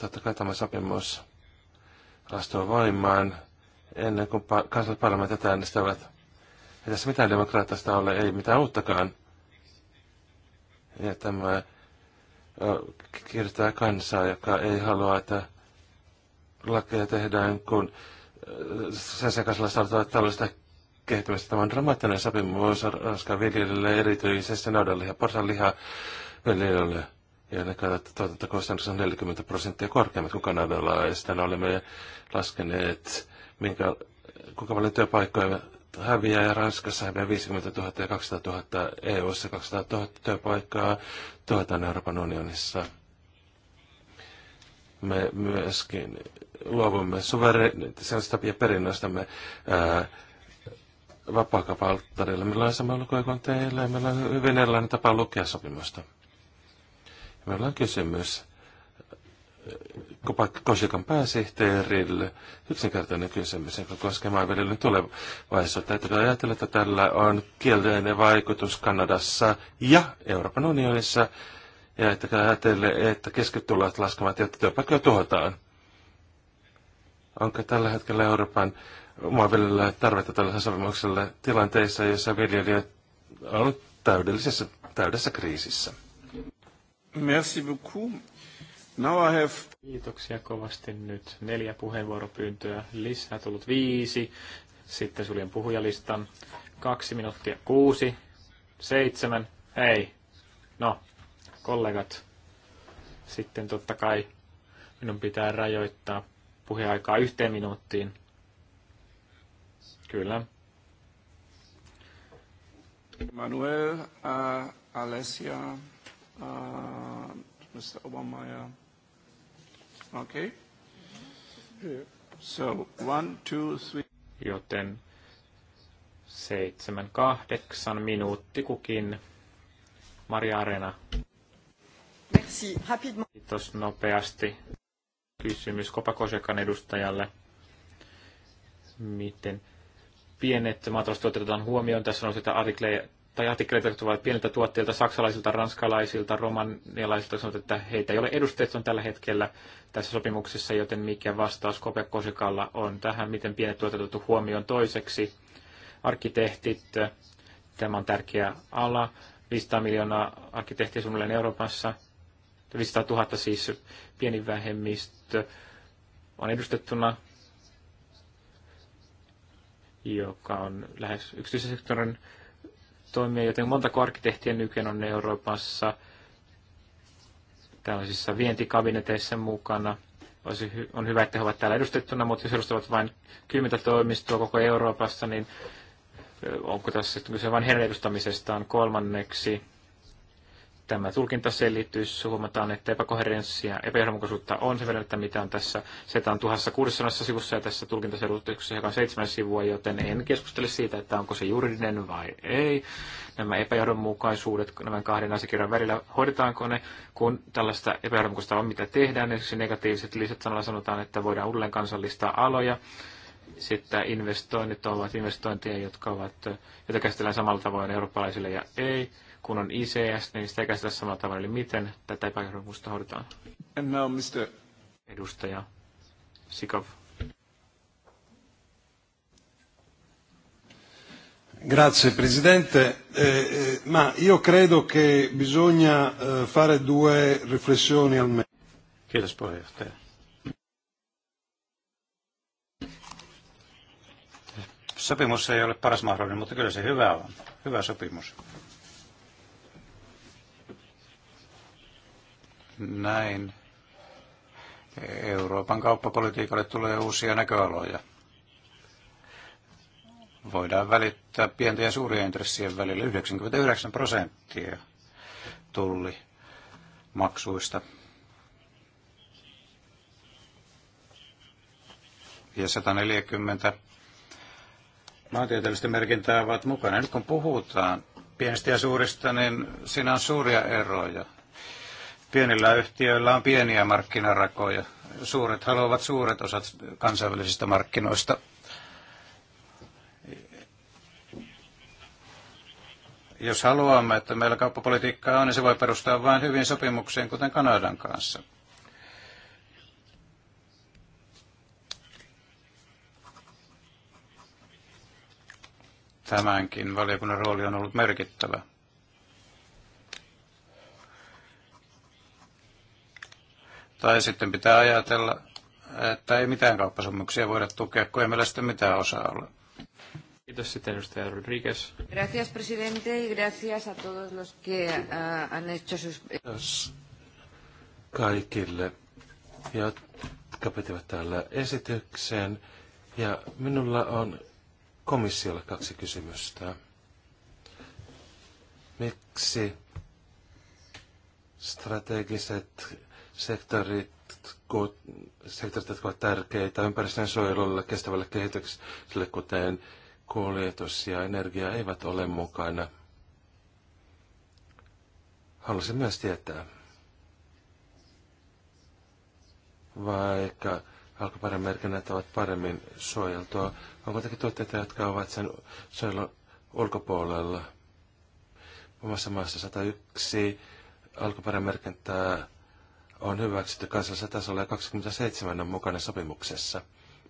Speaker 2: Totta kai tämä sopimus astuu voimaan ennen kuin kansalliset parlamentit äänestävät. Ei tässä mitään demokraattista ole, ei mitään uuttakaan. Ja tämä kiertää kansaa, joka ei halua, että lakeja tehdään, kun äh, sen sekaisella saattaa tällaista kehittymistä. Tämä on dramaattinen sopimus Ranskan viljelijöille, erityisesti naudanliha, porsanliha viljelijöille. Ja ne tuotantokustannukset on 40 prosenttia korkeammat kuin Kanadalla. Ja sitten olemme laskeneet, minkä, kuinka paljon työpaikkoja häviää ja Ranskassa häviää 50 000 ja 200 000 EU-ssa, 200 000 työpaikkaa, tuetaan Euroopan unionissa. Me myöskin luovumme suvereniteetista ja perinnöstämme vapaakavalttarilla. Meillä on sama lukuja kuin teillä ja meillä on hyvin erilainen tapa lukea sopimusta. Meillä on kysymys Kosikan pääsihteerille yksinkertainen kysymys, joka koskee maanviljelyn tulevaisuutta. Täytyy ajatella, että tällä on kielteinen vaikutus Kanadassa ja Euroopan unionissa, ja että ajatella, että keskitulot laskevat, jotta työpaikkoja tuhotaan? Onko tällä hetkellä Euroopan maanviljelyllä tarvetta tällaiselle sopimukselle tilanteissa, jossa viljelijät ovat täydellisessä, täydessä kriisissä?
Speaker 1: Merci beaucoup. Now I have... Kiitoksia kovasti nyt. Neljä puheenvuoropyyntöä. Lisää tullut viisi. Sitten suljen puhujalistan. Kaksi minuuttia. Kuusi. Seitsemän. Hei. No, kollegat. Sitten totta kai minun pitää rajoittaa puheaikaa yhteen minuuttiin. Kyllä.
Speaker 3: Manuel, uh, äh, Alessia, uh, Mr. Yeah. Okay.
Speaker 1: So, one, two, three. Joten seitsemän, kahdeksan minuutti kukin. Maria Arena. Merci. Rapidement. Kiitos nopeasti. Kysymys Kopakosekan edustajalle. Miten pienet maataloustuotteet otetaan huomioon? Tässä on sitä artikleja tai artikkeleita, jotka tulevat pieniltä tuotteilta, saksalaisilta, ranskalaisilta, romanialaisilta, sanotaan, että heitä ei ole edustettu tällä hetkellä tässä sopimuksessa, joten mikä vastaus Kopekosikalla on tähän, miten pienet tuotteet otettu huomioon toiseksi. Arkkitehtit, tämä on tärkeä ala, 500 miljoonaa arkkitehtiä suunnilleen Euroopassa, 500 000 siis pieni vähemmistö on edustettuna, joka on lähes yksityisen sektorin toimia, joten montako arkkitehtiä nykyään on Euroopassa tällaisissa vientikabineteissa mukana. Olisi hy- on hyvä, että he ovat täällä edustettuna, mutta jos edustavat vain kymmentä toimistoa koko Euroopassa, niin onko tässä kyse vain heidän edustamisestaan kolmanneksi? tämä tulkintaselitys. Huomataan, että epäkoherenssia ja epäjohdonmukaisuutta on sen verran, että mitä on tässä. Se on kuudessa sivussa ja tässä tulkintaselityksessä, joka on seitsemän sivua, joten en keskustele siitä, että onko se juridinen vai ei. Nämä epäjohdonmukaisuudet nämä kahden asiakirjan välillä, hoidetaanko ne, kun tällaista epäjohdonmukaista on, mitä tehdään. Esimerkiksi negatiiviset lisät sanalla sanotaan, että voidaan uudelleen kansallistaa aloja sitten investoinnit ovat investointeja, jotka ovat, joita käsitellään samalla tavoin eurooppalaisille ja ei kun on ICS, niin sitä ei käsitellä samalla tavalla. Eli miten tätä epäjohdonmukaisuutta hoidetaan? And now Mr. Edustaja Sikov.
Speaker 2: Grazie Presidente, eh, eh, ma io credo che bisogna eh, fare due riflessioni almeno.
Speaker 3: Kiitos puheenjohtaja. Sopimus ei ole paras mahdollinen, mutta kyllä se hyvä on. Hyvä sopimus. Näin Euroopan kauppapolitiikalle tulee uusia näköaloja. Voidaan välittää pienten ja suurien intressien välillä 99 prosenttia tulli maksuista. Ja 140 maantieteellistä merkintää ovat mukana. Nyt kun puhutaan pienistä ja suurista, niin siinä on suuria eroja. Pienillä yhtiöillä on pieniä markkinarakoja. Suuret haluavat suuret osat kansainvälisistä markkinoista. Jos haluamme, että meillä kauppapolitiikkaa on, niin se voi perustaa vain hyvin sopimuksiin, kuten Kanadan kanssa. tämänkin valiokunnan rooli on ollut merkittävä. Tai sitten pitää ajatella, että ei mitään kauppasopimuksia voida tukea, kun ei meillä sitten mitään osaa ole. Kiitos sitten edustaja Rodriguez.
Speaker 2: Gracias presidente y gracias a todos los que uh, han hecho sus... Kiitos kaikille, jotka pitävät täällä esityksen. Ja minulla on komissiolle kaksi kysymystä. Miksi strategiset sektorit, sektorit, jotka ovat tärkeitä ympäristön suojelulle, kestävälle kehitykselle, kuten kuljetus ja energia, eivät ole mukana. Haluaisin myös tietää, vaikka merkinnät ovat paremmin suojeltua, on kuitenkin tuotteita, jotka ovat sen suojelun ulkopuolella. Omassa maassa 101 alkuperämerkintää on hyväksytty kansallisella tasolla ja 27 on mukana sopimuksessa.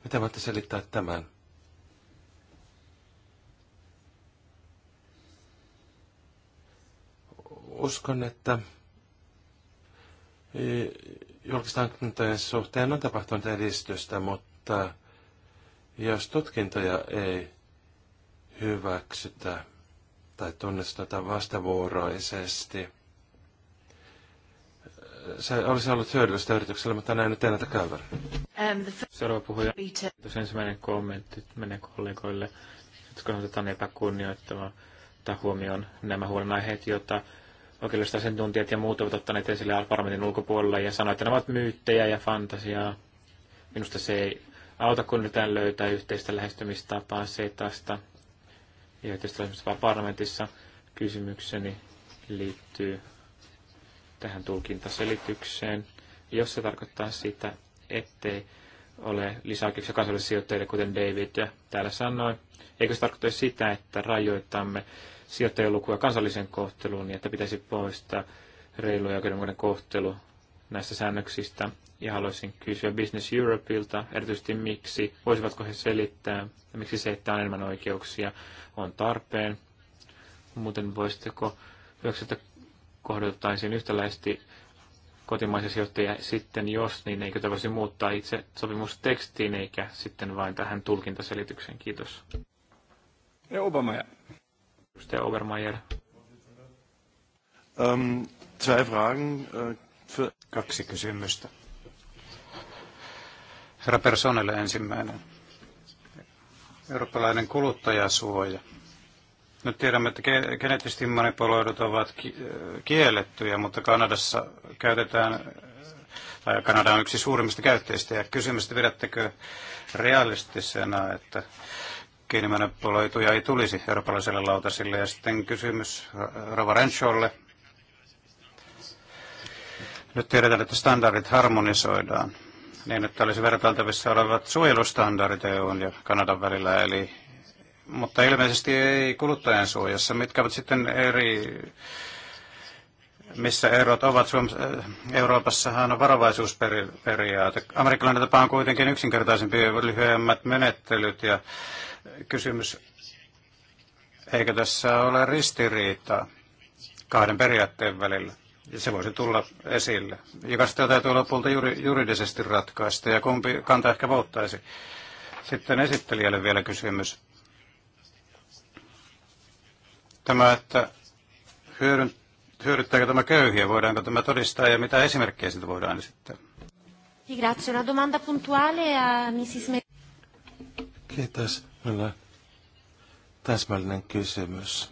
Speaker 2: Miten voitte selittää tämän? Uskon, että julkisten hankintojen suhteen on tapahtunut edistystä, mutta jos tutkintoja ei hyväksytä tai tunnisteta vastavuoroisesti – se
Speaker 1: olisi ollut hyödyllistä yrityksellä, mutta näin nyt ennätä käyvän. Um, Seuraava puhuja. Kiitos ensimmäinen kommentti menee kollegoille, jotka otetaan epäkunnioittamaan tai huomioon nämä huolenaiheet, joita oikeudelliset asiantuntijat ja muut ovat ottaneet esille parlamentin ulkopuolella ja sanoivat, että ne ovat myyttejä ja fantasiaa. Minusta se ei auta, kun nyt löytää yhteistä lähestymistapaa setasta ja yhteistä lähestymistapaa parlamentissa. Kysymykseni liittyy tähän tulkintaselitykseen, jos se tarkoittaa sitä, ettei ole lisäoikeuksia kansallisille sijoittajille, kuten David täällä sanoi. Eikö se tarkoita sitä, että rajoitamme lukua kansallisen kohteluun, niin että pitäisi poistaa reilu ja oikeudenmukainen kohtelu näistä säännöksistä. Ja haluaisin kysyä Business Europeilta erityisesti miksi, voisivatko he selittää, ja miksi se, että on enemmän oikeuksia, on tarpeen. Muuten voisitteko kohdeltaisiin yhtäläisesti kotimaisia sijoittajia sitten jos, niin eikö tämä voisi muuttaa itse sopimustekstiin eikä sitten vain tähän tulkintaselitykseen. Kiitos. Ja Obermeier. Edustaja Obermeier. Um, zwei Fragen, uh,
Speaker 3: Kaksi kysymystä. Herra Personelle ensimmäinen. Eurooppalainen kuluttajasuoja nyt tiedämme, että geneettisesti manipuloidut ovat kiellettyjä, mutta Kanadassa käytetään, tai Kanada on yksi suurimmista käyttäjistä, ja kysymys, että pidättekö realistisena, että geenimanipuloituja ei tulisi eurooppalaiselle lautasille. Ja sitten kysymys Rova Renshawlle. Nyt tiedetään, että standardit harmonisoidaan niin, että olisi vertailtavissa olevat suojelustandardit EUn ja Kanadan välillä, eli mutta ilmeisesti ei kuluttajan suojassa. Mitkä ovat sitten eri, missä erot ovat? Suomessa, äh, Euroopassahan on varovaisuusperiaate. Amerikkalainen tapa on kuitenkin yksinkertaisempi ja lyhyemmät menettelyt ja kysymys, eikö tässä ole ristiriitaa kahden periaatteen välillä? ja se voisi tulla esille. Joka sitä täytyy lopulta juri, juridisesti ratkaista ja kumpi kanta ehkä voittaisi. Sitten esittelijälle vielä kysymys tämä, että hyödyttääkö tämä köyhiä, voidaanko tämä todistaa ja mitä esimerkkejä siitä
Speaker 2: voidaan esittää? Grazie, una domanda puntuale a Mrs. Kiitos. Meillä on täsmällinen kysymys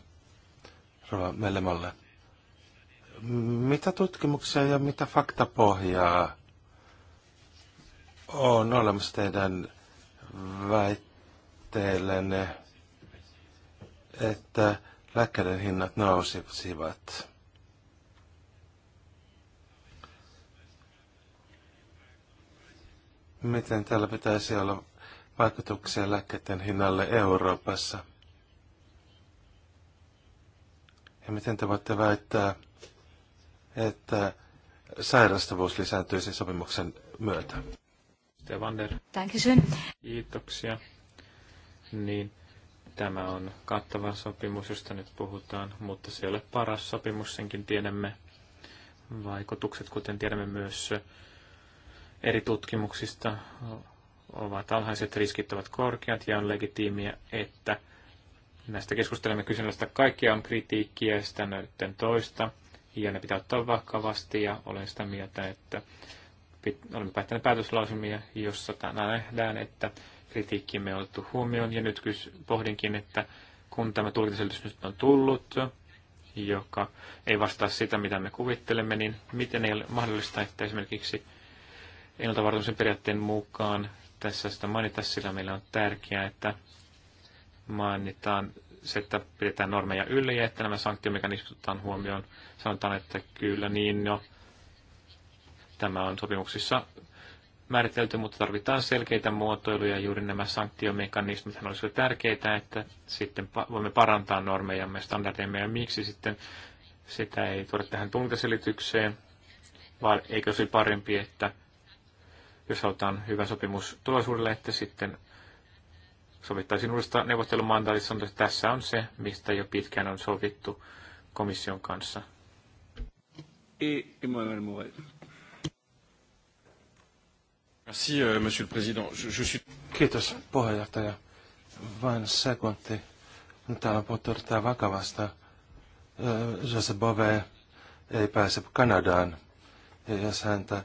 Speaker 2: Rova Melemolle. Mitä tutkimuksia ja mitä faktapohjaa on olemassa teidän väitteellenne, että lääkkeiden hinnat nousivat. Miten täällä pitäisi olla vaikutuksia lääkkeiden hinnalle Euroopassa? Ja miten te voitte väittää, että sairastavuus lisääntyisi sopimuksen myötä?
Speaker 1: Stevander. Kiitoksia. Niin Tämä on kattava sopimus, josta nyt puhutaan, mutta se ei ole paras sopimus, senkin tiedämme. Vaikutukset, kuten tiedämme myös eri tutkimuksista, ovat alhaiset, riskit ovat korkeat ja on legitiimiä, että näistä keskustelemme kysymystä kaikkia on kritiikkiä ja sitä näytten toista. Ja ne pitää ottaa vakavasti ja olen sitä mieltä, että olemme päättäneet päätöslausumia, jossa tänään nähdään, että kritiikkimme on otettu huomioon. Ja nyt pohdinkin, että kun tämä tulkintaselitys nyt on tullut, joka ei vastaa sitä, mitä me kuvittelemme, niin miten ei ole mahdollista, että esimerkiksi ennaltavartumisen periaatteen mukaan tässä sitä mainita, sillä meillä on tärkeää, että mainitaan se, että pidetään normeja yllä ja että nämä sanktiomekanismit otetaan huomioon. Sanotaan, että kyllä niin, no, tämä on sopimuksissa määritelty, mutta tarvitaan selkeitä muotoiluja. Juuri nämä sanktiomekanismit olisivat tärkeitä, että sitten voimme parantaa normejamme, standardejamme ja miksi sitten sitä ei tuoda tähän tuntaselitykseen, vaan eikö se parempi, että jos halutaan hyvä sopimus tulosuudelle, että sitten sovittaisiin uudesta neuvottelumandaatista, että tässä on se, mistä jo pitkään on sovittu komission kanssa. I, e, i Merci, euh, monsieur le président. Je, je suis... Kiitos,
Speaker 2: puheenjohtaja. Vain sekunti. Täällä on puhuttu erittäin vakavasta. Jose Bove ei pääse Kanadaan, jos häntä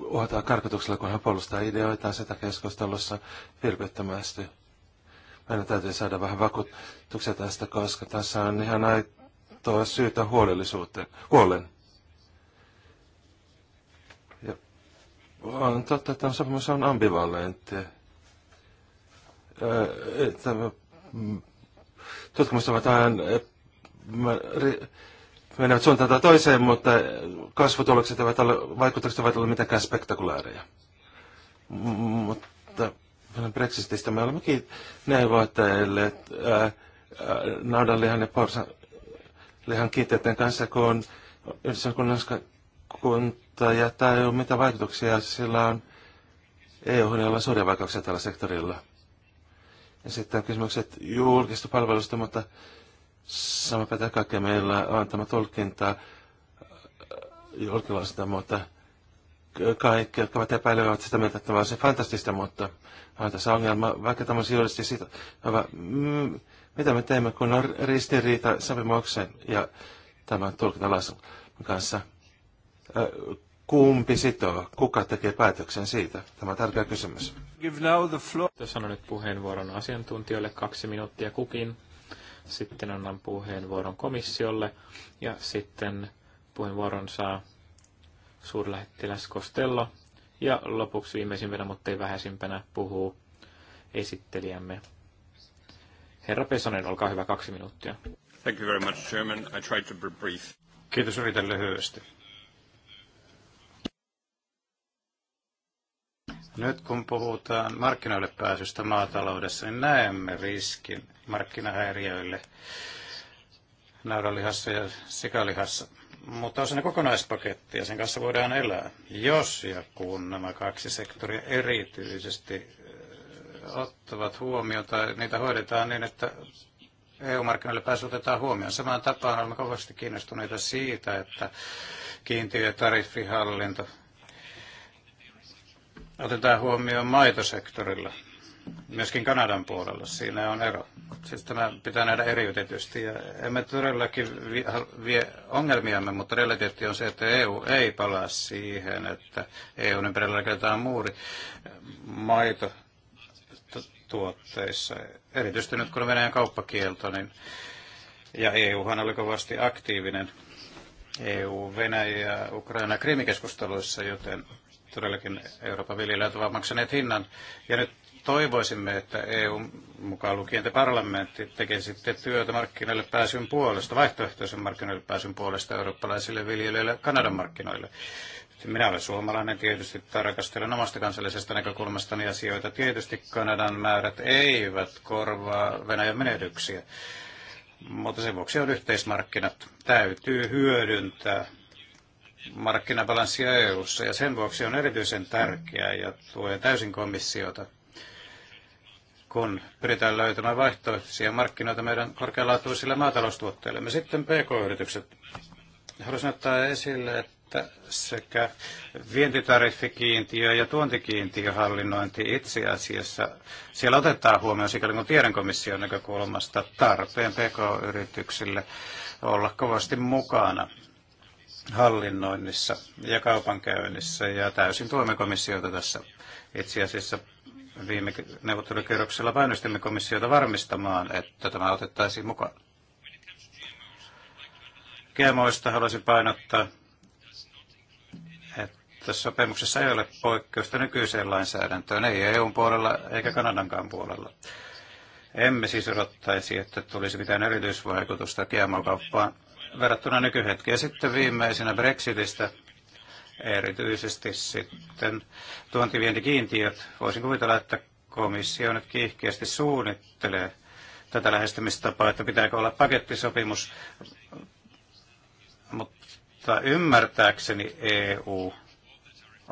Speaker 2: uhataan karkotuksella, kun hän puolustaa ideoitaan sitä keskustelussa vilpittömästi. Meidän täytyy saada vähän vakuutuksia tästä, koska tässä on ihan aitoa syytä huolellisuuteen. Huolen. On totta, että on sopimus on ambivalentti. tutkimus on vähän menevät suuntaan tai toiseen, mutta kasvutulokset eivät ole, vaikutukset eivät ole mitenkään spektakulaareja. M- mutta Brexitistä me olemmekin neuvottajille naudanlihan ja porsan lihan kiinteiden kanssa, kun yhdessä kunnassa Kunta ja tai mitä vaikutuksia sillä on eu jolla on suuria vaikutuksia tällä sektorilla. Ja sitten kysymykset julkista palvelusta, mutta sama pätee kaikkea meillä on tämä tulkinta äh, julkilaista, mutta kaikki, jotka ovat epäilevät sitä mieltä, että tämä on se fantastista, mutta on tässä ongelma, vaikka tämä olisi juridisesti sitä, mm, mitä me teemme, kun on ristiriita sopimuksen ja tämän tulkintalaisen kanssa kumpi sitoo? Kuka tekee päätöksen siitä? Tämä on tärkeä kysymys.
Speaker 1: Give now the floor. nyt puheenvuoron asiantuntijoille kaksi minuuttia kukin. Sitten annan puheenvuoron komissiolle ja sitten puheenvuoron saa suurlähettiläs Costello. Ja lopuksi viimeisimpänä, mutta ei vähäisimpänä, puhuu esittelijämme. Herra Pesonen, olkaa hyvä, kaksi minuuttia.
Speaker 3: Thank you very much, Chairman. I tried to be brief.
Speaker 1: Kiitos, yritän lyhyesti
Speaker 3: Nyt kun puhutaan markkinoille pääsystä maataloudessa, niin näemme riskin markkinahäiriöille naudanlihassa ja sikalihassa. Mutta se kokonaispaketti ja sen kanssa voidaan elää, jos ja kun nämä kaksi sektoria erityisesti äh, ottavat huomioon tai niitä hoidetaan niin, että EU-markkinoille pääsy otetaan huomioon. Samaan tapaan olemme kovasti kiinnostuneita siitä, että kiintiö- ja tariffihallinto otetaan huomioon maitosektorilla, myöskin Kanadan puolella. Siinä on ero. Siis tämä pitää nähdä eriytetysti. Ja emme todellakin vie ongelmiamme, mutta realiteetti on se, että EU ei palaa siihen, että EUn ympärillä rakennetaan muuri maito tuotteissa. Erityisesti nyt kun on Venäjän kauppakielto, niin ja EUhan oli kovasti aktiivinen EU, Venäjä ja Ukraina krimikeskusteluissa, joten todellakin Euroopan viljelijät ovat maksaneet hinnan. Ja nyt toivoisimme, että EU mukaan lukien te parlamentti tekee sitten työtä markkinoille pääsyn puolesta, vaihtoehtoisen markkinoille pääsyn puolesta eurooppalaisille viljelijöille Kanadan markkinoille. Minä olen suomalainen, tietysti tarkastelen omasta kansallisesta näkökulmastani asioita. Tietysti Kanadan määrät eivät korvaa Venäjän menetyksiä, mutta sen vuoksi on yhteismarkkinat. Täytyy hyödyntää markkinabalanssia EU:ssa ja sen vuoksi on erityisen tärkeää ja tuen täysin komissiota, kun pyritään löytämään vaihtoehtoisia markkinoita meidän korkealaatuisille maataloustuotteillemme. Sitten PK-yritykset. Haluaisin ottaa esille, että sekä vientitariffikiintiö ja tuontikiintiöhallinnointi itse asiassa, siellä otetaan huomioon sikäli kuin tiedon komission näkökulmasta tarpeen PK-yrityksille olla kovasti mukana hallinnoinnissa ja kaupankäynnissä ja täysin tuemme komissiota tässä. Itse asiassa viime neuvottelukierroksella painostimme komissiota varmistamaan, että tämä otettaisiin mukaan. GMOista haluaisin painottaa, että sopimuksessa ei ole poikkeusta nykyiseen lainsäädäntöön, ei EUn puolella eikä Kanadankaan puolella. Emme siis odottaisi, että tulisi mitään erityisvaikutusta GMO-kauppaan verrattuna nykyhetkeen. Sitten viimeisenä Brexitistä, erityisesti sitten tuontivientikiintiöt. Voisin kuvitella, että komissio nyt kiihkeästi suunnittelee tätä lähestymistapaa, että pitääkö olla pakettisopimus. Mutta ymmärtääkseni EU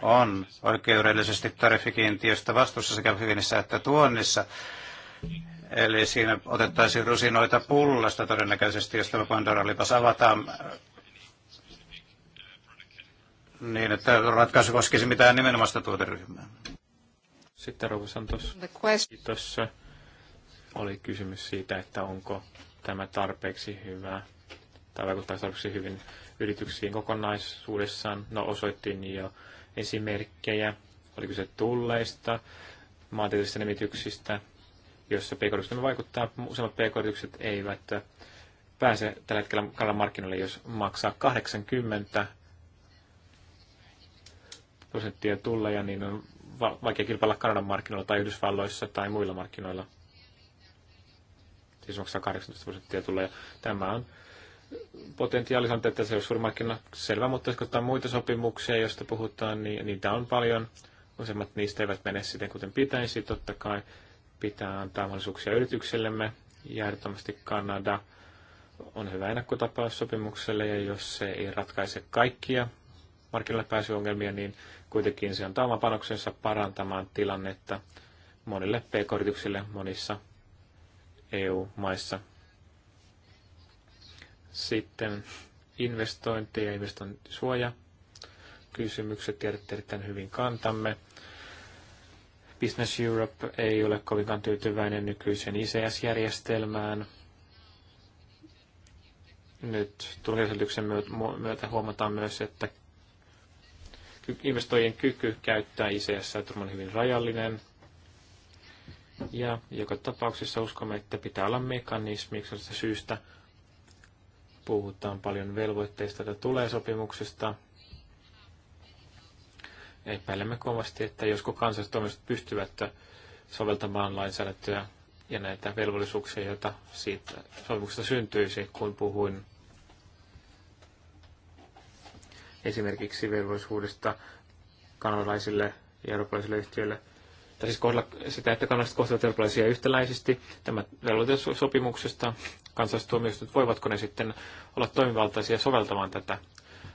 Speaker 3: on oikeudellisesti tariffikiintiöstä vastuussa sekä viennissä että tuonnissa. Eli siinä otettaisiin rusinoita pullasta todennäköisesti, jos tämä Pandora-lipas avataan niin, että
Speaker 1: ratkaisu koskisi mitään nimenomaista tuoteryhmää. Sitten Rouva tuossa Oli kysymys siitä, että onko tämä tarpeeksi hyvä tai vaikuttaa tarpeeksi hyvin yrityksiin kokonaisuudessaan. No osoittiin jo esimerkkejä, oli kyse tulleista, maantieteellisistä nimityksistä, jossa pk vaikuttaa. Useimmat pk eivät pääse tällä hetkellä kalan markkinoille, jos maksaa 80 prosenttia tulleja, niin on vaikea kilpailla Kanadan markkinoilla tai Yhdysvalloissa tai muilla markkinoilla. Siis maksaa 18 prosenttia tulleja. Tämä on potentiaali on, että se on suuri markkina selvä, mutta jos katsotaan muita sopimuksia, joista puhutaan, niin niitä on paljon. Useimmat niistä eivät mene sitten kuten pitäisi. Totta kai pitää antaa mahdollisuuksia yrityksellemme. Järjettömästi Kanada on hyvä ennakkotapaus sopimukselle, ja jos se ei ratkaise kaikkia markkinoille pääsyongelmia, niin kuitenkin se antaa oman panoksensa parantamaan tilannetta monille pk-yrityksille monissa EU-maissa. Sitten investointi ja investointisuoja. Kysymykset tiedätte erittäin hyvin kantamme. Business Europe ei ole kovinkaan tyytyväinen nykyisen ICS-järjestelmään. Nyt tulkiselityksen myötä huomataan myös, että investoijien kyky käyttää ICS on hyvin rajallinen. Ja joka tapauksessa uskomme, että pitää olla mekanismi, syystä puhutaan paljon velvoitteista, joita tulee sopimuksesta – Epäilemme kovasti, että josko kansalliset pystyvät soveltamaan lainsäädäntöä ja näitä velvollisuuksia, joita siitä sopimuksesta syntyisi, kun puhuin esimerkiksi velvollisuudesta kanalaisille ja eurooppalaisille yhtiöille, tai siis kohdella sitä, että kanalaiset kohtelevat eurooppalaisia yhtäläisesti. Tämä velvoite sopimuksesta kansallistuomioistuimet, voivatko ne sitten olla toimivaltaisia soveltamaan tätä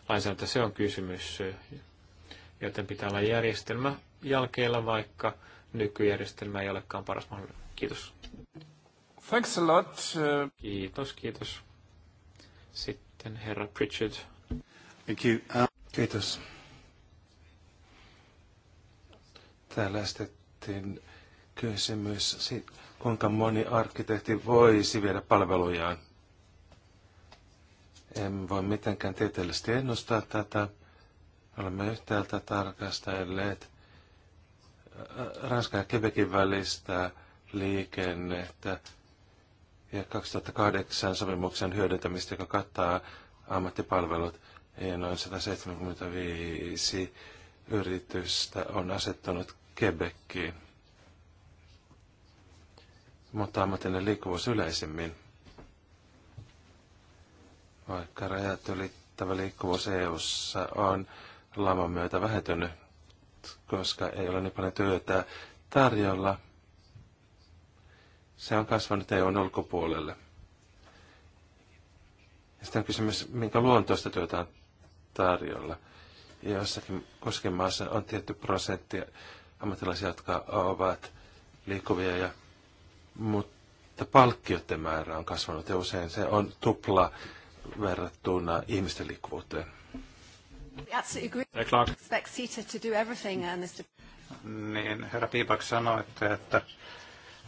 Speaker 1: lainsäädäntöä, se on kysymys, joten pitää olla järjestelmä jälkeellä, vaikka nykyjärjestelmä ei olekaan paras mahdollinen. Kiitos. Thanks a lot. Uh, kiitos, kiitos. Sitten herra Pritchard. Thank you.
Speaker 2: Uh... Kiitos. Täällä esitettiin kysymys siitä, kuinka moni arkkitehti voisi viedä palvelujaan. En voi mitenkään tieteellisesti ennustaa tätä. Olemme yhtäältä tarkastelleet äh, Ranskan ja Quebecin välistä liikennettä ja 2008 sopimuksen hyödyntämistä, joka kattaa ammattipalvelut ja noin 175 yritystä on asettunut Quebeciin. Mutta ammatillinen liikkuvuus yleisemmin. Vaikka rajat ylittävä liikkuvuus EU:ssa on laman myötä vähentynyt, koska ei ole niin paljon työtä tarjolla. Se on kasvanut EUn ulkopuolelle. Ja sitten on kysymys, minkä luontoista työtä on tarjolla. Ja jossakin Kosken maassa on tietty prosentti ammattilaisia, jotka ovat liikkuvia, ja, mutta palkkioiden määrä on kasvanut ja usein se on tupla verrattuna ihmisten liikkuvuuteen.
Speaker 1: Uh,
Speaker 3: niin, herra Piipak sanoi, että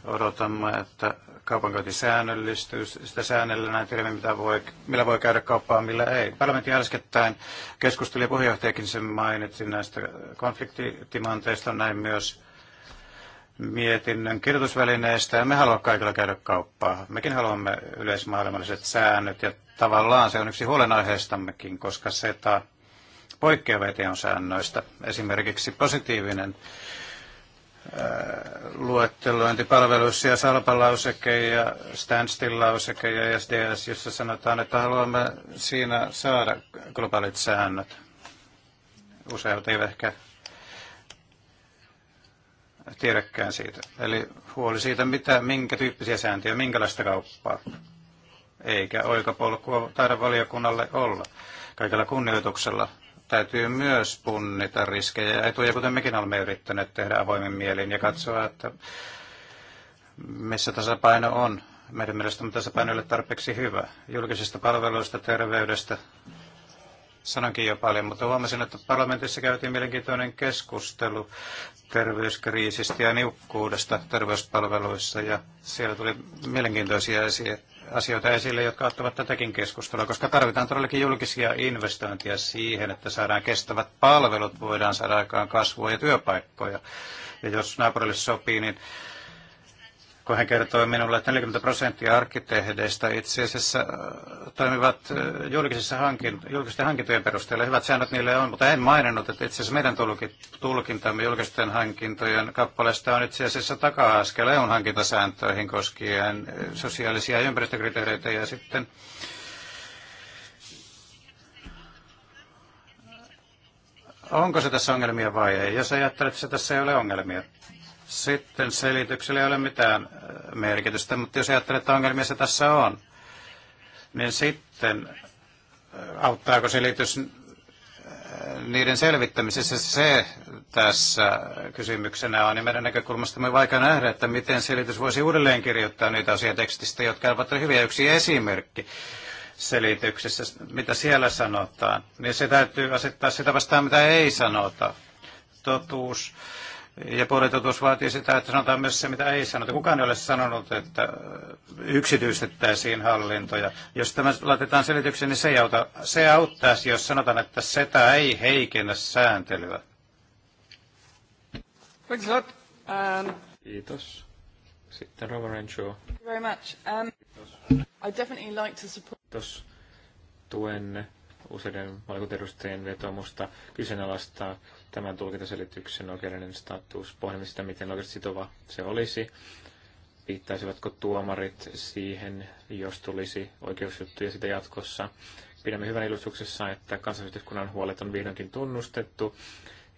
Speaker 3: odotamme, että kaupankäynti säännöllistyy, sitä säännellä näin tiedämme, mitä voi, millä voi käydä kauppaa, millä ei. Parlamentin äskettäin keskusteli ja puheenjohtajakin sen mainitsi näistä konfliktitimanteista, näin myös mietinnön kirjoitusvälineistä, ja me haluamme kaikilla käydä kauppaa. Mekin haluamme yleismaailmalliset säännöt, ja tavallaan se on yksi huolenaiheistammekin, koska se SETA poikkeava on säännöistä. Esimerkiksi positiivinen äh, luettelointi palveluissa ja salpalauseke ja standstill-lauseke ja SDS, jossa sanotaan, että haluamme siinä saada globaalit säännöt. Useat eivät ehkä tiedäkään siitä. Eli huoli siitä, mitä, minkä tyyppisiä sääntöjä, minkälaista kauppaa. Eikä oikapolkua taida valiokunnalle olla. Kaikella kunnioituksella täytyy myös punnita riskejä ja etuja, kuten mekin olemme yrittäneet tehdä avoimen mielin ja katsoa, että missä tasapaino on. Meidän mielestämme tasapaino ei ole tarpeeksi hyvä. Julkisista palveluista, terveydestä, sanonkin jo paljon, mutta huomasin, että parlamentissa käytiin mielenkiintoinen keskustelu terveyskriisistä ja niukkuudesta terveyspalveluissa ja siellä tuli mielenkiintoisia esiin asioita esille, jotka ottavat tätäkin keskustelua, koska tarvitaan todellakin julkisia investointeja siihen, että saadaan kestävät palvelut, voidaan saada aikaan kasvua ja työpaikkoja. Ja jos naapurille sopii, niin kun hän kertoi minulle, että 40 prosenttia arkkitehdeistä itse asiassa äh, toimivat äh, julkisissa hankin, julkisten hankintojen perusteella. Hyvät säännöt niille on, mutta en maininnut, että itse asiassa meidän tulkintamme julkisten hankintojen kappaleesta on itse asiassa taka-askel eu hankintasääntöihin koskien äh, sosiaalisia ja ympäristökriteereitä ja sitten Onko se tässä ongelmia vai ei? Jos ajattelet, että se tässä ei ole ongelmia. Sitten selityksellä ei ole mitään äh, merkitystä, mutta jos ajattelee, että ongelmia se tässä on, niin sitten äh, auttaako selitys äh, niiden selvittämisessä se tässä kysymyksenä on, niin meidän näkökulmasta on vaikea nähdä, että miten selitys voisi uudelleen kirjoittaa niitä asia tekstistä, jotka ovat hyviä. Yksi esimerkki selityksessä, mitä siellä sanotaan, niin se täytyy asettaa sitä vastaan, mitä ei sanota. Totuus ja puolitotuus vaatii sitä, että sanotaan myös se, mitä ei sanota. Kukaan ei ole sanonut, että yksityistettäisiin hallintoja. Jos tämä laitetaan selitykseen, niin se, ei auta, se auttaisi, jos sanotaan, että sitä ei heikennä sääntelyä.
Speaker 2: Thanks a lot. Um,
Speaker 1: Kiitos. Sitten Rova Renshaw.
Speaker 3: Very much. Um, Kiitos. I definitely like to support...
Speaker 1: Kiitos. Tuenne useiden valiokuntaedustajien vetomusta kyseenalaistaa tämän tulkintaselityksen oikeudellinen status, pohdimme sitä, miten oikeasti sitova se olisi, viittaisivatko tuomarit siihen, jos tulisi oikeusjuttuja sitä jatkossa. Pidämme hyvän ilustuksessa, että kansanyhteiskunnan huolet on vihdoinkin tunnustettu,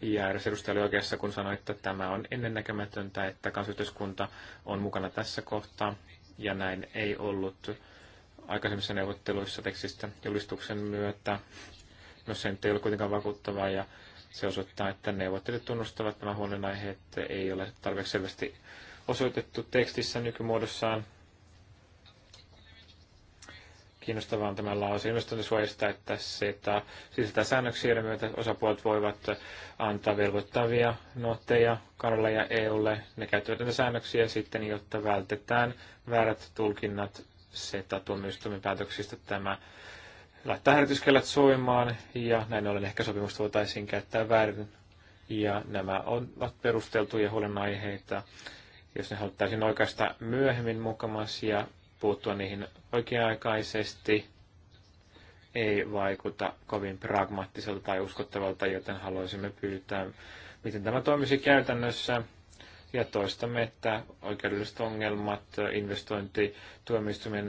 Speaker 1: ja eräs edustaja oli oikeassa, kun sanoi, että tämä on ennennäkemätöntä, että kansanyhteiskunta on mukana tässä kohtaa, ja näin ei ollut aikaisemmissa neuvotteluissa tekstistä julistuksen myötä. No se nyt ei ole kuitenkaan vakuuttavaa ja se osoittaa, että neuvottelijat tunnustavat nämä huolenaiheet ei ole tarpeeksi selvästi osoitettu tekstissä nykymuodossaan. Kiinnostavaa on tämä lause investointisuojasta, että sitä sisältää säännöksiä, joiden myötä osapuolet voivat antaa velvoittavia notteja karolle ja EUlle. Ne käyttävät näitä säännöksiä sitten, jotta vältetään väärät tulkinnat seta tuomioistuimen päätöksistä tämä laittaa hälytyskellot soimaan ja näin ollen ehkä sopimusta voitaisiin käyttää väärin. Ja nämä ovat perusteltuja huolenaiheita, jos ne haluttaisiin oikeastaan myöhemmin mukamas ja puuttua niihin oikea-aikaisesti, ei vaikuta kovin pragmaattiselta tai uskottavalta, joten haluaisimme pyytää, miten tämä toimisi käytännössä ja toistamme, että oikeudelliset ongelmat, investointi,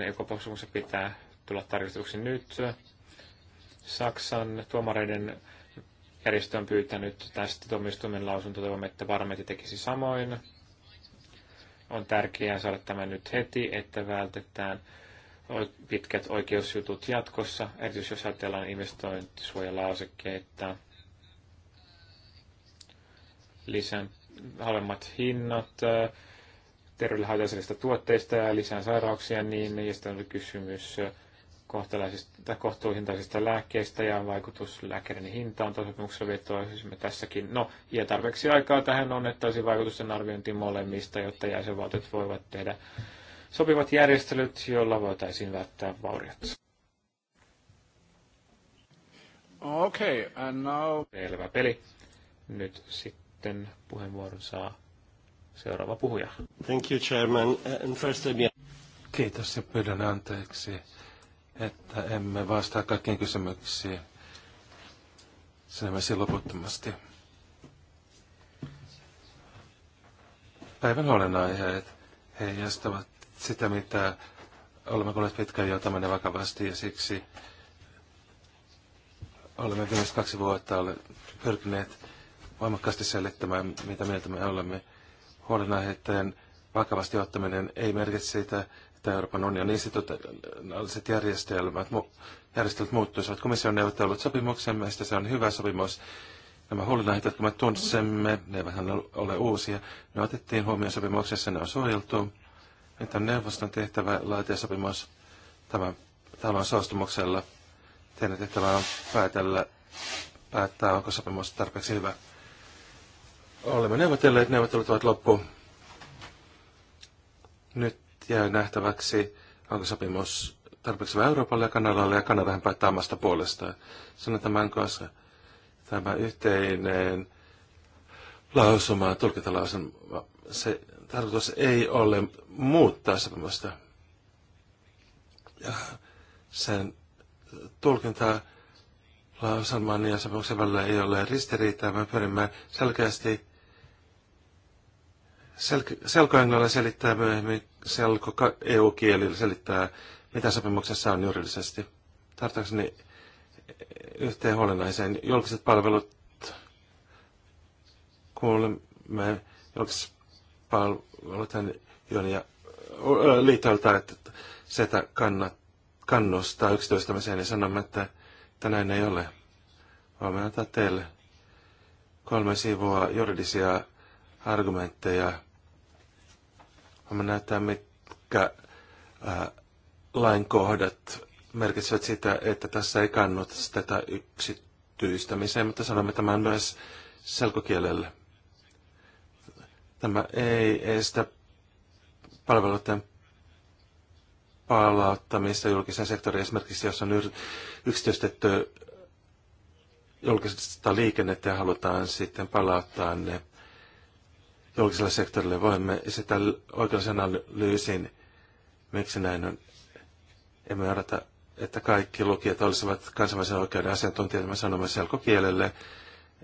Speaker 1: ja ekopoksumuksessa pitää tulla tarkistuksi nyt. Saksan tuomareiden järjestö on pyytänyt tästä tuomioistuimen lausunto, toivomme, että varmasti tekisi samoin. On tärkeää saada tämä nyt heti, että vältetään pitkät oikeusjutut jatkossa, erityisesti jos ajatellaan investointisuojalausekkeita lisään halvemmat hinnat äh, terveydelle tuotteista ja lisää sairauksia, niin, niin ja sitten oli kysymys äh, kohtalaisista, kohtuuhintaisista lääkkeistä ja vaikutus lääkärin hintaan toisopimuksella vetoaisimme siis tässäkin. No, ja tarpeeksi aikaa tähän on, että olisi vaikutusten arviointi molemmista, jotta jäsenvaltiot voivat tehdä sopivat järjestelyt, joilla voitaisiin välttää vauriot. okay, and now... Selvä peli. Nyt sitten sitten puheenvuoron saa seuraava puhuja. Thank you, Chairman. Uh, and first again. Kiitos ja pyydän anteeksi, että
Speaker 2: emme vastaa kaikkiin kysymyksiin. Sanoisin loputtomasti. Päivän huolenaiheet heijastavat sitä, mitä olemme kuulleet pitkään jo tämän vakavasti ja siksi olemme viimeiset kaksi vuotta pyrkineet voimakkaasti selittämään, mitä mieltä me olemme. Huolenaiheiden vakavasti ottaminen ei merkitse sitä, että Euroopan unionin institutionaaliset järjestelmät, mu, järjestelyt muuttuisivat. Komission neuvottelut sopimuksen mielestä se on hyvä sopimus. Nämä huolenaiheet, jotka me tunsemme, ne eivät ole uusia. Ne otettiin huomioon sopimuksessa, ne on suojeltu. Nyt on neuvoston tehtävä laatia sopimus tämän talon suostumuksella. Teidän tehtävä on päätellä, päättää, onko sopimus tarpeeksi hyvä. Olemme neuvotelleet, neuvottelut ovat loppu. Nyt jää nähtäväksi, onko sopimus tarpeeksi hyvä Euroopalle ja Kanadalle, ja Kanadahan päättää omasta puolestaan. Sanon tämän, koska tämä yhteinen lausuma, tulkintalausuma, se tarkoitus ei ole muuttaa sopimusta. Ja sen tulkintaa lauselman ja sopimuksen välillä ei ole ristiriitaa. Me pyrimme selkeästi Selk- selittää myöhemmin, selko EU-kielillä selittää, mitä sopimuksessa on juridisesti. Tartakseni yhteen huolenaiseen. Julkiset palvelut, kuulemme julkiset palvelut jo ja liitoilta, että se, että kannustaa yksityistämiseen, niin sanomme, että, että näin ei ole. Voimme antaa teille kolme sivua juridisia argumentteja me näyttää, mitkä ää, lainkohdat merkitsevät sitä, että tässä ei kannusteta yksityistämiseen, mutta sanomme tämän myös selkokielelle. Tämä ei estä palveluiden palauttamista julkisen sektorin, esimerkiksi jos on yksityistetty julkista liikennettä ja halutaan sitten palauttaa ne julkisella sektorilla voimme esittää oikeudellisen analyysin, miksi näin on. Emme odota, että kaikki lukijat olisivat kansainvälisen oikeuden asiantuntijat Me sanomme selkokielelle,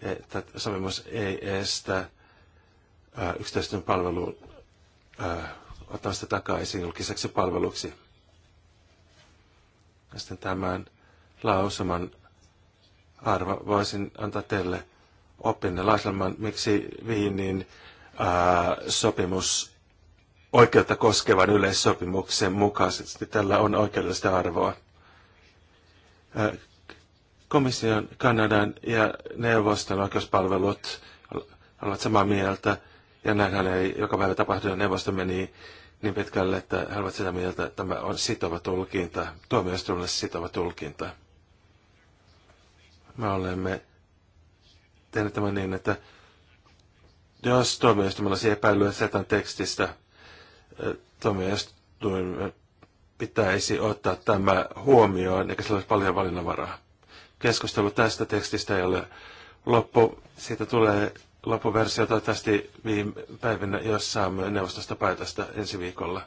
Speaker 2: että sopimus ei estä äh, yksityisten palveluun äh, ottamista takaisin julkiseksi palveluksi. Ja sitten tämän lausuman arvo voisin antaa teille oppinne lauselman, miksi Viinin sopimus oikeutta koskevan yleissopimuksen mukaisesti. Tällä on oikeudellista arvoa. Komission, Kanadan ja neuvoston oikeuspalvelut ovat samaa mieltä, ja näinhän ei joka päivä tapahdu, ja neuvosto meni niin pitkälle, että he ovat sitä mieltä, että tämä on sitova tulkinta, tuomioistuimelle sitova tulkinta. Me olemme tehneet tämän niin, että jos tuomioistuimella olisi epäilyä setan tekstistä, eh, tuomioistuin eh, pitäisi ottaa tämä huomioon, eikä sillä olisi paljon valinnanvaraa. Keskustelu tästä tekstistä ei ole loppu. Siitä tulee loppuversio toivottavasti viime päivinä, jos saamme neuvostosta päätöstä ensi viikolla.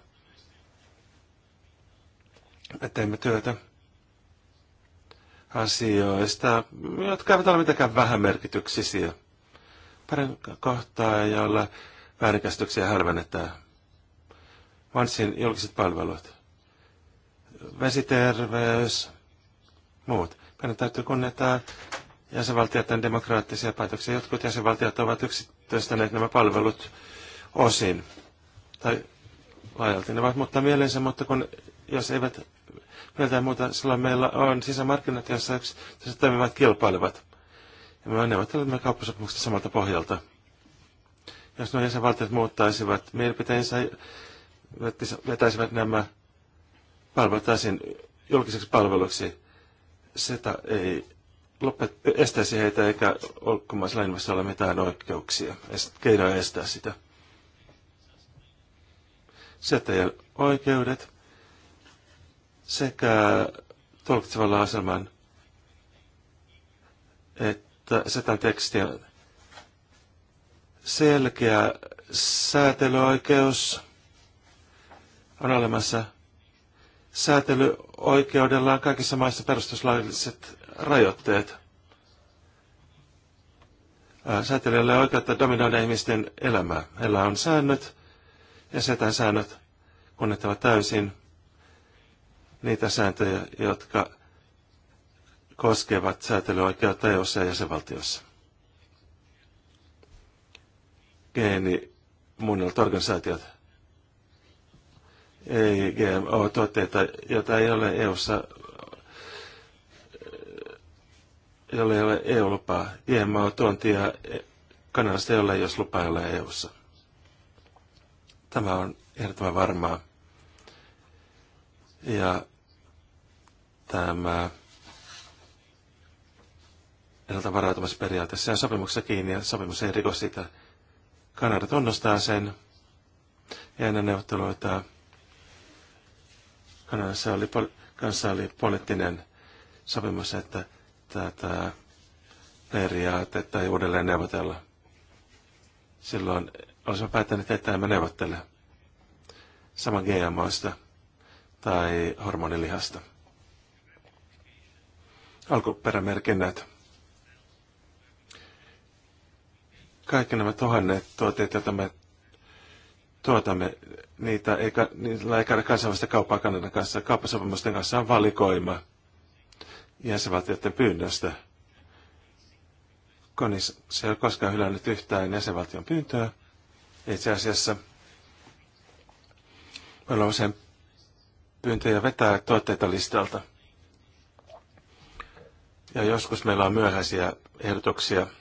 Speaker 2: Me teemme työtä asioista, jotka eivät ole mitenkään vähän merkityksisiä parin kohtaa, jolla väärinkäsityksiä hälvennetään. Vansin julkiset palvelut, vesiterveys, muut. Meidän täytyy kunnioittaa jäsenvaltioiden demokraattisia päätöksiä. Jotkut jäsenvaltiot ovat yksityistäneet nämä palvelut osin tai laajalti ne ovat mutta mielensä, mutta kun jos eivät mieltään muuta, silloin meillä on sisämarkkinat, joissa toimivat kilpailevat. Me neuvottelemme kauppasopimuksesta samalta pohjalta. Jos nuo jäsenvaltiot muuttaisivat mielipiteensä, vetäisivät nämä palvelut julkiseksi palveluksi, se ei lopet, estäisi heitä eikä ilmassa ole mitään oikeuksia, keinoja estää sitä. ole oikeudet sekä tulkitsevalla aseman että sitä tekstiä. Selkeä säätelyoikeus on olemassa. Säätelyoikeudella on kaikissa maissa perustuslailliset rajoitteet. Säätelijällä on oikeutta dominoida ihmisten elämää. Heillä on säännöt ja setän säännöt kunnettava täysin niitä sääntöjä, jotka koskevat säätelyoikeutta EU-ssa ja jäsenvaltiossa. Geeni muunnellut organisaatiot, ei GMO-tuotteita, joita ei ole EU-ssa, jolle ei ole EU-lupaa. GMO-tuontia Kanadasta ei ole, jos lupa ei ole EU-ssa. Tämä on ehdottoman varmaa. Ja tämä ennalta varautumisperiaate. Se on sopimuksessa kiinni ja sopimus ei riko sitä. Kanada tunnustaa sen. Ja ennen neuvotteluita Kanadassa oli, kanssa oli poliittinen sopimus, että tätä periaatetta ei uudelleen neuvotella. Silloin olisimme päättäneet, että emme neuvottele saman GMOista tai hormonilihasta. Alkuperämerkinnät kaikki nämä tuhannet tuotteet, joita me tuotamme, niitä ei, niillä ei käydä kansainvälistä kauppaa Kanadan kanssa. Kauppasopimusten kanssa on valikoima jäsenvaltioiden pyynnöstä. Konis se ei ole koskaan hylännyt yhtään jäsenvaltion pyyntöä. Itse asiassa meillä on usein pyyntöjä vetää tuotteita listalta. Ja joskus meillä on myöhäisiä ehdotuksia –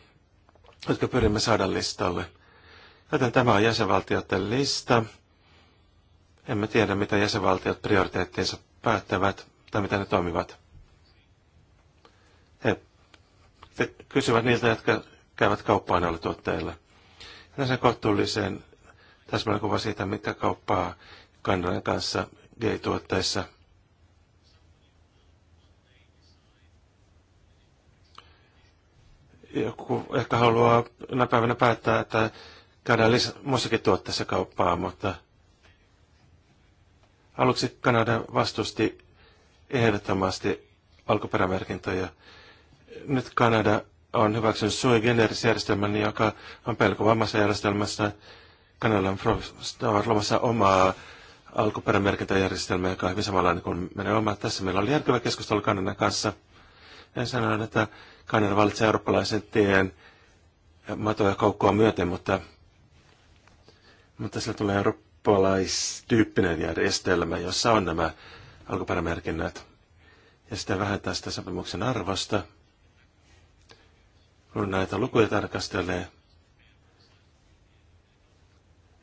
Speaker 2: jotka pyrimme saada listalle. Joten tämä on jäsenvaltioiden lista. Emme tiedä, mitä jäsenvaltiot prioriteettinsa päättävät tai mitä ne toimivat. He kysyvät niiltä, jotka käyvät kauppaan näillä tuotteilla. Tässä kohtuullisen täsmällinen kuva siitä, mitä kauppaa Kanadan kanssa gay-tuotteissa – joku ehkä haluaa tänä päivänä päättää, että käydään lisä, muissakin tuotteissa kauppaa, mutta aluksi Kanada vastusti ehdottomasti alkuperämerkintöjä. Nyt Kanada on hyväksynyt sui generisjärjestelmän, joka on pelko vammassa järjestelmässä. Kanada on luomassa omaa alkuperämerkintäjärjestelmää, joka on hyvin samanlainen kuin menee oma. Tässä meillä oli järkevä keskustelu Kanadan kanssa. En sanoin, että Kanada valitsee eurooppalaisen tien matoja kaukkoa myöten, mutta, mutta sillä tulee eurooppalaistyyppinen järjestelmä, jossa on nämä alkuperämerkinnät. Ja sitä vähentää sitä sopimuksen arvosta. Kun näitä lukuja tarkastelee,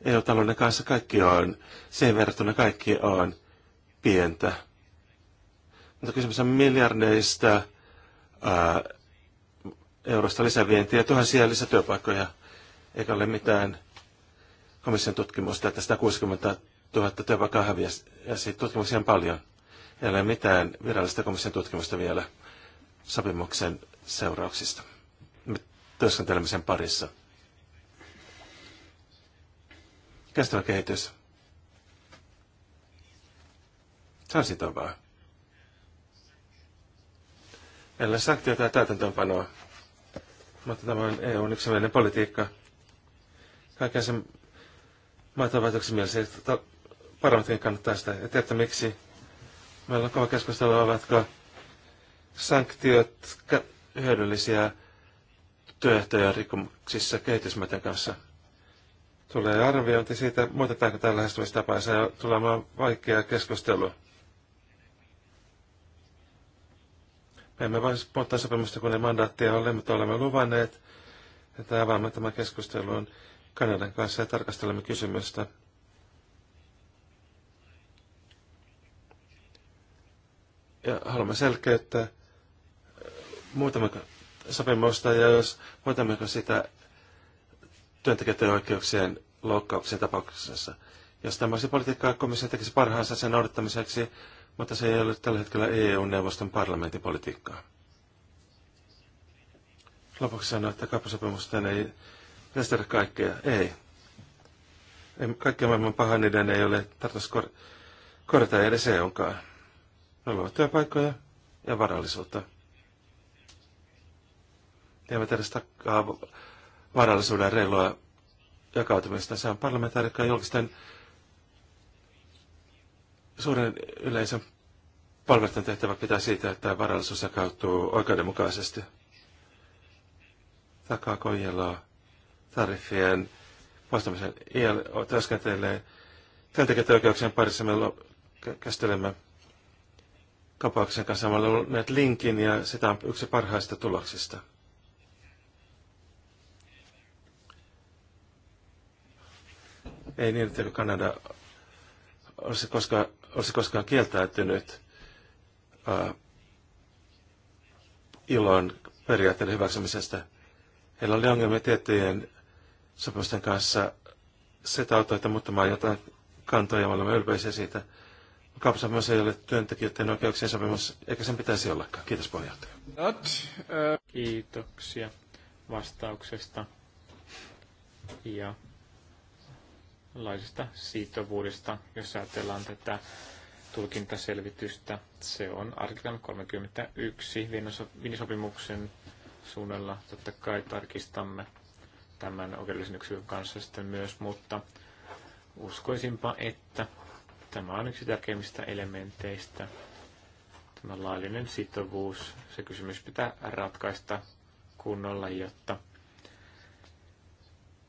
Speaker 2: EU-talouden kanssa kaikki on, sen verrattuna kaikki on pientä. Mutta kysymys on miljardeista ää, eurosta lisävientiä, tuhansia lisätyöpaikkoja, eikä ole mitään komission tutkimusta, että 160 000 työpaikkaa häviäisi tutkimuksia on paljon. Ei ole mitään virallista komission tutkimusta vielä sopimuksen seurauksista. Me työskentelemme sen parissa. Kestävä kehitys. Se on sitovaa. Ellei sanktioita ja täytäntöönpanoa mutta tämä on EUn yksimielinen politiikka. Kaiken sen maataväityksen mielessä, että parlamentin kannattaa sitä. Ja tiedätte miksi? Meillä on kova keskustelu, ovatko sanktiot hyödyllisiä työehtoja rikkomuksissa kehitysmaiden kanssa. Tulee arviointi siitä, muutetaanko tämä lähestymistapaa, ja se tulee vaikea keskustelu. Me emme vain muuttaa sopimusta, kun ne mandaattia ole, mutta olemme luvanneet, että avaamme tämän keskustelun Kanadan kanssa ja tarkastelemme kysymystä. Ja haluamme selkeyttää muutamia sopimusta ja jos hoitammeko sitä työntekijöiden oikeuksien loukkauksien tapauksessa. Jos tämä olisi politiikkaa, komissio tekisi parhaansa sen noudattamiseksi, mutta se ei ole tällä hetkellä EU-neuvoston parlamentin politiikkaa. Lopuksi sanoin, että kauppasopimusten ei pitäisi tehdä kaikkea. Ei. ei kaikkea maailman pahan niiden ei ole tarvitsisi kor- korjata edes EUnkaan. Ne luovat työpaikkoja ja varallisuutta. Ne eivät edes takaa varallisuuden reilua jakautumista. Se on parlamentaarikkojen julkisten suuren yleisön palvelten tehtävä pitää siitä, että varallisuus jakautuu oikeudenmukaisesti. Takaa kojelaa tariffien poistamisen iällä työskentelee työntekijät oikeuksien parissa. Me käsittelemme kapauksen kanssa. Olemme linkin ja sitä on yksi parhaista tuloksista. Ei niin, että Kanada olisi koskaan, olisi koskaan kieltäytynyt ää, ilon periaatteiden hyväksymisestä. Heillä oli ongelmia tiettyjen sopimusten kanssa. Se auttoi, että muuttamaan jotain kantoja, me olemme ylpeisiä siitä. Kauppasopimus ei ole työntekijöiden oikeuksien sopimus, eikä sen pitäisi ollakaan.
Speaker 1: Kiitos puheenjohtaja. Uh, Kiitoksia vastauksesta. Ja laisesta sitovuudesta, jos ajatellaan tätä tulkintaselvitystä. Se on artiklan 31 vinisopimuksen suunnalla. Totta kai tarkistamme tämän oikeudellisen yksikön kanssa sitten myös, mutta uskoisinpa, että tämä on yksi tärkeimmistä elementeistä. Tämä laillinen sitovuus, se kysymys pitää ratkaista kunnolla, jotta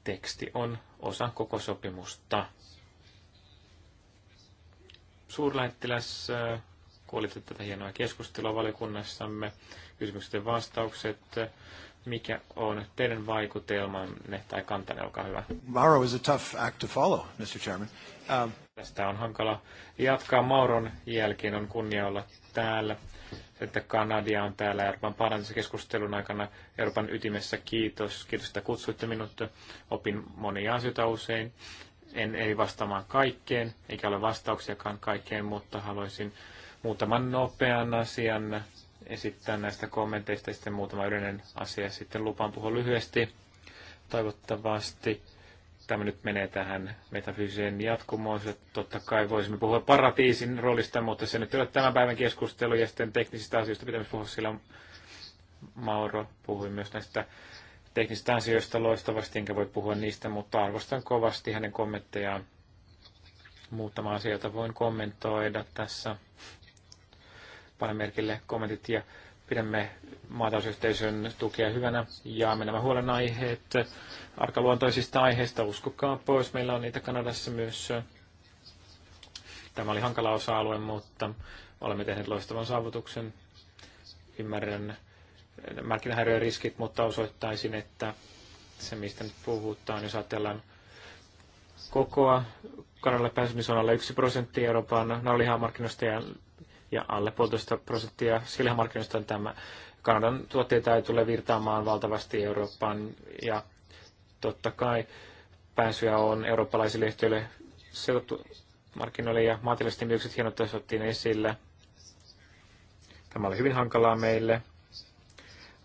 Speaker 1: teksti on osan koko sopimusta. Suurlähettiläs äh, kuulitte tätä hienoa keskustelua valiokunnassamme. Kysymykset ja vastaukset. Äh, mikä on teidän vaikutelmanne tai kantanne? Olkaa hyvä.
Speaker 3: Mauro is a tough act to follow, Mr. Chairman.
Speaker 1: Um... Tästä on hankala jatkaa. Mauron jälkeen on kunnia olla täällä että Kanadia on täällä Euroopan parlamentissa keskustelun aikana Euroopan ytimessä. Kiitos, kiitos, että kutsuitte minut. Opin monia asioita usein. En ei vastaamaan kaikkeen, eikä ole vastauksiakaan kaikkeen, mutta haluaisin muutaman nopean asian esittää näistä kommenteista ja sitten muutama yleinen asia. Sitten lupaan puhua lyhyesti. Toivottavasti tämä nyt menee tähän metafyysiseen jatkumoon. Totta kai voisimme puhua paratiisin roolista, mutta se nyt ei ole tämän päivän keskustelu ja sitten teknisistä asioista pitäisi puhua, sillä Mauro puhui myös näistä teknisistä asioista loistavasti, enkä voi puhua niistä, mutta arvostan kovasti hänen kommenttejaan. Muutama asia, jota voin kommentoida tässä. panemerkille merkille kommentit ja Pidämme maatalousyhteisön tukea hyvänä, jaamme nämä huolenaiheet arkaluontoisista aiheista, uskokaa pois. Meillä on niitä Kanadassa myös. Tämä oli hankala osa-alue, mutta olemme tehneet loistavan saavutuksen. Ymmärrän markkinahäiriön riskit, mutta osoittaisin, että se mistä nyt puhutaan, jos ajatellaan kokoa, Kanadalle alle 1 prosenttia Euroopan naulihamarkkinoista ja ja alle puolitoista prosenttia on tämä Kanadan tuotteita ei tule virtaamaan valtavasti Eurooppaan ja totta kai pääsyä on eurooppalaisille yhtiöille seurattu markkinoille ja maatilaisten myykset hienot ottiin esille. Tämä oli hyvin hankalaa meille.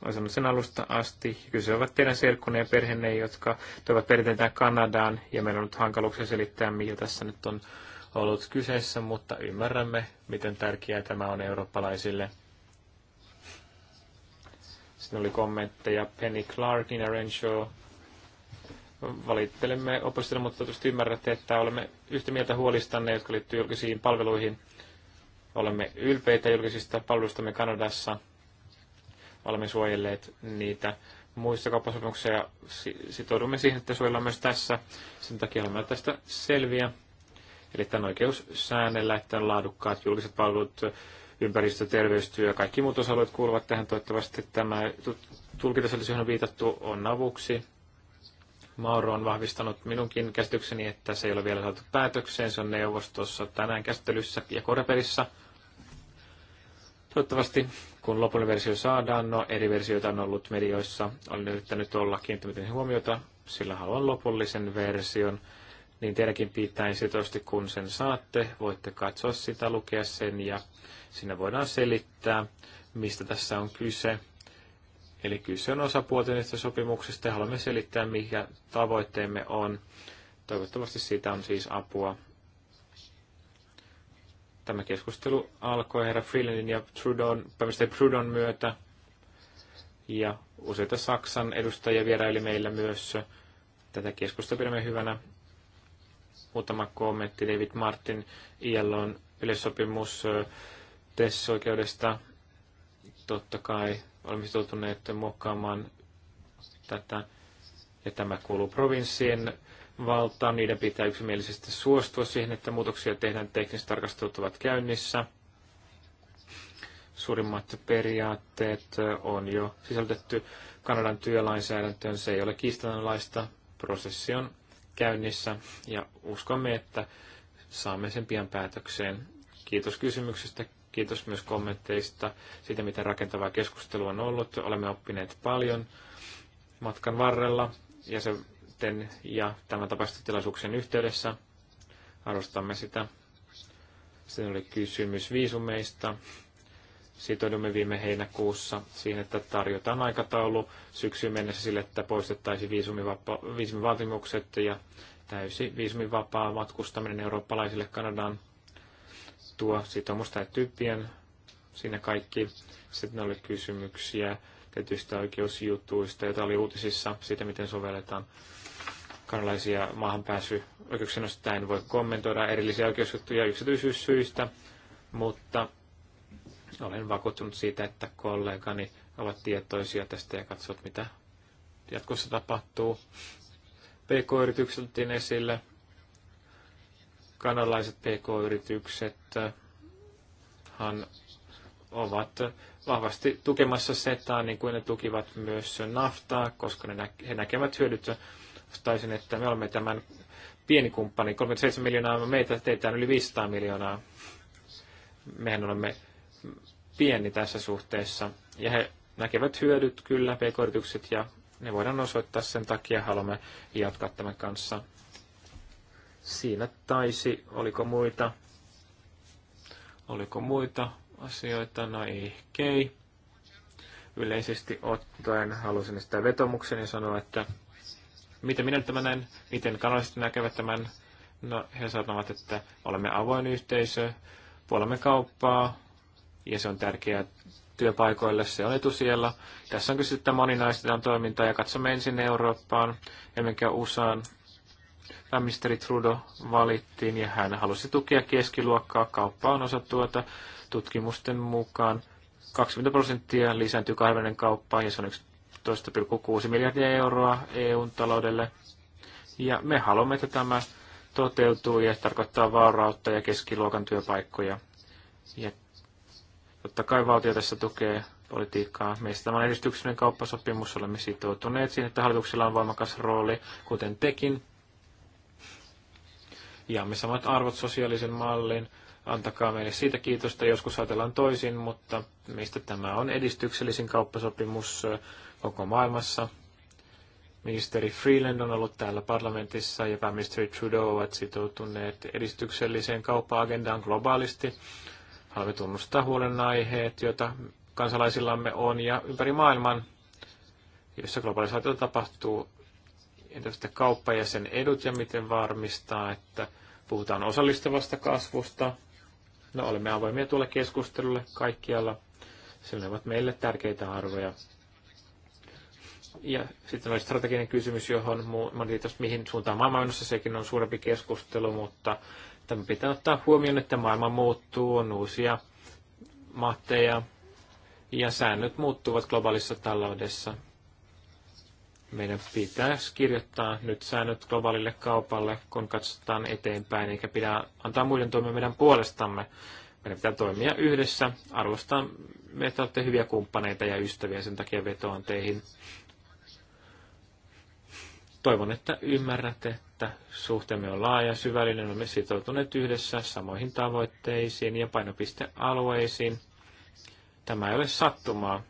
Speaker 1: Olen sanonut sen alusta asti. Kyse ovat teidän serkkunne ja perheenne, jotka toivat perinteitä Kanadaan, ja meillä on nyt hankaluuksia selittää, mitä tässä nyt on ollut kyseessä, mutta ymmärrämme, miten tärkeää tämä on eurooppalaisille. Sitten oli kommentteja Penny Clarkin ja Renshaw. Valittelemme oppositiota, mutta tietysti ymmärrätte, että olemme yhtä mieltä huolistanne, jotka liittyy julkisiin palveluihin. Olemme ylpeitä julkisista palveluistamme Kanadassa. Olemme suojelleet niitä muista kauppasopimuksia ja sitoudumme siihen, että suojellaan myös tässä. Sen takia olemme tästä selviä. Eli tämän oikeus säännellä, että on laadukkaat julkiset palvelut, ympäristö, terveystyö, kaikki muut osa-alueet kuuluvat tähän toivottavasti. Tämä tulkintasallis, johon on viitattu, on avuksi. Mauro on vahvistanut minunkin käsitykseni, että se ei ole vielä saatu päätökseen. Se on neuvostossa tänään käsittelyssä ja Koreperissa. Toivottavasti, kun lopullinen versio saadaan, no eri versioita on ollut medioissa. Olen yrittänyt olla kiinnittämätön huomiota, sillä haluan lopullisen version niin teidänkin pitäisi tosti, kun sen saatte, voitte katsoa sitä, lukea sen ja siinä voidaan selittää, mistä tässä on kyse. Eli kyse on osapuolten sopimuksesta ja haluamme selittää, mikä tavoitteemme on. Toivottavasti siitä on siis apua. Tämä keskustelu alkoi herra Freelandin ja Trudon, pääministeri Trudon myötä. Ja useita Saksan edustajia vieraili meillä myös. Tätä keskustelua pidämme hyvänä Muutama kommentti David Martin, ILOn yleissopimus TES-oikeudesta. Totta kai olemme sitoutuneet muokkaamaan tätä, ja tämä kuuluu provinssien valtaan. Niiden pitää yksimielisesti suostua siihen, että muutoksia tehdään. Tekniset tarkastelut ovat käynnissä. Suurimmat periaatteet on jo sisältetty Kanadan työlainsäädäntöön. Se ei ole kiistanalaista. Prosessi on käynnissä ja uskomme, että saamme sen pian päätökseen. Kiitos kysymyksestä, kiitos myös kommenteista siitä, miten rakentavaa keskustelua on ollut. Olemme oppineet paljon matkan varrella ja, se, ja tämän tapaisten tilaisuuksien yhteydessä. Arvostamme sitä. Sitten oli kysymys viisumeista sitoudumme viime heinäkuussa siihen, että tarjotaan aikataulu syksyyn mennessä sille, että poistettaisiin viisumivapa- viisumivaatimukset ja täysi viisumivapaa matkustaminen eurooppalaisille Kanadaan. Tuo sitoumus täytyy pian siinä kaikki. Sitten oli kysymyksiä tietyistä oikeusjutuista, joita oli uutisissa siitä, miten sovelletaan kanalaisia maahanpääsy oikeuksien en voi kommentoida erillisiä oikeusjuttuja yksityisyyssyistä, mutta olen vakuuttunut siitä, että kollegani ovat tietoisia tästä ja katsovat, mitä jatkossa tapahtuu. PK-yritykset otettiin esille, kanalaiset PK-yritykset han ovat vahvasti tukemassa SETAa, niin kuin ne tukivat myös NAFTAa, koska ne nä- he näkevät hyödyt. Taisin, että me olemme tämän pieni kumppani, 37 miljoonaa, meitä teitä yli 500 miljoonaa. Mehän olemme pieni tässä suhteessa. Ja he näkevät hyödyt kyllä, pk ja ne voidaan osoittaa sen takia, haluamme jatkaa tämän kanssa. Siinä taisi, oliko muita, oliko muita asioita, no ei, kei. Yleisesti ottaen halusin sitä vetomuksen ja sanoa, että miten minä tämän näen, miten kanalaiset näkevät tämän. No he sanovat, että olemme avoin yhteisö, puolemme kauppaa, ja se on tärkeää työpaikoille, se on etusijalla. Tässä on kyse, että moninaistetaan toimintaa ja katsomme ensin Eurooppaan, emmekä USAan. Pääministeri Trudeau valittiin ja hän halusi tukea keskiluokkaa. Kauppa on osa tuota tutkimusten mukaan. 20 prosenttia lisääntyy kahdenvälinen kauppa ja se on 11,6 miljardia euroa EUn taloudelle. Ja me haluamme, että tämä toteutuu ja tarkoittaa vaurautta ja keskiluokan työpaikkoja. Ja Totta kai valtio tässä tukee politiikkaa. Meistä tämä on edistyksellinen kauppasopimus, olemme sitoutuneet siihen, että hallituksella on voimakas rooli, kuten tekin. me samat arvot sosiaalisen mallin. Antakaa meille siitä kiitosta. Joskus ajatellaan toisin, mutta meistä tämä on edistyksellisin kauppasopimus koko maailmassa. Ministeri Freeland on ollut täällä parlamentissa ja pääministeri Trudeau ovat sitoutuneet edistykselliseen kauppa-agendaan globaalisti. Haluamme tunnustaa huolenaiheet, joita kansalaisillamme on ja ympäri maailman, jossa globalisaatio tapahtuu, entä kauppa ja sen edut ja miten varmistaa, että puhutaan osallistavasta kasvusta. No olemme avoimia tuolle keskustelulle kaikkialla. Sillä ovat meille tärkeitä arvoja. Ja sitten oli strateginen kysymys, johon moni mihin suuntaan maailma sekin on suurempi keskustelu, mutta Tämä pitää ottaa huomioon, että maailma muuttuu, on uusia matteja ja säännöt muuttuvat globaalissa taloudessa. Meidän pitäisi kirjoittaa nyt säännöt globaalille kaupalle, kun katsotaan eteenpäin, eikä pidä antaa muiden toimia meidän puolestamme. Meidän pitää toimia yhdessä, Arvostan, että olette hyviä kumppaneita ja ystäviä, sen takia vetoan teihin. Toivon, että ymmärrätte, että suhteemme on laaja, syvällinen, olemme sitoutuneet yhdessä samoihin tavoitteisiin ja painopistealueisiin. Tämä ei ole sattumaa.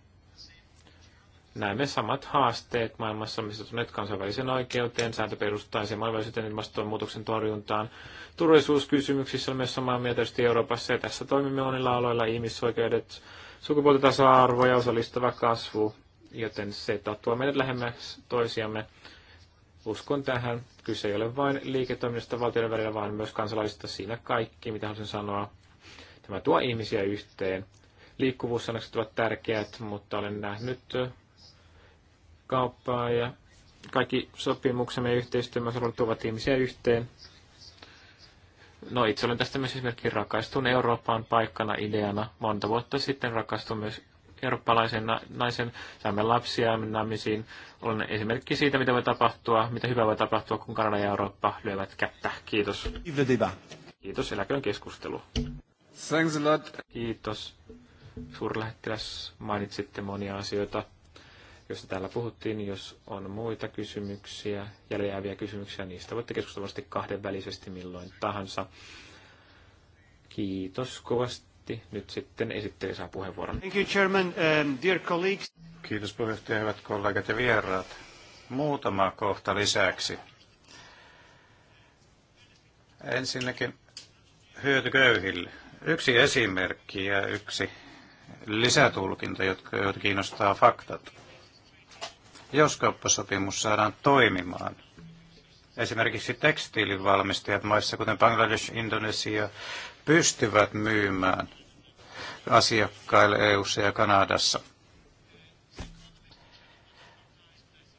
Speaker 1: Näemme samat haasteet maailmassa, missä tunnet kansainvälisen oikeuteen, sääntöperustaiseen maailmallisuuteen ilmastonmuutoksen torjuntaan. Turvallisuuskysymyksissä on myös samaa mieltä Euroopassa ja tässä toimimme monilla aloilla ihmisoikeudet, sukupuolten arvo ja osallistava kasvu, joten se tuo meidät lähemmäksi toisiamme uskon tähän. Kyse ei ole vain liiketoiminnasta valtioiden välillä, vaan myös kansalaisista siinä kaikki, mitä haluaisin sanoa. Tämä tuo ihmisiä yhteen. Liikkuvuussäännökset ovat tärkeät, mutta olen nähnyt kauppaa ja kaikki sopimuksemme ja yhteistyömme tuovat ihmisiä yhteen. No itse olen tästä myös esimerkiksi rakastunut Eurooppaan paikkana, ideana. Monta vuotta sitten rakastuin myös eurooppalaisen naisen, saamme lapsia naamisiin. Olen esimerkki siitä, mitä voi tapahtua, mitä hyvää voi tapahtua, kun Kanada ja Eurooppa lyövät kättä. Kiitos. Kiitos, eläköön keskustelu. Thanks a lot. Kiitos. Suurlähettiläs, mainitsitte monia asioita, joista täällä puhuttiin. Jos on muita kysymyksiä, jäljääviä kysymyksiä, niistä voitte keskustella kahdenvälisesti milloin tahansa. Kiitos kovasti kovasti. Nyt sitten esitteli saa puheenvuoron. Thank you, Chairman. Um,
Speaker 3: dear colleagues. Kiitos puheenjohtaja, hyvät kollegat ja vieraat. Muutama kohta lisäksi. Ensinnäkin hyötyköyhille. Yksi esimerkki ja yksi lisätulkinta, jotka, joita kiinnostaa faktat. Jos kauppasopimus saadaan toimimaan, esimerkiksi tekstiilivalmistajat maissa, kuten Bangladesh, Indonesia, pystyvät myymään asiakkaille EU:ssa ja Kanadassa.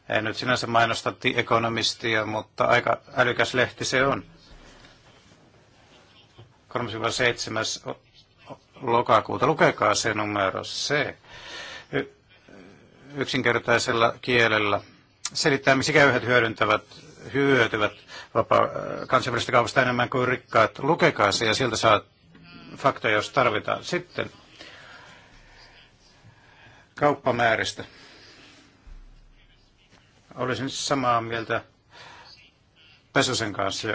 Speaker 3: En nyt sinänsä mainosta ekonomistia, mutta aika älykäs lehti se on. 37. lokakuuta. Lukekaa se numero C. Yksinkertaisella kielellä selittää, miksi köyhät hyödyntävät, hyötyvät vapaa, kansainvälisestä kaupasta enemmän kuin rikkaat. Lukekaa se ja sieltä saat, fakta, jos tarvitaan. Sitten kauppamääristä. Olisin samaa mieltä Pesosen kanssa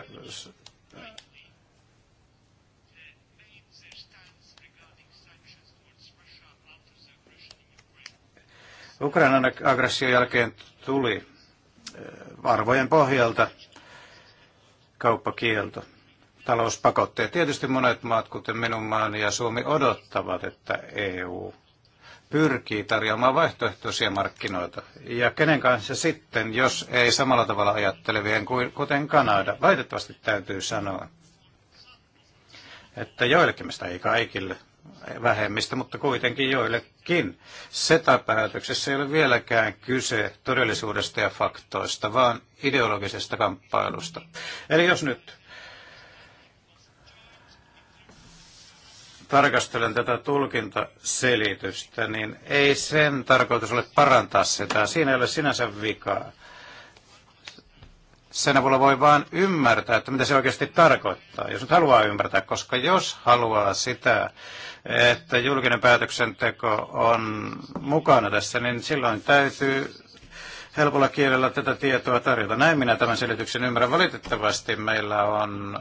Speaker 3: Ukrainan aggression jälkeen tuli eh, arvojen pohjalta kauppakielto talouspakotteet. Tietysti monet maat, kuten minun maani ja Suomi, odottavat, että EU pyrkii tarjoamaan vaihtoehtoisia markkinoita. Ja kenen kanssa sitten, jos ei samalla tavalla ajattelevien kuin kuten Kanada? Valitettavasti täytyy sanoa, että joillekin, meistä ei kaikille, vähemmistä, mutta kuitenkin joillekin. SETA-päätöksessä ei ole vieläkään kyse todellisuudesta ja faktoista, vaan ideologisesta kamppailusta. Eli jos nyt tarkastelen tätä tulkintaselitystä, niin ei sen tarkoitus ole parantaa sitä. Siinä ei ole sinänsä vikaa. Sen avulla voi vain ymmärtää, että mitä se oikeasti tarkoittaa, jos nyt haluaa ymmärtää, koska jos haluaa sitä, että julkinen päätöksenteko on mukana tässä, niin silloin täytyy helpolla kielellä tätä tietoa tarjota. Näin minä tämän selityksen ymmärrän. Valitettavasti meillä on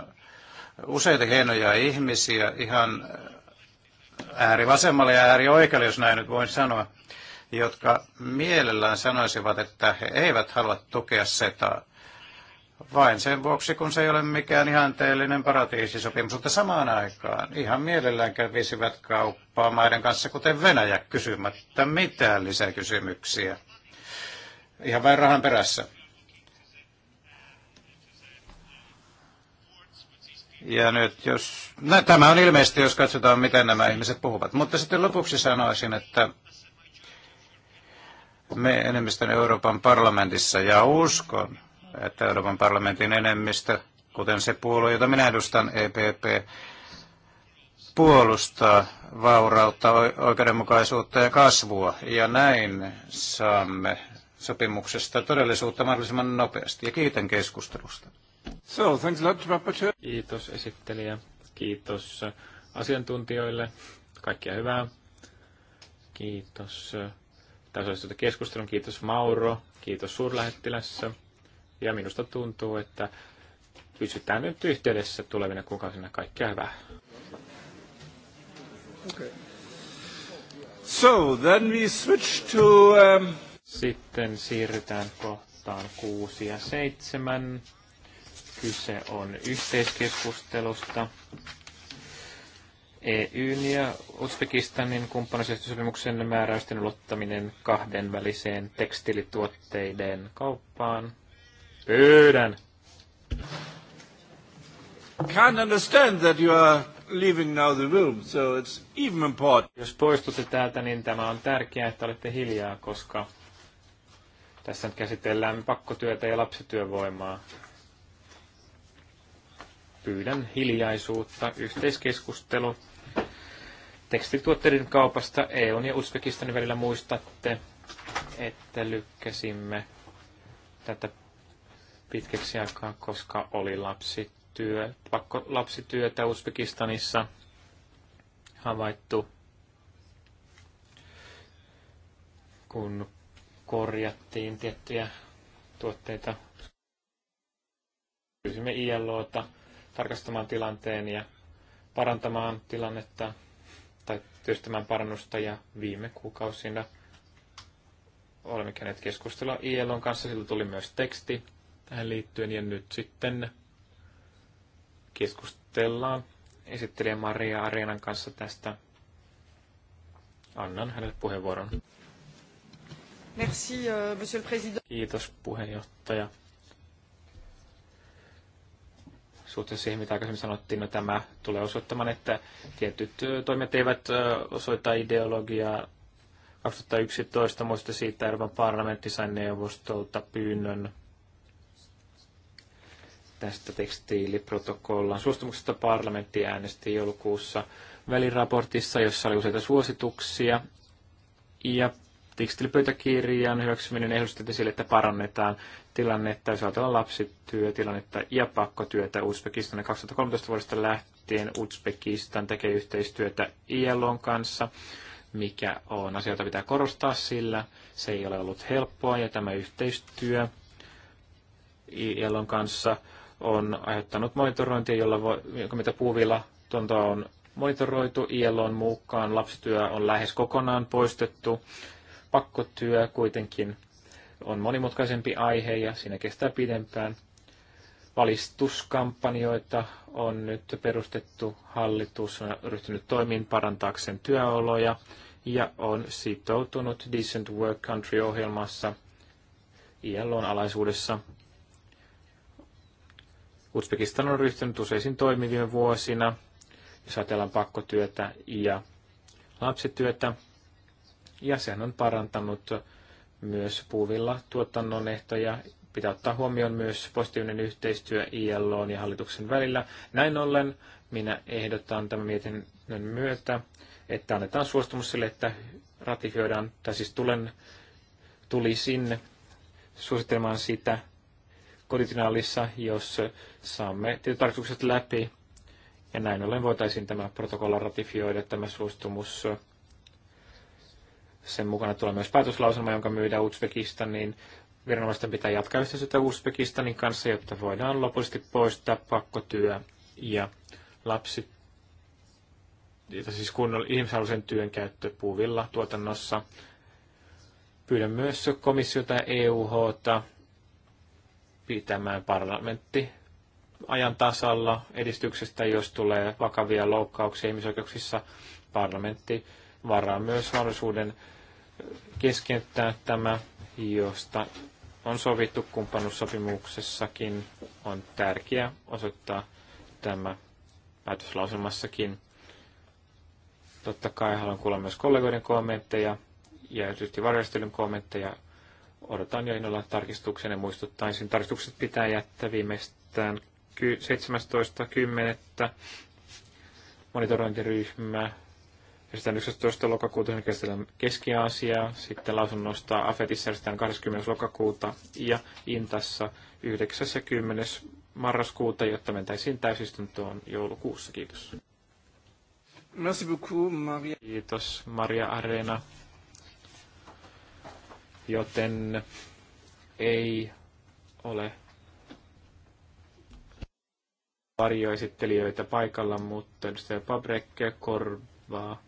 Speaker 3: useita hienoja ihmisiä ihan äärivasemmalle ja äärioikealle, jos näin nyt voin sanoa, jotka mielellään sanoisivat, että he eivät halua tukea SETAa vain sen vuoksi, kun se ei ole mikään ihanteellinen paratiisisopimus, mutta samaan aikaan ihan mielellään kävisivät kauppaa maiden kanssa, kuten Venäjä, kysymättä mitään lisäkysymyksiä. Ihan vain rahan perässä. Ja nyt jos, no, tämä on ilmeisesti, jos katsotaan, miten nämä ihmiset puhuvat. Mutta sitten lopuksi sanoisin, että me enemmistön Euroopan parlamentissa, ja uskon, että Euroopan parlamentin enemmistö, kuten se puolue, jota minä edustan, EPP, puolustaa vaurautta, oikeudenmukaisuutta ja kasvua. Ja näin saamme sopimuksesta todellisuutta mahdollisimman nopeasti. Ja kiitän keskustelusta.
Speaker 1: So, thanks a lot, rapporteur. Kiitos esittelijä, kiitos asiantuntijoille, kaikkia hyvää. Kiitos äh, tasoisesta keskustelun, kiitos Mauro, kiitos suurlähettilässä. Ja minusta tuntuu, että pysytään nyt yhteydessä tulevina kuukausina. Kaikkea hyvää. Okay. So, then we switch to... Um... Sitten siirrytään kohtaan kuusi ja seitsemän. Kyse on yhteiskeskustelusta EUn ja Uzbekistanin kumppanuusyhteistyösopimuksen määräysten ulottaminen kahdenväliseen tekstiilituotteiden kauppaan. Pyydän! Can't understand that you are leaving now the room, so it's even important. Jos poistutte täältä, niin tämä on tärkeää, että olette hiljaa, koska tässä nyt käsitellään pakkotyötä ja lapsityövoimaa pyydän hiljaisuutta. Yhteiskeskustelu tekstituotteiden kaupasta EUn ja Uzbekistanin välillä muistatte, että lykkäsimme tätä pitkäksi aikaa, koska oli lapsityö, pakko lapsityötä Uzbekistanissa havaittu, kun korjattiin tiettyjä tuotteita. Kysymme ILOta tarkastamaan tilanteen ja parantamaan tilannetta tai työstämään parannusta ja viime kuukausina olemme käyneet keskustelua ILOn kanssa, sillä tuli myös teksti tähän liittyen ja nyt sitten keskustellaan esittelijä Maria Areenan kanssa tästä. Annan hänelle puheenvuoron. Merci, euh, monsieur le président. Kiitos puheenjohtaja. suhteessa siihen, mitä aikaisemmin sanottiin, no tämä tulee osoittamaan, että tietyt toimet eivät osoita ideologiaa. 2011 muista siitä Euroopan parlamentti sai neuvostolta pyynnön tästä tekstiiliprotokollan suostumuksesta parlamentti äänesti joulukuussa väliraportissa, jossa oli useita suosituksia. Ja tekstilipöytäkirjan hyväksyminen ehdostettiin sille, että parannetaan tilannetta, jos ajatellaan lapsityötilannetta ja pakkotyötä Uzbekistan. 2013 vuodesta lähtien Uzbekistan tekee yhteistyötä ILOn kanssa, mikä on jota pitää korostaa sillä. Se ei ole ollut helppoa ja tämä yhteistyö ILOn kanssa on aiheuttanut monitorointia, jolla voi, joka mitä puuvilla tuntoa on monitoroitu. ILOn mukaan lapsityö on lähes kokonaan poistettu Pakkotyö kuitenkin on monimutkaisempi aihe ja siinä kestää pidempään. Valistuskampanjoita on nyt perustettu, hallitus on ryhtynyt toimiin parantaakseen työoloja ja on sitoutunut Decent Work Country-ohjelmassa ILOn alaisuudessa. Uzbekistan on ryhtynyt useisiin toimiviin vuosina, jos ajatellaan pakkotyötä ja lapsityötä ja sehän on parantanut myös puuvilla tuotannon ehtoja. Pitää ottaa huomioon myös positiivinen yhteistyö ILOn ja hallituksen välillä. Näin ollen minä ehdotan tämän mietinnön myötä, että annetaan suostumus sille, että ratifioidaan, tai siis tulen, tulisin suosittelemaan sitä koditinaalissa, jos saamme tietotarkoitukset läpi. Ja näin ollen voitaisiin tämä protokolla ratifioida, tämä suostumus sen mukana tulee myös päätöslauselma, jonka myydään Uzbekistaniin. Viranomaisten pitää jatkaa yhteistyötä Uzbekistanin kanssa, jotta voidaan lopullisesti poistaa pakkotyö ja lapsi, siis kunnolla ihmisarvoisen työn käyttö puuvilla tuotannossa. Pyydän myös komissiota ja EUH pitämään parlamentti ajan tasalla edistyksestä, jos tulee vakavia loukkauksia ihmisoikeuksissa. Parlamentti varaa myös mahdollisuuden keskeyttää tämä, josta on sovittu kumppanuussopimuksessakin, on tärkeää osoittaa tämä päätöslauselmassakin. Totta kai haluan kuulla myös kollegoiden kommentteja ja erityisesti varjastelun kommentteja. Odotan jo innolla tarkistuksen ja muistuttaisin. Tarkistukset pitää jättää viimeistään 17.10. Monitorointiryhmä Järjestetään 11. lokakuuta, sen käsitellään Keski-Aasiaa, sitten lausunnosta Afetissa järjestetään 20. lokakuuta ja Intassa 9. ja 10. marraskuuta, jotta mentäisiin täysistuntoon joulukuussa. Kiitos. Merci beaucoup, Maria. Kiitos, Maria Arena. Joten ei ole varjoesittelijöitä paikalla, mutta edustaja Pabrekke korvaa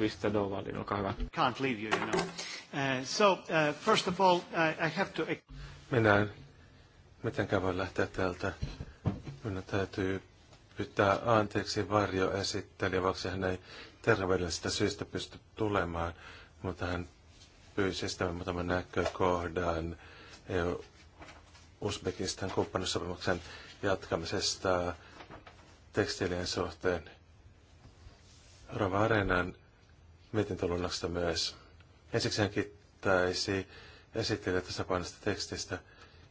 Speaker 1: Kvistadova, niin olkaa hyvä.
Speaker 3: Can't leave you, you know. Uh,
Speaker 1: so, uh, first of all, uh, I have to... Minä en mitenkään
Speaker 2: voi lähteä täältä. Minun täytyy pyytää anteeksi varjoesittelijä, vaikka hän ei terveellisestä syystä pysty tulemaan, mutta hän pyysi sitä muutaman näkökohdan e Uzbekistan kumppanussopimuksen jatkamisesta tekstiilien suhteen. Rova Areenan mietintöluonnoksesta myös. Ensiksi hän kiittäisi esittelijä tasapainosta tekstistä